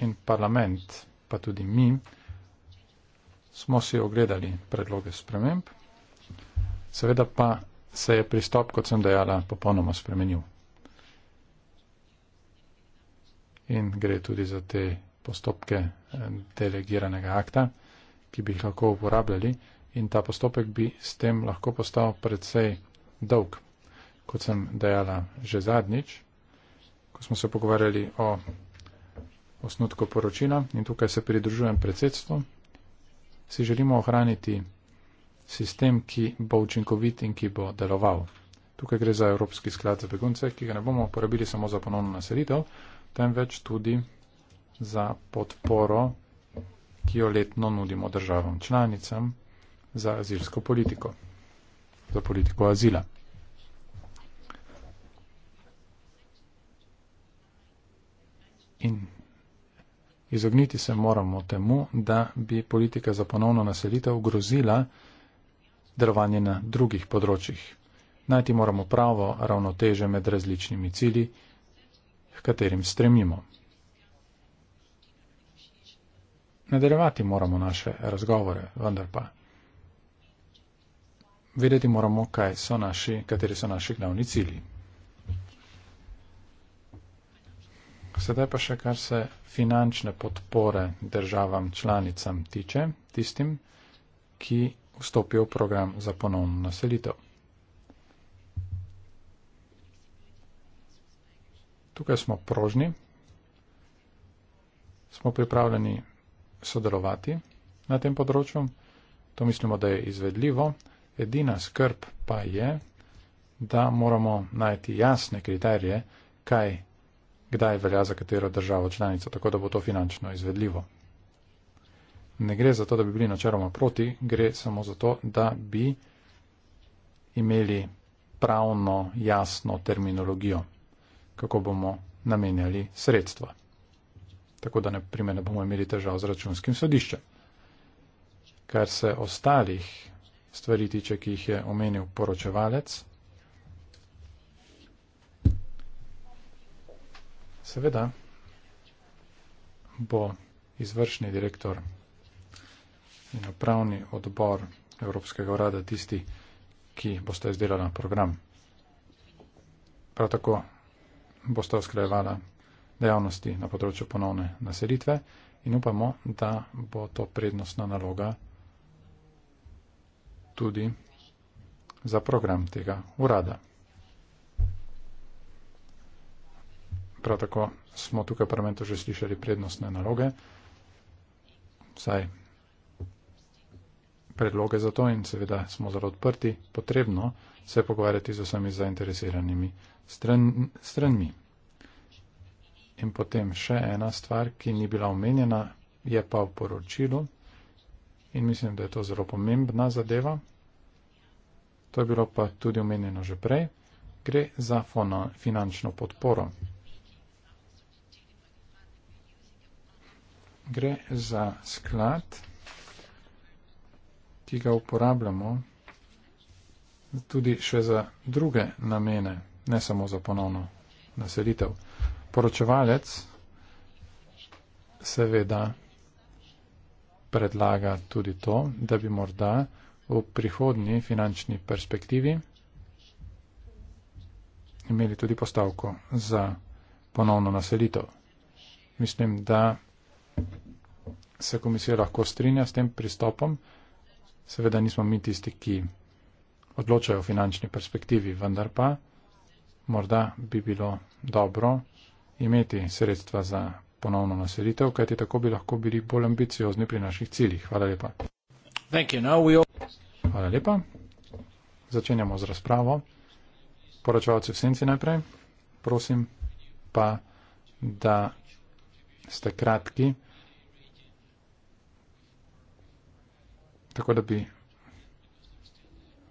in parlament, pa tudi mi, smo si ogledali predloge sprememb. Seveda pa se je pristop, kot sem dejala, popolnoma spremenil. In gre tudi za te postopke eh, delegiranega akta, ki bi jih lahko uporabljali in ta postopek bi s tem lahko postal predvsej dolg. Kot sem dejala že zadnjič, ko smo se pogovarjali o osnutku poročila in tukaj se pridružujem predsedstvu, si želimo ohraniti sistem, ki bo učinkovit in ki bo deloval. Tukaj gre za Evropski sklad za begunce, ki ga ne bomo uporabili samo za ponovno naselitev, temveč tudi za podporo, ki jo letno nudimo državam članicam za azilsko politiko, za politiko azila. In izogniti se moramo temu, da bi politika za ponovno naselitev grozila delovanje na drugih področjih. Najti moramo pravo ravnoteže med različnimi cilji, h katerim stremimo. Nadaljevati moramo naše razgovore, vendar pa. Vedeti moramo, kaj so naši, kateri so naši glavni cilji. Sedaj pa še, kar se finančne podpore državam članicam tiče, tistim, ki vstopil v program za ponovno naselitev. Tukaj smo prožni, smo pripravljeni sodelovati na tem področju, to mislimo, da je izvedljivo. Edina skrb pa je, da moramo najti jasne kriterije, kaj, kdaj velja za katero državo članico, tako da bo to finančno izvedljivo ne gre za to, da bi bili načeloma proti, gre samo za to, da bi imeli pravno jasno terminologijo, kako bomo namenjali sredstva. Tako da, na primer, ne bomo imeli težav z računskim sodiščem. Kar se ostalih stvari tiče, ki jih je omenil poročevalec, seveda bo izvršni direktor pravni odbor Evropskega urada tisti, ki boste izdelali program. Prav tako boste usklajevala dejavnosti na področju ponovne naselitve in upamo, da bo to prednostna naloga tudi za program tega urada. Prav tako smo tukaj v parlamentu že slišali prednostne naloge, saj predloge za to in seveda smo zelo odprti, potrebno se pogovarjati z vsemi zainteresiranimi stran, stranmi. In potem še ena stvar, ki ni bila omenjena, je pa v poročilu in mislim, da je to zelo pomembna zadeva. To je bilo pa tudi omenjeno že prej. Gre za fono, finančno podporo. Gre za sklad ki ga uporabljamo tudi še za druge namene, ne samo za ponovno naselitev. Poročevalec seveda predlaga tudi to, da bi morda v prihodnji finančni perspektivi imeli tudi postavko za ponovno naselitev. Mislim, da se komisija lahko strinja s tem pristopom. Seveda nismo mi tisti, ki odločajo o finančni perspektivi, vendar pa morda bi bilo dobro imeti sredstva za ponovno naselitev, kajti tako bi lahko bili bolj ambiciozni pri naših ciljih. Hvala lepa. Hvala lepa. Začenjamo z razpravo. Poročevalci v senci najprej. Prosim pa, da ste kratki. tako da bi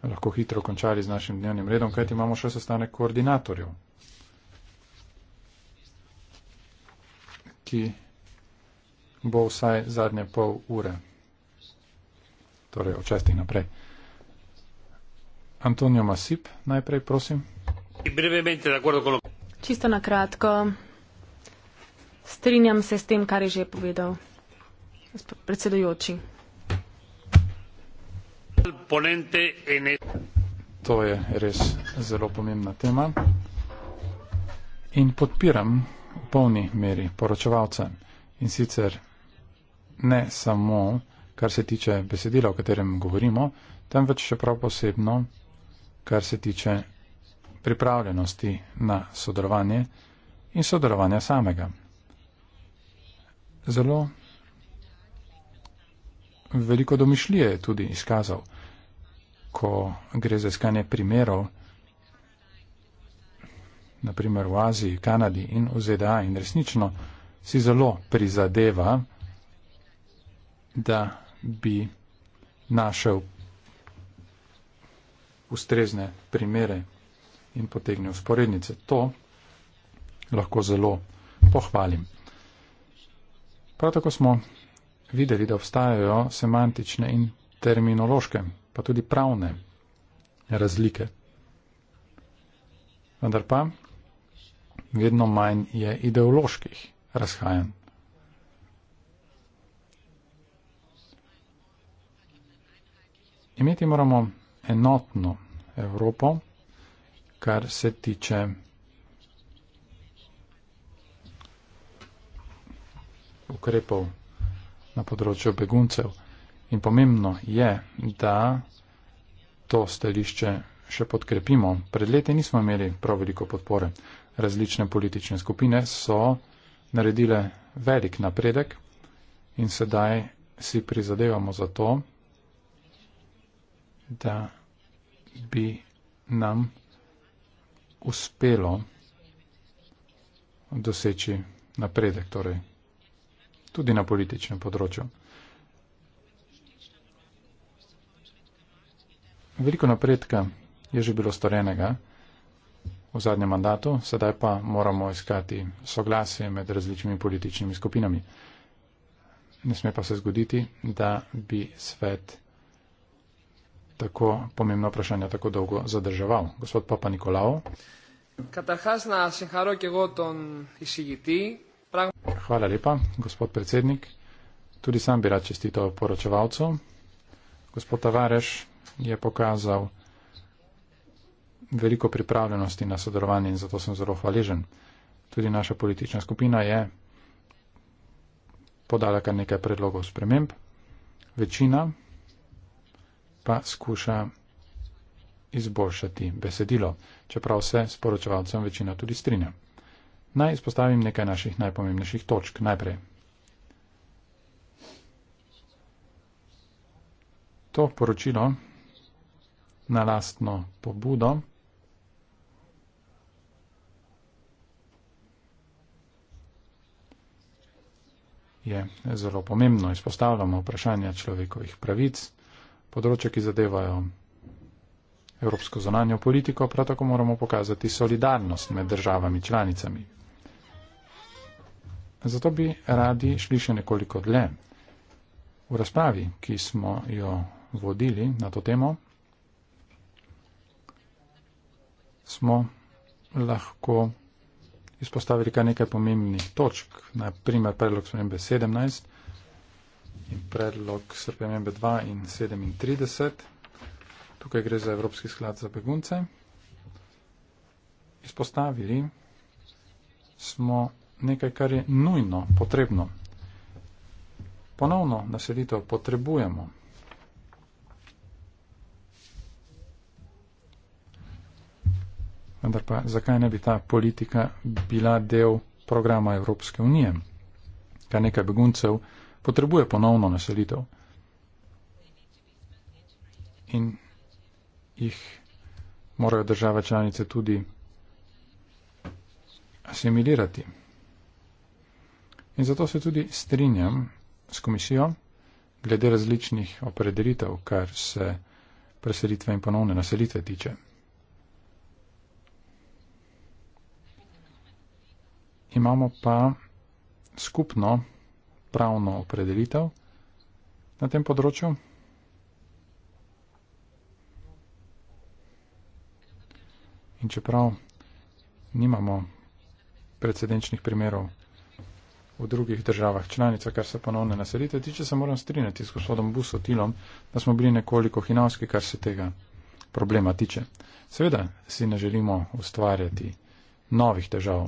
lahko hitro končali z našim dnevnim redom, kajti imamo še sestanek koordinatorjev, ki bo vsaj zadnje pol ure, torej od šestih naprej. Antonio Masip, najprej prosim. Čisto na kratko. Strinjam se s tem, kar je že povedal predsedujoči ponente en el... To je res zelo pomembna tema in podpiram v polni meri poročevalca in sicer ne samo, kar se tiče besedila, o katerem govorimo, temveč še prav posebno, kar se tiče pripravljenosti na sodelovanje in sodelovanja samega. Zelo veliko domišljije je tudi izkazal ko gre za iskanje primerov, naprimer v Aziji, Kanadi in v ZDA in resnično si zelo prizadeva, da bi našel ustrezne primere in potegnil sporednice. To lahko zelo pohvalim. Prav tako smo videli, da obstajajo semantične in terminološke pa tudi pravne razlike. Vendar pa vedno manj je ideoloških razhajanj. Imeti moramo enotno Evropo, kar se tiče ukrepov na področju beguncev. In pomembno je, da to stališče še podkrepimo. Pred leti nismo imeli prav veliko podpore. Različne politične skupine so naredile velik napredek in sedaj si prizadevamo za to, da bi nam uspelo doseči napredek, torej tudi na političnem področju. Veliko napredka je že bilo storjenega v zadnjem mandatu, sedaj pa moramo iskati soglasje med različnimi političnimi skupinami. Ne sme pa se zgoditi, da bi svet tako pomembno vprašanje tako dolgo zadrževal. Gospod Papa Nikolao. Hvala lepa, gospod predsednik. Tudi sam bi rad čestito poročevalcu. Gospod Tavareš, je pokazal veliko pripravljenosti na sodelovanje in zato sem zelo hvaležen. Tudi naša politična skupina je podala kar nekaj predlogov sprememb, večina pa skuša izboljšati besedilo, čeprav se s poročevalcem večina tudi strinja. Naj izpostavim nekaj naših najpomembnejših točk najprej. To poročilo na lastno pobudo. Je zelo pomembno, izpostavljamo vprašanja človekovih pravic, področja, ki zadevajo evropsko zonanjo politiko, prav tako moramo pokazati solidarnost med državami članicami. Zato bi radi šli še nekoliko dlje. V razpravi, ki smo jo vodili na to temo, smo lahko izpostavili kar nekaj pomembnih točk, naprimer predlog spremembe 17 in predlog spremembe 2 in 37. Tukaj gre za Evropski sklad za begunce. Izpostavili smo nekaj, kar je nujno potrebno. Ponovno naselitev potrebujemo. Vendar pa zakaj ne bi ta politika bila del programa Evropske unije? Kar nekaj beguncev potrebuje ponovno naselitev. In jih morajo države članice tudi asimilirati. In zato se tudi strinjam s komisijo glede različnih opredelitev, kar se preselitve in ponovne naselitve tiče. imamo pa skupno pravno opredelitev na tem področju. In čeprav nimamo precedenčnih primerov v drugih državah članica, kar se ponovno naselite, tiče se moram strinjati s gospodom Busotilom, da smo bili nekoliko hinavski, kar se tega problema tiče. Seveda si ne želimo ustvarjati novih težav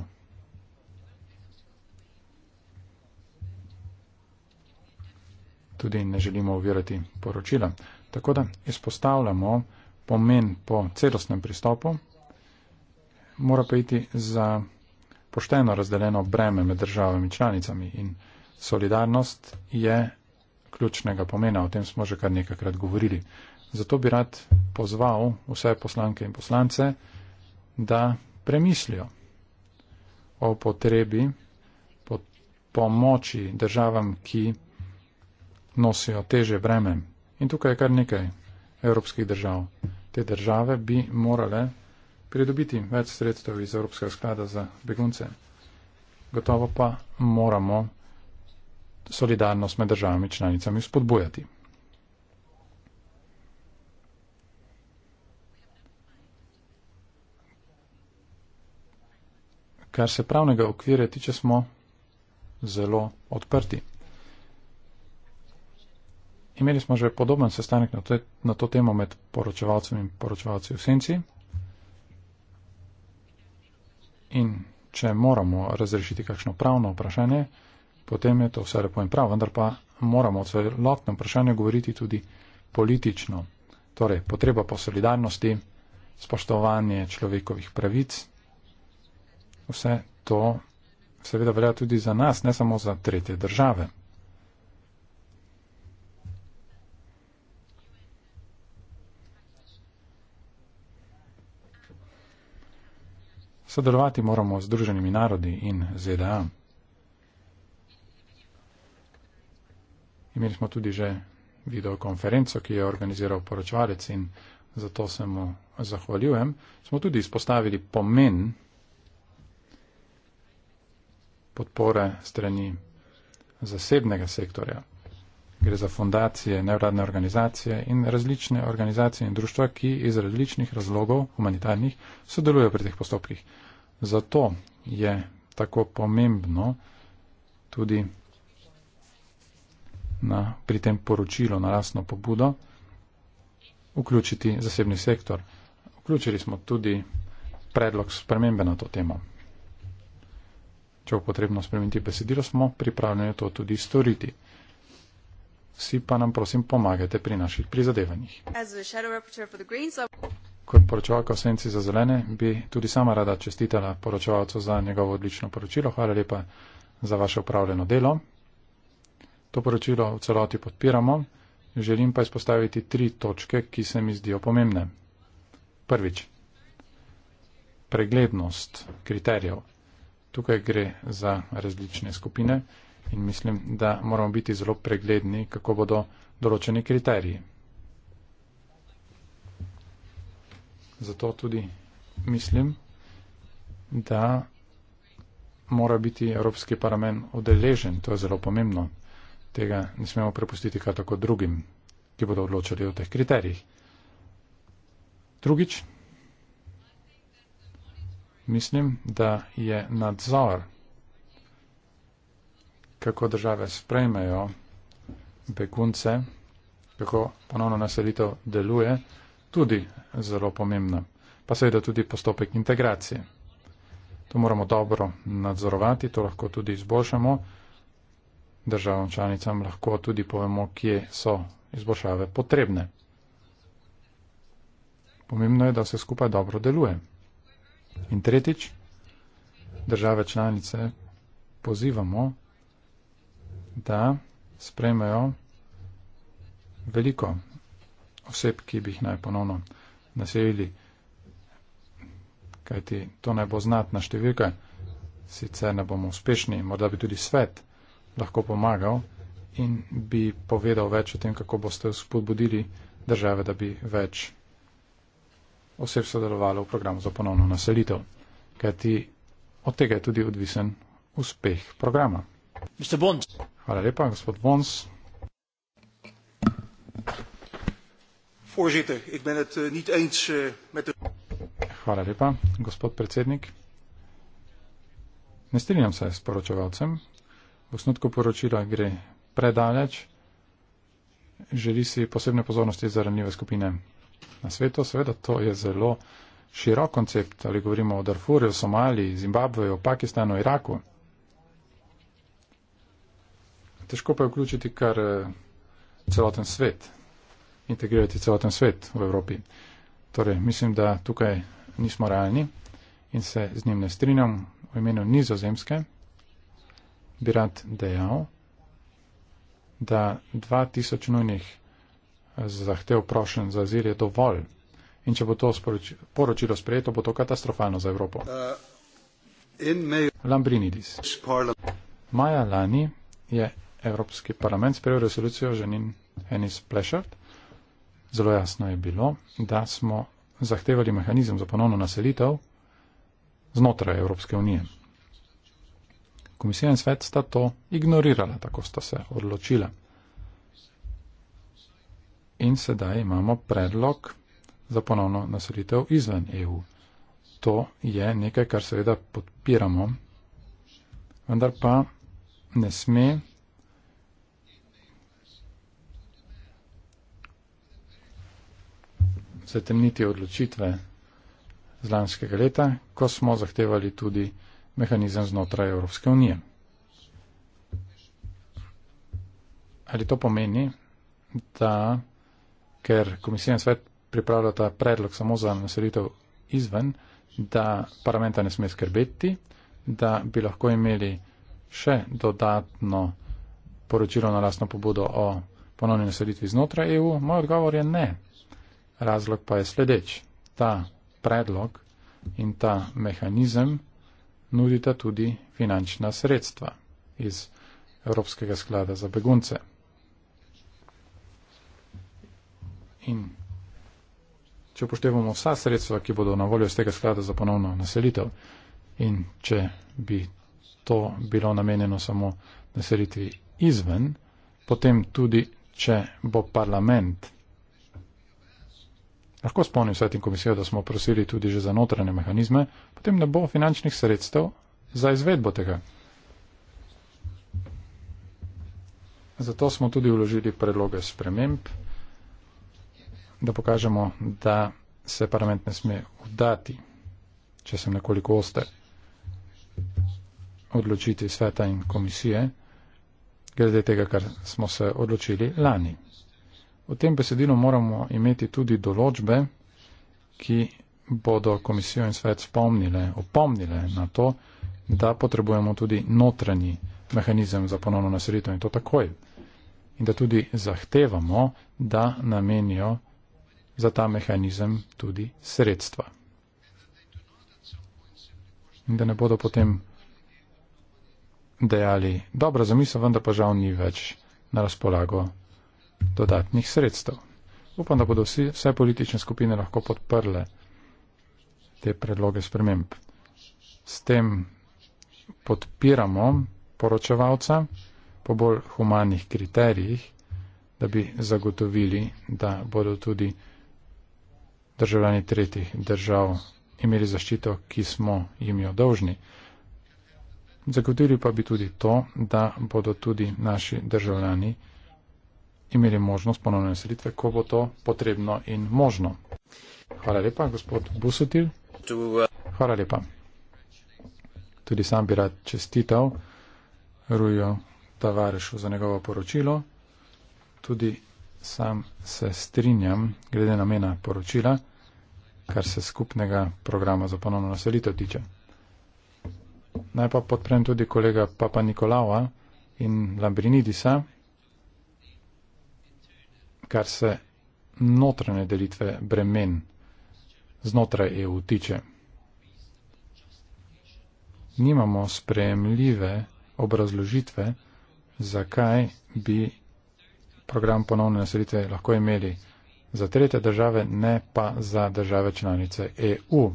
tudi ne želimo uvirati poročila. Tako da izpostavljamo pomen po celostnem pristopu, mora pa iti za pošteno razdeljeno breme med državami članicami in solidarnost je ključnega pomena, o tem smo že kar nekakrat govorili. Zato bi rad pozval vse poslanke in poslance, da premislijo o potrebi po pomoči državam, ki nosijo teže breme. In tukaj je kar nekaj evropskih držav. Te države bi morale pridobiti več sredstev iz Evropskega sklada za begunce. Gotovo pa moramo solidarnost med državami članicami spodbujati. Kar se pravnega okvirja tiče, smo zelo odprti imeli smo že podoben sestanek na, na to temo med poročevalcem in poročevalci v senci. In če moramo razrešiti kakšno pravno vprašanje, potem je to vse lepo in prav, vendar pa moramo o celotnem vprašanju govoriti tudi politično. Torej, potreba po solidarnosti, spoštovanje človekovih pravic, vse to seveda velja tudi za nas, ne samo za tretje države. Sodelovati moramo z Združenimi narodi in ZDA. Imeli smo tudi že videokonferenco, ki je organiziral poročvalec in zato se mu zahvaljujem. Smo tudi izpostavili pomen podpore strani zasebnega sektorja gre za fundacije, nevladne organizacije in različne organizacije in društva, ki iz različnih razlogov humanitarnih sodelujejo pri teh postopkih. Zato je tako pomembno tudi na, pri tem poročilu na lasno pobudo vključiti zasebni sektor. Vključili smo tudi predlog spremembe na to temo. Če bo potrebno spremeniti besedilo, smo pripravljeni to tudi storiti vsi pa nam prosim pomagajte pri naših prizadevanjih. Kot poročevalka v senci za zelene bi tudi sama rada čestitala poročevalcu za njegovo odlično poročilo. Hvala lepa za vaše upravljeno delo. To poročilo v celoti podpiramo. Želim pa izpostaviti tri točke, ki se mi zdijo pomembne. Prvič. Preglednost kriterijev. Tukaj gre za različne skupine in mislim, da moramo biti zelo pregledni, kako bodo določeni kriteriji. Zato tudi mislim, da mora biti Evropski parlament odeležen, to je zelo pomembno. Tega ne smemo prepustiti kar tako drugim, ki bodo odločili o teh kriterijih. Drugič, mislim, da je nadzor kako države sprejmejo begunce, kako ponovno naselitev deluje, tudi zelo pomembna. Pa seveda tudi postopek integracije. To moramo dobro nadzorovati, to lahko tudi izboljšamo. Državam članicam lahko tudi povemo, kje so izboljšave potrebne. Pomembno je, da vse skupaj dobro deluje. In tretjič, države članice pozivamo, da sprejmejo veliko oseb, ki bi jih naj ponovno naselili, kajti to naj bo znatna številka, sicer ne bomo uspešni, morda bi tudi svet lahko pomagal in bi povedal več o tem, kako boste spodbudili države, da bi več oseb sodelovalo v programu za ponovno naselitev, kajti od tega je tudi odvisen uspeh programa. Hvala lepa, gospod Bons. Voorzitter, ik ben het eh, niet eens eh, met de. Hvala lepa, gospod predsednik. Ne strinjam se s poročevalcem. V osnutku poročila gre predaleč. Želi si posebne pozornosti za ranljive skupine na svetu. Seveda, to je zelo širok koncept, ali govorimo o Darfurju, Somaliji, Zimbabveju, Pakistanu, Iraku težko pa je vključiti kar eh, celoten svet, integrirati celoten svet v Evropi. Torej, mislim, da tukaj nismo realni in se z njim ne strinjam. V imenu nizozemske bi rad dejal, da 2000 nujnih eh, zahtev prošen za azil je dovolj. In če bo to sporoči, poročilo sprejeto, bo to katastrofalno za Evropo. Uh, Lambrinidis. Maja lani je Evropski parlament sprejel resolucijo Ženin Henis Plešart, zelo jasno je bilo, da smo zahtevali mehanizem za ponovno naselitev znotraj Evropske unije. Komisija in svet sta to ignorirala, tako sta se odločila. In sedaj imamo predlog za ponovno naselitev izven EU. To je nekaj, kar seveda podpiramo, vendar pa ne sme zatemniti odločitve z lanskega leta, ko smo zahtevali tudi mehanizem znotraj Evropske unije. Ali to pomeni, da ker komisija in svet pripravlja ta predlog samo za naselitev izven, da parlamenta ne sme skrbeti, da bi lahko imeli še dodatno poročilo na lastno pobudo o ponovni naselitvi znotraj EU? Moj odgovor je ne. Razlog pa je sledeč. Ta predlog in ta mehanizem nudita tudi finančna sredstva iz Evropskega sklada za begunce. In če upoštevamo vsa sredstva, ki bodo na voljo iz tega sklada za ponovno naselitev in če bi to bilo namenjeno samo naselitvi izven, potem tudi, če bo parlament Lahko spomnim svetim komisijo, da smo prosili tudi že za notranje mehanizme, potem ne bo finančnih sredstev za izvedbo tega. Zato smo tudi uložili predloge sprememb, da pokažemo, da se parlament ne sme vdati, če sem nekoliko oster, odločiti sveta in komisije glede tega, kar smo se odločili lani. V tem besedilu moramo imeti tudi določbe, ki bodo komisijo in svet spomnile, opomnile na to, da potrebujemo tudi notranji mehanizem za ponovno naselitev in to takoj. In da tudi zahtevamo, da namenijo za ta mehanizem tudi sredstva. In da ne bodo potem dejali, dobra zamisel, vendar pa žal ni več na razpolago dodatnih sredstev. Upam, da bodo vsi, vse politične skupine lahko podprle te predloge sprememb. S tem podpiramo poročevalca po bolj humanih kriterijih, da bi zagotovili, da bodo tudi državljani tretjih držav imeli zaščito, ki smo jim jo dolžni. Zagotovili pa bi tudi to, da bodo tudi naši državljani imeli možnost ponovne selitve, ko bo to potrebno in možno. Hvala lepa, gospod Busutil. Hvala lepa. Tudi sam bi rad čestital Rujo Tavarešu za njegovo poročilo. Tudi sam se strinjam, glede namena poročila, kar se skupnega programa za ponovno naselitev tiče. Naj pa podprem tudi kolega Papa Nikolava in Lambrinidisa, kar se notranje delitve bremen znotraj EU tiče. Nimamo sprejemljive obrazložitve, zakaj bi program ponovne naselitve lahko imeli za tretje države, ne pa za države članice EU.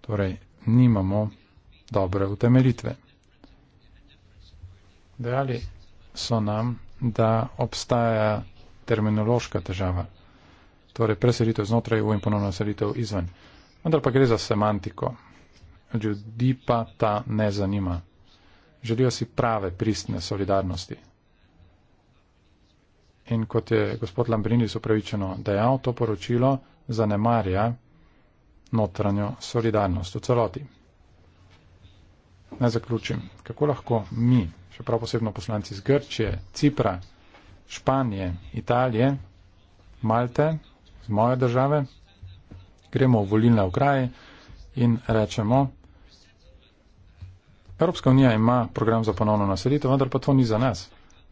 Torej, nimamo dobre utemeljitve. Dejali so nam, da obstaja terminološka težava. Torej, preselitev znotraj EU in ponovno selitev izven. Vendar pa gre za semantiko. Ljudi pa ta ne zanima. Želijo si prave, pristne solidarnosti. In kot je gospod Lambrinis upravičeno dejal, to poročilo zanemarja notranjo solidarnost v celoti. Naj zaključim. Kako lahko mi, še prav posebno poslanci iz Grčije, Cipra, Španije, Italije, Malte, z moje države, gremo v volilne okraje in rečemo, Evropska unija ima program za ponovno naselitev, vendar pa to ni za nas.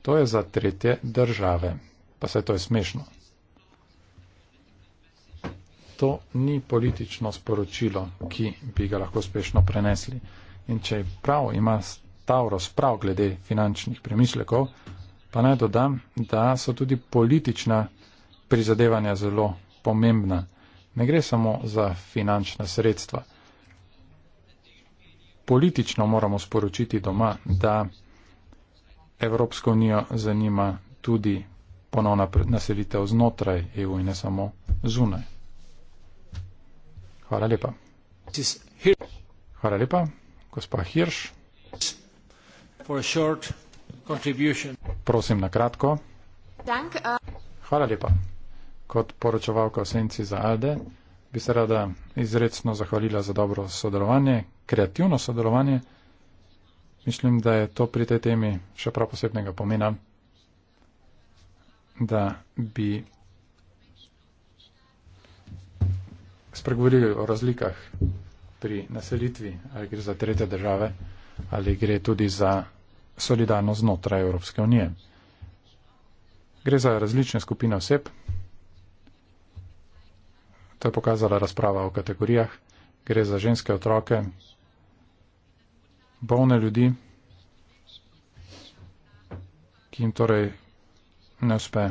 To je za tretje države. Pa se to je smešno. To ni politično sporočilo, ki bi ga lahko uspešno prenesli. In če prav ima Tauros prav glede finančnih premislekov, Pa naj dodam, da so tudi politična prizadevanja zelo pomembna. Ne gre samo za finančna sredstva. Politično moramo sporočiti doma, da Evropsko unijo zanima tudi ponovna naselitev znotraj EU in ne samo zunaj. Hvala lepa. Hvala lepa, gospod Hirš. Prosim, na kratko. Eh. Hvala lepa. Kot poročevalka v senci za Alde bi se rada izredno zahvalila za dobro sodelovanje, kreativno sodelovanje. Mislim, da je to pri tej temi še prav posebnega pomena, da bi spregovorili o razlikah pri naselitvi, ali gre za tretje države, ali gre tudi za solidarno znotraj Evropske unije. Gre za različne skupine oseb. To je pokazala razprava o kategorijah. Gre za ženske otroke, bolne ljudi, ki jim torej ne uspe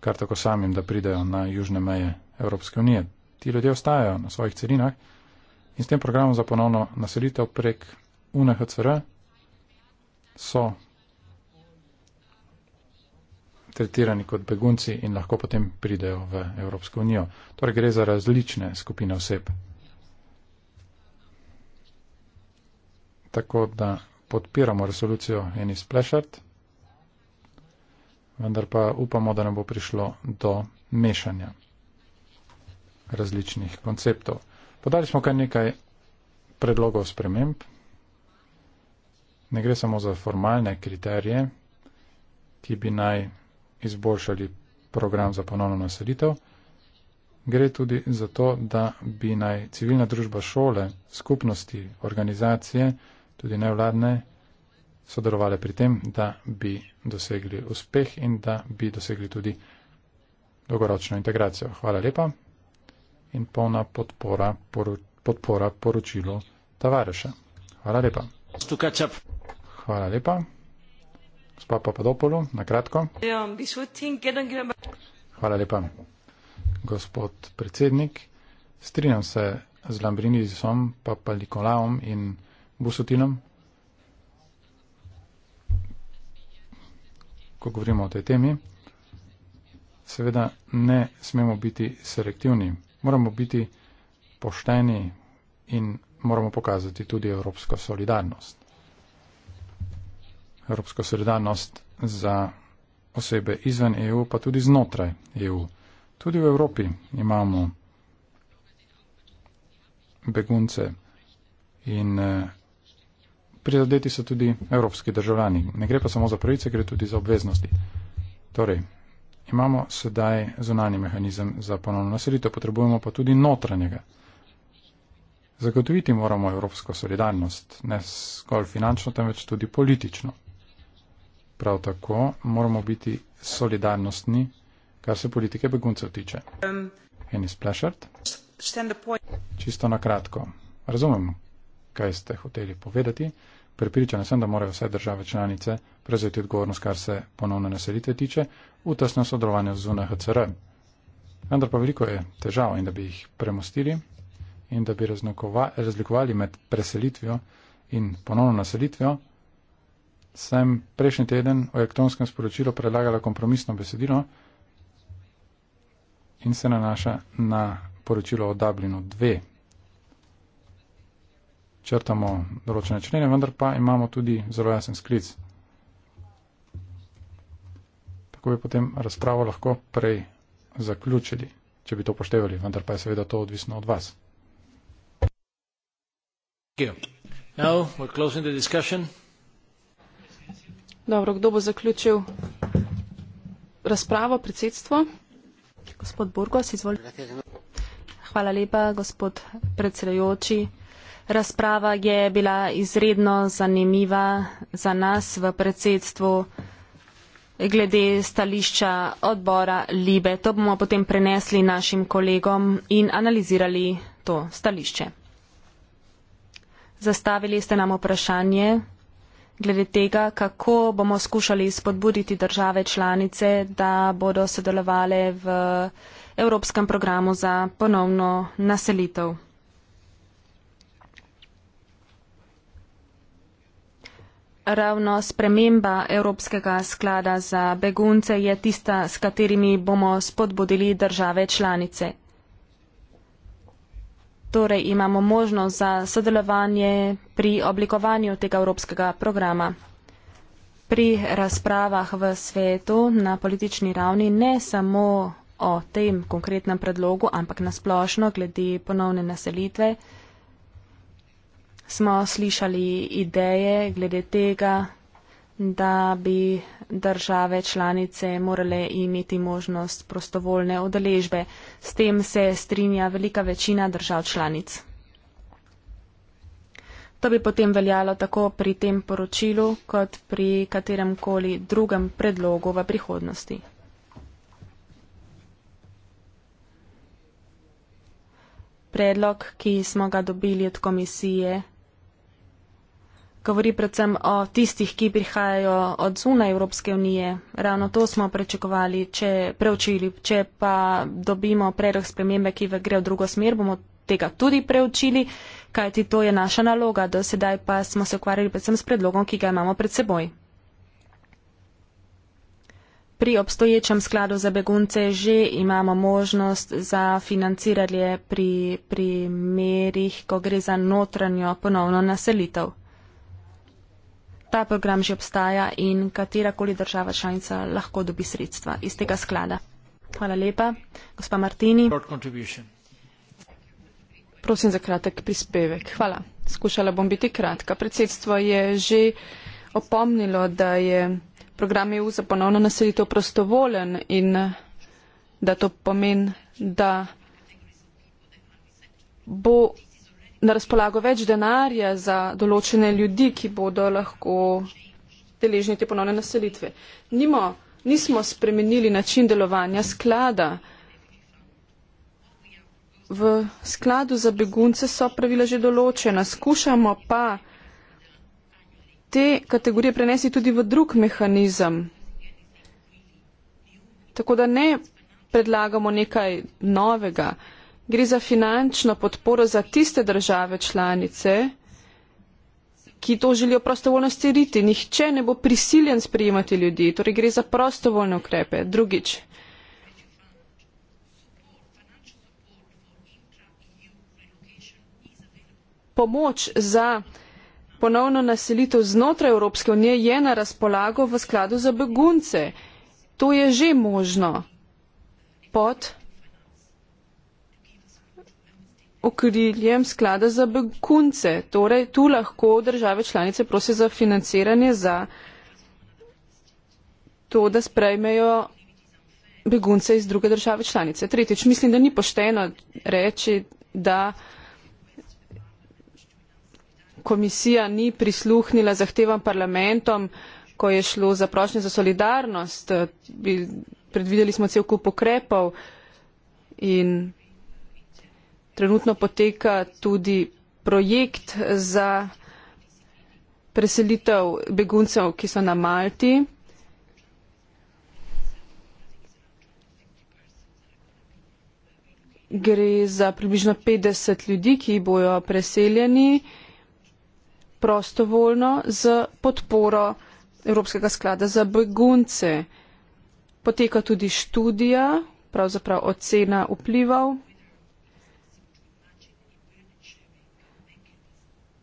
kar tako samim, da pridejo na južne meje Evropske unije. Ti ljudje ostajajo na svojih celinah in s tem programom za ponovno naselitev prek UNHCR so tretirani kot begunci in lahko potem pridejo v Evropsko unijo. Torej gre za različne skupine oseb. Tako da podpiramo resolucijo Enis Plešart, vendar pa upamo, da ne bo prišlo do mešanja različnih konceptov. Podali smo kar nekaj predlogov sprememb, ne gre samo za formalne kriterije, ki bi naj izboljšali program za ponovno naselitev, gre tudi za to, da bi naj civilna družba šole, skupnosti, organizacije, tudi nevladne, sodelovali pri tem, da bi dosegli uspeh in da bi dosegli tudi dolgoročno integracijo. Hvala lepa in polna podpora, poru, podpora poročilu Tavareša. Hvala lepa. Hvala lepa. Gospa Papadopolo, na kratko. Hvala lepa. Gospod predsednik, strinjam se z Lambrinizom, Papalikolaom in Busutinom. Ko govorimo o tej temi, seveda ne smemo biti selektivni. Moramo biti pošteni in moramo pokazati tudi evropsko solidarnost evropsko solidarnost za osebe izven EU, pa tudi znotraj EU. Tudi v Evropi imamo begunce in eh, prizadeti so tudi evropski državljani. Ne gre pa samo za pravice, gre tudi za obveznosti. Torej, imamo sedaj zunani mehanizem za ponovno naselitev, potrebujemo pa tudi notranjega. Zagotoviti moramo evropsko solidarnost, ne skolj finančno, temveč tudi politično. Prav tako moramo biti solidarnostni, kar se politike beguncev tiče. Um, Enis Plešert. Čisto na kratko. Razumem, kaj ste hoteli povedati. Pripričana sem, da morajo vse države članice prevzeti odgovornost, kar se ponovne naselitve tiče, v tesnem sodelovanju z UNHCR. Vendar pa veliko je težav in da bi jih premostili in da bi razlikovali med preselitvijo in ponovno naselitvijo sem prejšnji teden v elektronskem sporočilu predlagala kompromisno besedilo in se nanaša na poročilo o Dublinu 2. Črtamo določene člene, vendar pa imamo tudi zelo jasen sklic. Tako bi potem razpravo lahko prej zaključili, če bi to poštevali, vendar pa je seveda to odvisno od vas. Now we're closing the discussion. Dobro, kdo bo zaključil razpravo, predsedstvo? Gospod Burgos, izvolite. Hvala lepa, gospod predsedujoči. Razprava je bila izredno zanimiva za nas v predsedstvu glede stališča odbora Libe. To bomo potem prenesli našim kolegom in analizirali to stališče. Zastavili ste nam vprašanje glede tega, kako bomo skušali spodbuditi države članice, da bodo sodelovali v Evropskem programu za ponovno naselitev. Ravno sprememba Evropskega sklada za begunce je tista, s katerimi bomo spodbudili države članice torej imamo možnost za sodelovanje pri oblikovanju tega evropskega programa. Pri razpravah v svetu na politični ravni ne samo o tem konkretnem predlogu, ampak nasplošno glede ponovne naselitve, smo slišali ideje glede tega, da bi države članice morale imeti možnost prostovoljne odeležbe. S tem se strinja velika večina držav članic. To bi potem veljalo tako pri tem poročilu, kot pri katerem koli drugem predlogu v prihodnosti. Predlog, ki smo ga dobili od komisije govori predvsem o tistih, ki prihajajo od zuna Evropske unije. Ravno to smo prečakovali, če preučili. Če pa dobimo predlog spremembe, ki gre v drugo smer, bomo tega tudi preučili, kajti to je naša naloga. Do sedaj pa smo se ukvarjali predvsem s predlogom, ki ga imamo pred seboj. Pri obstoječem skladu za begunce že imamo možnost za financiranje pri, pri merih, ko gre za notranjo ponovno naselitev ta program že obstaja in katera koli država članica lahko dobi sredstva iz tega sklada. Hvala lepa. Gospa Martini. Prosim za kratek prispevek. Hvala. Skušala bom biti kratka. Predsedstvo je že opomnilo, da je program EU za ponovno naselitev prostovolen in da to pomeni, da bo na razpolago več denarja za določene ljudi, ki bodo lahko deležni te ponovne naselitve. Nimo, nismo spremenili način delovanja sklada. V skladu za begunce so pravila že določena, skušamo pa te kategorije prenesti tudi v drug mehanizem. Tako da ne predlagamo nekaj novega gre za finančno podporo za tiste države članice, ki to želijo prostovoljno steriti. Nihče ne bo prisiljen sprijemati ljudi, torej gre za prostovoljne ukrepe. Drugič. Pomoč za ponovno naselitev znotraj Evropske unije je na razpolago v skladu za begunce. To je že možno pod okriljem sklada za begunce. Torej, tu lahko države članice prosijo za financiranje za to, da sprejmejo begunce iz druge države članice. Tretjič, mislim, da ni pošteno reči, da komisija ni prisluhnila zahtevam parlamentom, ko je šlo za prošnje za solidarnost. Predvideli smo cel kup ukrepov in trenutno poteka tudi projekt za preselitev beguncev, ki so na Malti. Gre za približno 50 ljudi, ki bojo preseljeni prostovoljno z podporo Evropskega sklada za begunce. Poteka tudi študija, pravzaprav ocena vplivov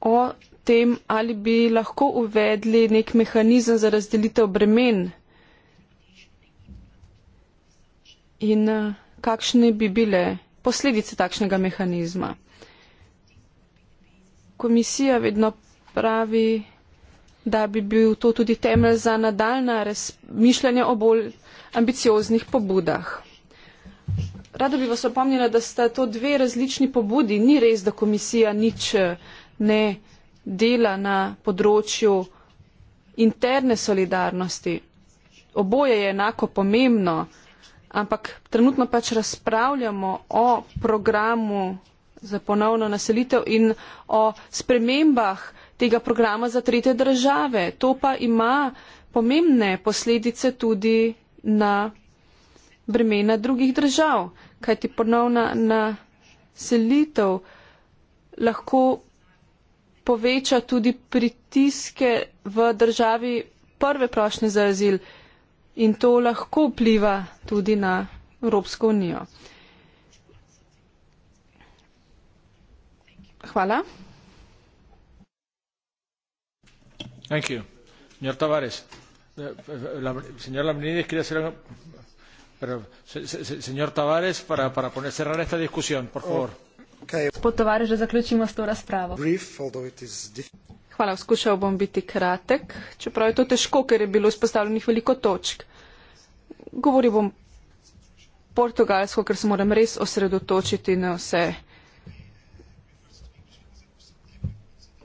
o tem, ali bi lahko uvedli nek mehanizem za razdelitev bremen in eh, kakšne bi bile posledice takšnega mehanizma. Komisija vedno pravi, da bi bil to tudi temelj za nadaljna razmišljanja o bolj ambicioznih pobudah. Rada bi vas opomnila, da sta to dve različni pobudi. Ni res, da komisija nič eh, ne dela na področju interne solidarnosti. Oboje je enako pomembno, ampak trenutno pač razpravljamo o programu za ponovno naselitev in o spremembah tega programa za tretje države. To pa ima pomembne posledice tudi na bremena drugih držav, kajti ponovna naselitev lahko poveča tudi pritiske v državi prve prošnje za azil in to lahko vpliva tudi na Evropsko unijo. Hvala. Thank you. Señor Tavares, eh, eh, la, señor Lambrinides quiere hacer algo, pero se, se, señor Tavares para, para poner cerrar esta discusión, por favor. Oh. Okay. Potovare, že zaključimo s to razpravo. Brief, Hvala, skušal bom biti kratek, čeprav je to težko, ker je bilo izpostavljenih veliko točk. Govoril bom portugalsko, ker se moram res osredotočiti na vse.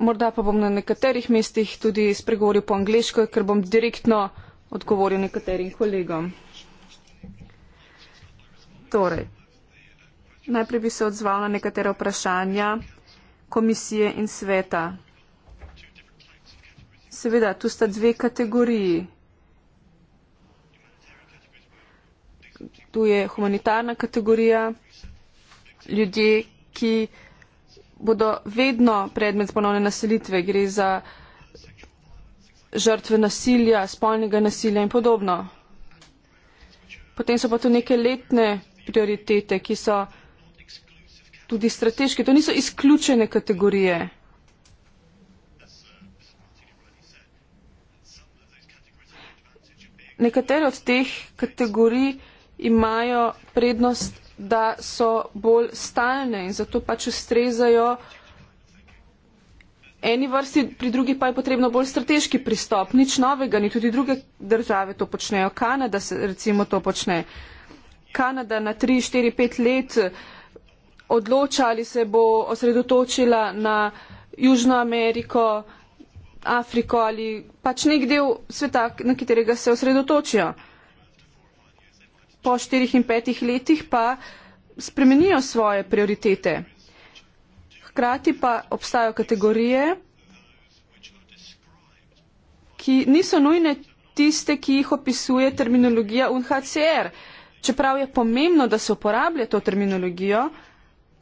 Morda pa bom na nekaterih mestih tudi spregovoril po angliško, ker bom direktno odgovoril nekaterim kolegom. Torej, Najprej bi se odzval na nekatera vprašanja komisije in sveta. Seveda, tu sta dve kategoriji. Tu je humanitarna kategorija, ljudje, ki bodo vedno predmet ponovne naselitve. Gre za žrtve nasilja, spolnega nasilja in podobno. Potem so pa tu neke letne prioritete, ki so tudi strateški. To niso izključene kategorije. Nekatere od teh kategorij imajo prednost, da so bolj stalne in zato pač ustrezajo eni vrsti, pri drugi pa je potrebno bolj strateški pristop. Nič novega, ni tudi druge države to počnejo. Kanada se recimo to počne. Kanada na 3, 4, 5 let uh, odloča ali se bo osredotočila na Južno Ameriko, Afriko ali pač nek del sveta, na katerega se osredotočijo. Po štirih in petih letih pa spremenijo svoje prioritete. Hkrati pa obstajajo kategorije, ki niso nujne tiste, ki jih opisuje terminologija UNHCR. Čeprav je pomembno, da se uporablja to terminologijo,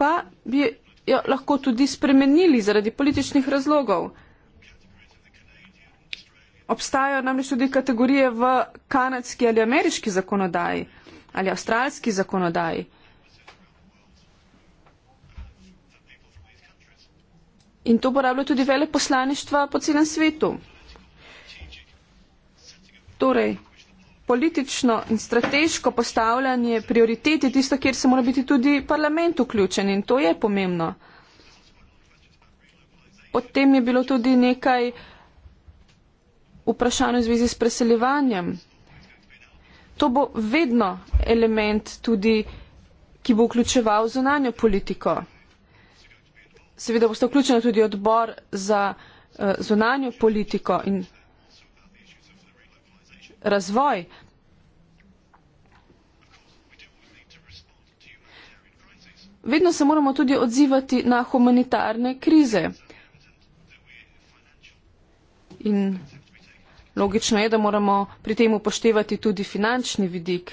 pa bi jo lahko tudi spremenili zaradi političnih razlogov. Obstajajo namreč tudi kategorije v kanadski ali ameriški zakonodaji ali avstralski zakonodaji. In to uporabljajo tudi vele poslaništva po celem svetu. Torej, politično in strateško postavljanje prioritet je tisto, kjer se mora biti tudi parlament vključen in to je pomembno. Potem je bilo tudi nekaj vprašanj v zvezi s preseljevanjem. To bo vedno element tudi, ki bo vključeval zunanjo politiko. Seveda boste vključeni tudi odbor za uh, zunanjo politiko in razvoj. Vedno se moramo tudi odzivati na humanitarne krize. In logično je, da moramo pri tem upoštevati tudi finančni vidik.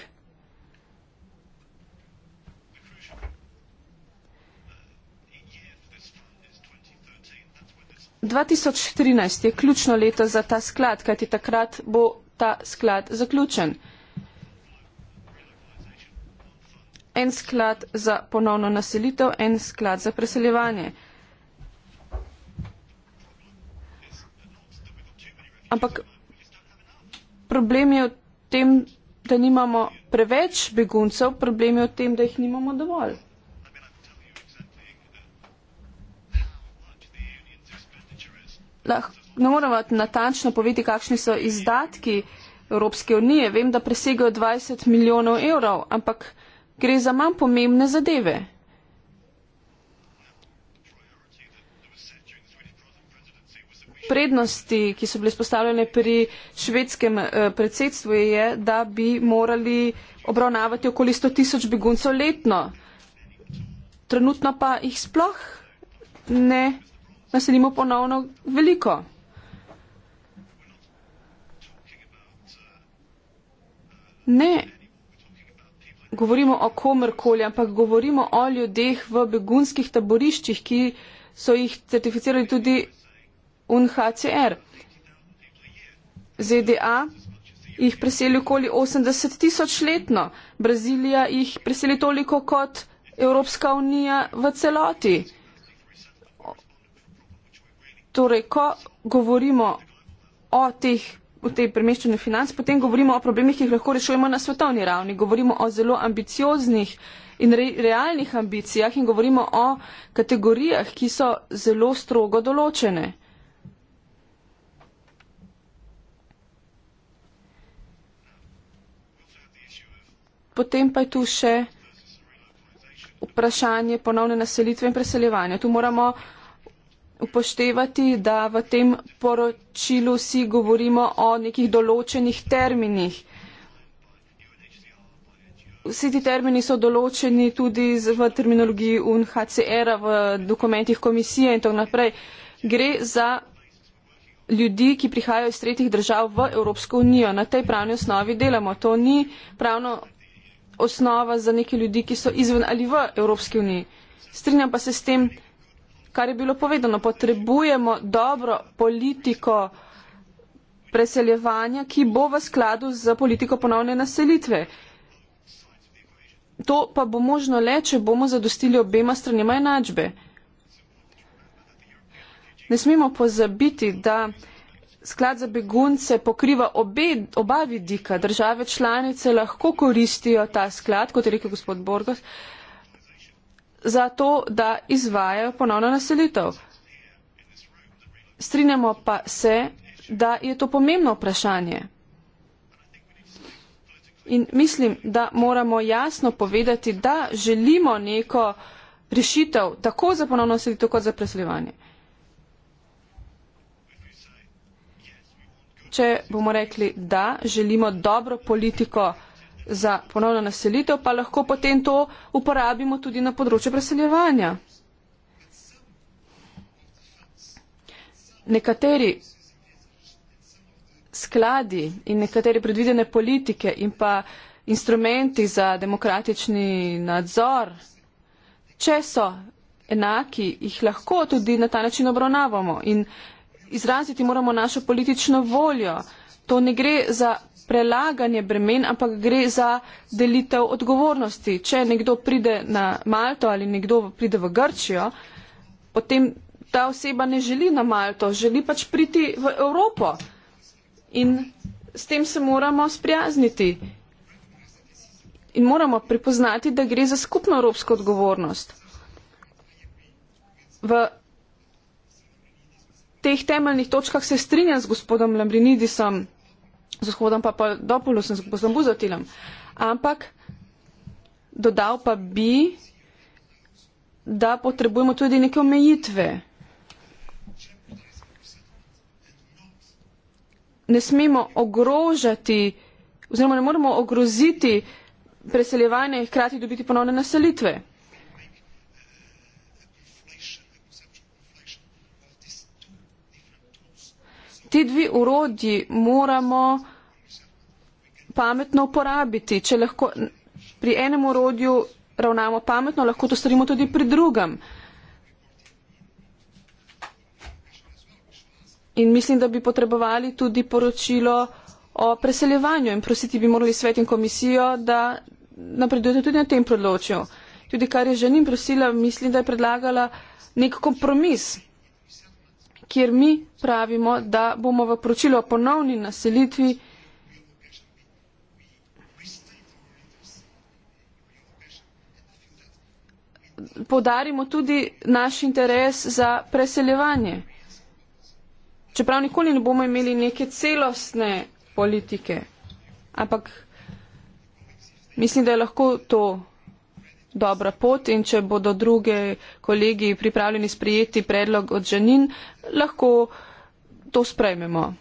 Dvajset trinajst je ključno leto za ta sklad, kajti takrat bo ta sklad zaključen. En sklad za ponovno naselitev, en sklad za preseljevanje. Ampak problem je v tem, da nimamo preveč beguncev, problem je v tem, da jih nimamo dovolj. Lahko ne moremo natančno povedati, kakšni so izdatki Evropske unije. Vem, da presegajo 20 milijonov evrov, ampak gre za manj pomembne zadeve. Prednosti, ki so bile spostavljene pri švedskem eh, predsedstvu, je, da bi morali obravnavati okoli 100 tisoč beguncev letno. Trenutno pa jih sploh ne naselimo ponovno veliko. ne govorimo o komerkoli, ampak govorimo o ljudeh v begunskih taboriščih, ki so jih certificirali tudi UNHCR. ZDA jih preseli okoli 80 tisoč letno, Brazilija jih preseli toliko kot Evropska unija v celoti. Torej, ko govorimo o teh v tej premeščanju financ, potem govorimo o problemih, ki jih lahko rešujemo na svetovni ravni. Govorimo o zelo ambicioznih in re, realnih ambicijah in govorimo o kategorijah, ki so zelo strogo določene. Potem pa je tu še vprašanje ponovne naselitve in preseljevanja. Tu moramo uh, upoštevati, da v tem poročilu si govorimo o nekih določenih terminih. Vsi ti termini so določeni tudi v terminologiji UNHCR-a, v dokumentih komisije in tako naprej. Gre za ljudi, ki prihajajo iz tretjih držav v Evropsko unijo. Na tej pravni osnovi delamo. To ni pravno osnova za neke ljudi, ki so izven ali v Evropski uniji. Strinjam pa se s tem, kar je bilo povedano, potrebujemo dobro politiko preseljevanja, ki bo v skladu z politiko ponovne naselitve. To pa bo možno le, če bomo zadostili obema stranima enačbe. Ne smemo pozabiti, da sklad za begunce pokriva obe, oba vidika. Države članice lahko koristijo ta sklad, kot je rekel gospod Borgos, za to, da izvajajo ponovno naselitev. Strinjamo pa se, da je to pomembno vprašanje. In mislim, da moramo jasno povedati, da želimo neko rešitev tako za ponovno selitev kot za preseljevanje. Če bomo rekli, da želimo dobro politiko, za ponovno naselitev, pa lahko potem to uporabimo tudi na področju preseljevanja. Nekateri skladi in nekatere predvidene politike in pa instrumenti za demokratični nadzor, če so enaki, jih lahko tudi na ta način obravnavamo in izraziti moramo našo politično voljo. To ne gre za prelaganje bremen, ampak gre za delitev odgovornosti. Če nekdo pride na Malto ali nekdo pride v Grčijo, potem ta oseba ne želi na Malto, želi pač priti v Evropo. In s tem se moramo sprijazniti. In moramo pripoznati, da gre za skupno evropsko odgovornost. V teh temeljnih točkah se strinjam z gospodom Lambrinidisom, z vzhodom pa Dopolu, sem z Buzotilom. Ampak dodal pa bi, da potrebujemo tudi neke omejitve. Ne smemo ogrožati oziroma ne moremo ogroziti preseljevanje in hkrati dobiti ponovne naselitve. Ti dve urodji moramo pametno uporabiti. Če lahko pri enem urodju ravnamo pametno, lahko to storimo tudi pri drugem. In mislim, da bi potrebovali tudi poročilo o preseljevanju in prositi bi morali svet in komisijo, da napredujete tudi na tem področju. Tudi kar je ženim prosila, mislim, da je predlagala nek kompromis kjer mi pravimo, da bomo v poročilu o ponovni naselitvi podarimo tudi naš interes za preseljevanje. Čeprav nikoli ne bomo imeli neke celostne politike, ampak mislim, da je lahko to dobra pot in če bodo druge kolegi pripravljeni sprijeti predlog od Žanin, lahko to sprejmemo.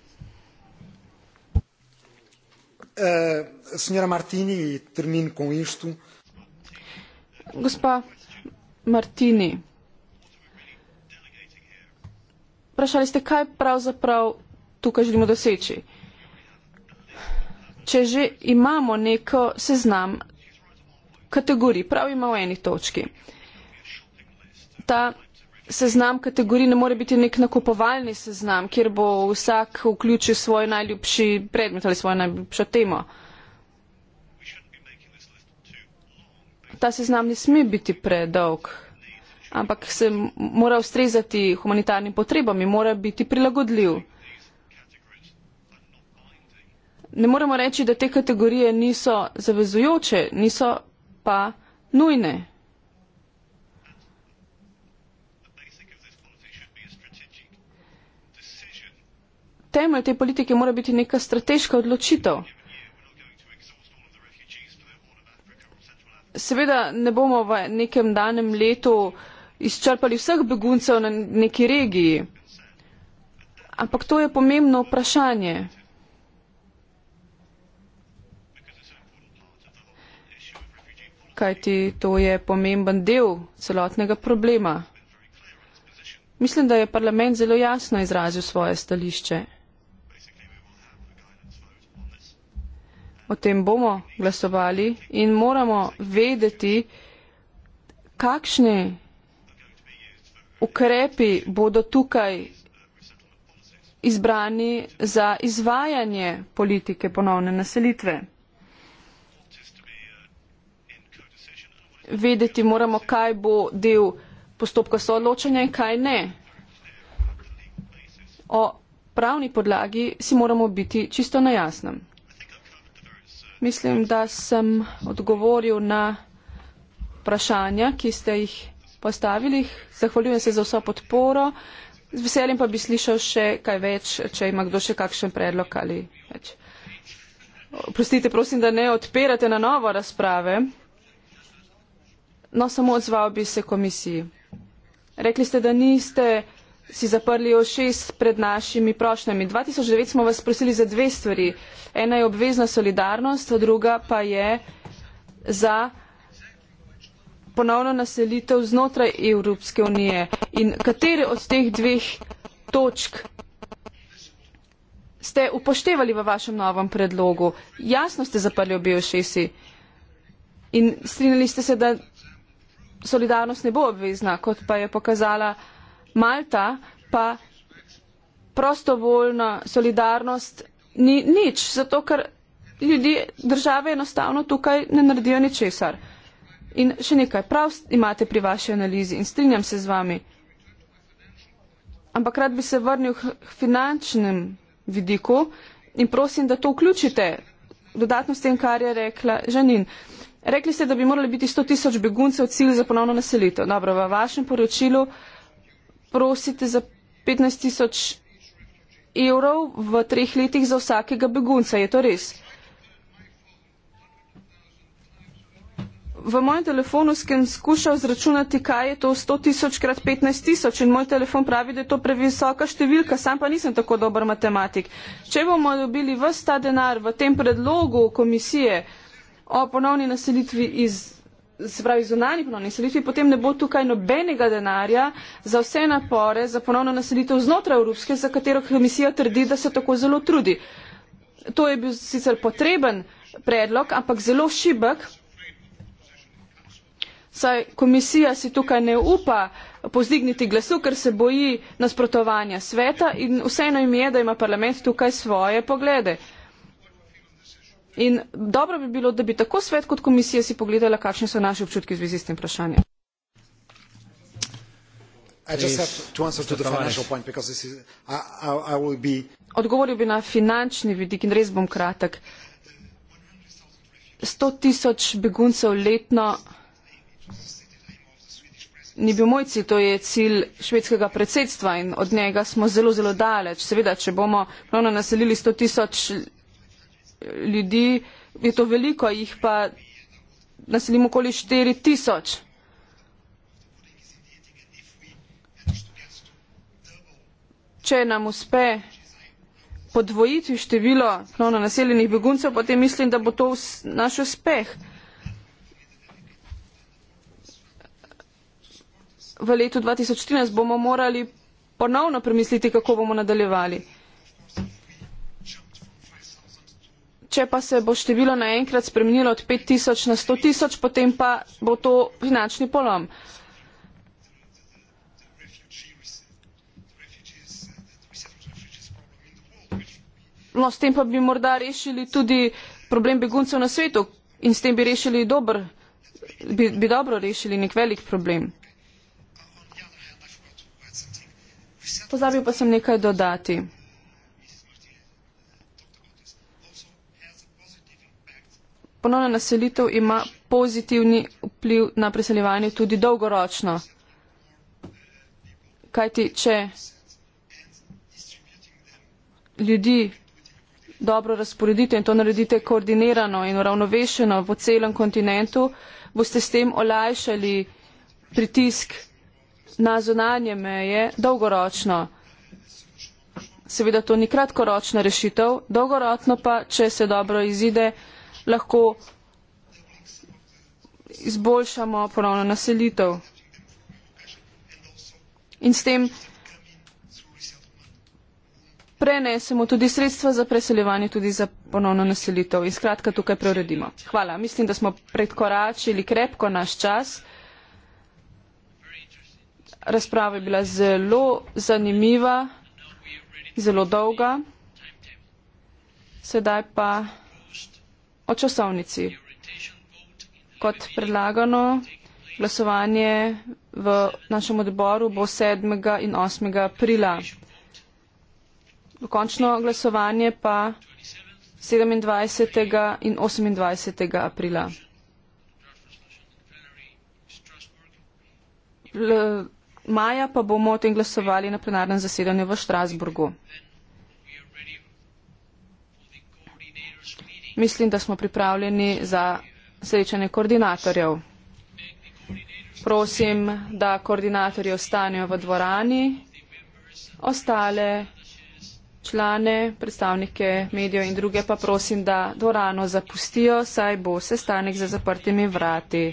Eh, Martini, termin con istu. Gospa Martini, vprašali ste, kaj pravzaprav tukaj želimo doseči. Če že imamo neko seznam kategorij, pravimo v eni točki. Ta seznam kategorij ne more biti nek nakupovalni seznam, kjer bo vsak vključil svoj najljubši predmet ali svojo najljubšo temo. Ta seznam ne sme biti predolg, ampak se mora ustrezati humanitarnim potrebam in mora biti prilagodljiv. Ne moremo reči, da te kategorije niso zavezujoče, niso pa nujne. Temelj te politike mora biti neka strateška odločitev. Seveda ne bomo v nekem danem letu izčrpali vseh beguncev na neki regiji, ampak to je pomembno vprašanje. kajti to je pomemben del celotnega problema. Mislim, da je parlament zelo jasno izrazil svoje stališče. O tem bomo glasovali in moramo vedeti, kakšni ukrepi bodo tukaj izbrani za izvajanje politike ponovne naselitve. vedeti moramo, kaj bo del postopka soodločanja in kaj ne. O pravni podlagi si moramo biti čisto na jasnem. Mislim, da sem odgovoril na vprašanja, ki ste jih postavili. Zahvaljujem se za vso podporo. Z veseljem pa bi slišal še kaj več, če ima kdo še kakšen predlog ali več. Prostite, prosim, da ne odpirate na novo razprave. No, samo odzval bi se komisiji. Rekli ste, da niste si zaprli o šest pred našimi prošnjami. 2009 smo vas prosili za dve stvari. Ena je obvezna solidarnost, druga pa je za ponovno naselitev znotraj Evropske unije. In katere od teh dveh točk ste upoštevali v vašem novem predlogu? Jasno ste zaprli obe o šesti. In strinjali ste se, da solidarnost ne bo obvezna, kot pa je pokazala Malta, pa prostovoljna solidarnost ni nič, zato ker ljudje, države enostavno tukaj ne naredijo ničesar. In še nekaj, prav imate pri vaši analizi in strinjam se z vami. Ampak rad bi se vrnil k finančnem vidiku in prosim, da to vključite dodatno s tem, kar je rekla Žanin. Rekli ste, da bi morali biti 100 tisoč beguncev cilj za ponovno naselitev. Dobro, v vašem poročilu prosite za 15 tisoč evrov v treh letih za vsakega begunca. Je to res? V mojem telefonu sem skušal zračunati, kaj je to 100 tisoč krat 15 tisoč in moj telefon pravi, da je to previsoka številka, sam pa nisem tako dober matematik. Če bomo dobili vsta denar v tem predlogu komisije, o ponovni naselitvi iz, se pravi zunani ponovni naselitvi, potem ne bo tukaj nobenega denarja za vse napore za ponovno naselitev znotraj Evropske, za katero komisija trdi, da se tako zelo trudi. To je bil sicer potreben predlog, ampak zelo šibek, saj komisija si tukaj ne upa pozdigniti glasu, ker se boji nasprotovanja sveta in vseeno im je, da ima parlament tukaj svoje poglede. In dobro bi bilo, da bi tako svet kot komisija si pogledala, kakšni so naši občutki v zvezi s tem vprašanjem. Odgovoril bi na finančni vidik in res bom kratek. 100 tisoč beguncev letno ni bil moj cilj, to je cilj švedskega predsedstva in od njega smo zelo, zelo daleč. Seveda, če bomo ponovno naselili 100 tisoč 000 ljudi, je to veliko, jih pa naselimo okoli 4 tisoč. Če nam uspe podvojiti število plovno naseljenih beguncev, potem mislim, da bo to naš uspeh. V letu 2013 bomo morali ponovno premisliti, kako bomo nadaljevali. če pa se bo število naenkrat spremenilo od 5000 na 100 tisoč, potem pa bo to finančni polom. No, s tem pa bi morda rešili tudi problem beguncev na svetu in s tem bi rešili dober, bi, bi dobro rešili nek velik problem. Pozabil pa sem nekaj dodati. ponovna naselitev ima pozitivni vpliv na preseljevanje tudi dolgoročno. Kajti, če ljudi dobro razporedite in to naredite koordinirano in uravnovešeno v celem kontinentu, boste s tem olajšali pritisk na zunanje meje dolgoročno. Seveda to ni kratkoročna rešitev, dolgoročno pa, če se dobro izide, lahko izboljšamo ponovno naselitev. In s tem prenesemo tudi sredstva za preseljevanje, tudi za ponovno naselitev. In skratka, tukaj preuredimo. Hvala. Mislim, da smo predkoračili krepko naš čas. Razprava je bila zelo zanimiva, zelo dolga. Sedaj pa o časovnici. Kot predlagano, glasovanje v našem odboru bo 7. in 8. aprila. Dokončno glasovanje pa 27. in 28. aprila. L maja pa bomo o tem glasovali na plenarnem zasedanju v Štrasburgu. Mislim, da smo pripravljeni za srečanje koordinatorjev. Prosim, da koordinatorji ostanejo v dvorani, ostale člane, predstavnike medijev in druge pa prosim, da dvorano zapustijo, saj bo sestanek za zaprtimi vrati.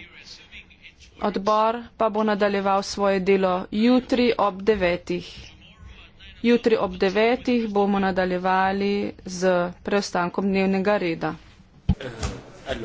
Odbor pa bo nadaljeval svoje delo jutri ob devetih. Jutri ob devetih bomo nadaljevali z preostankom dnevnega reda. Eh,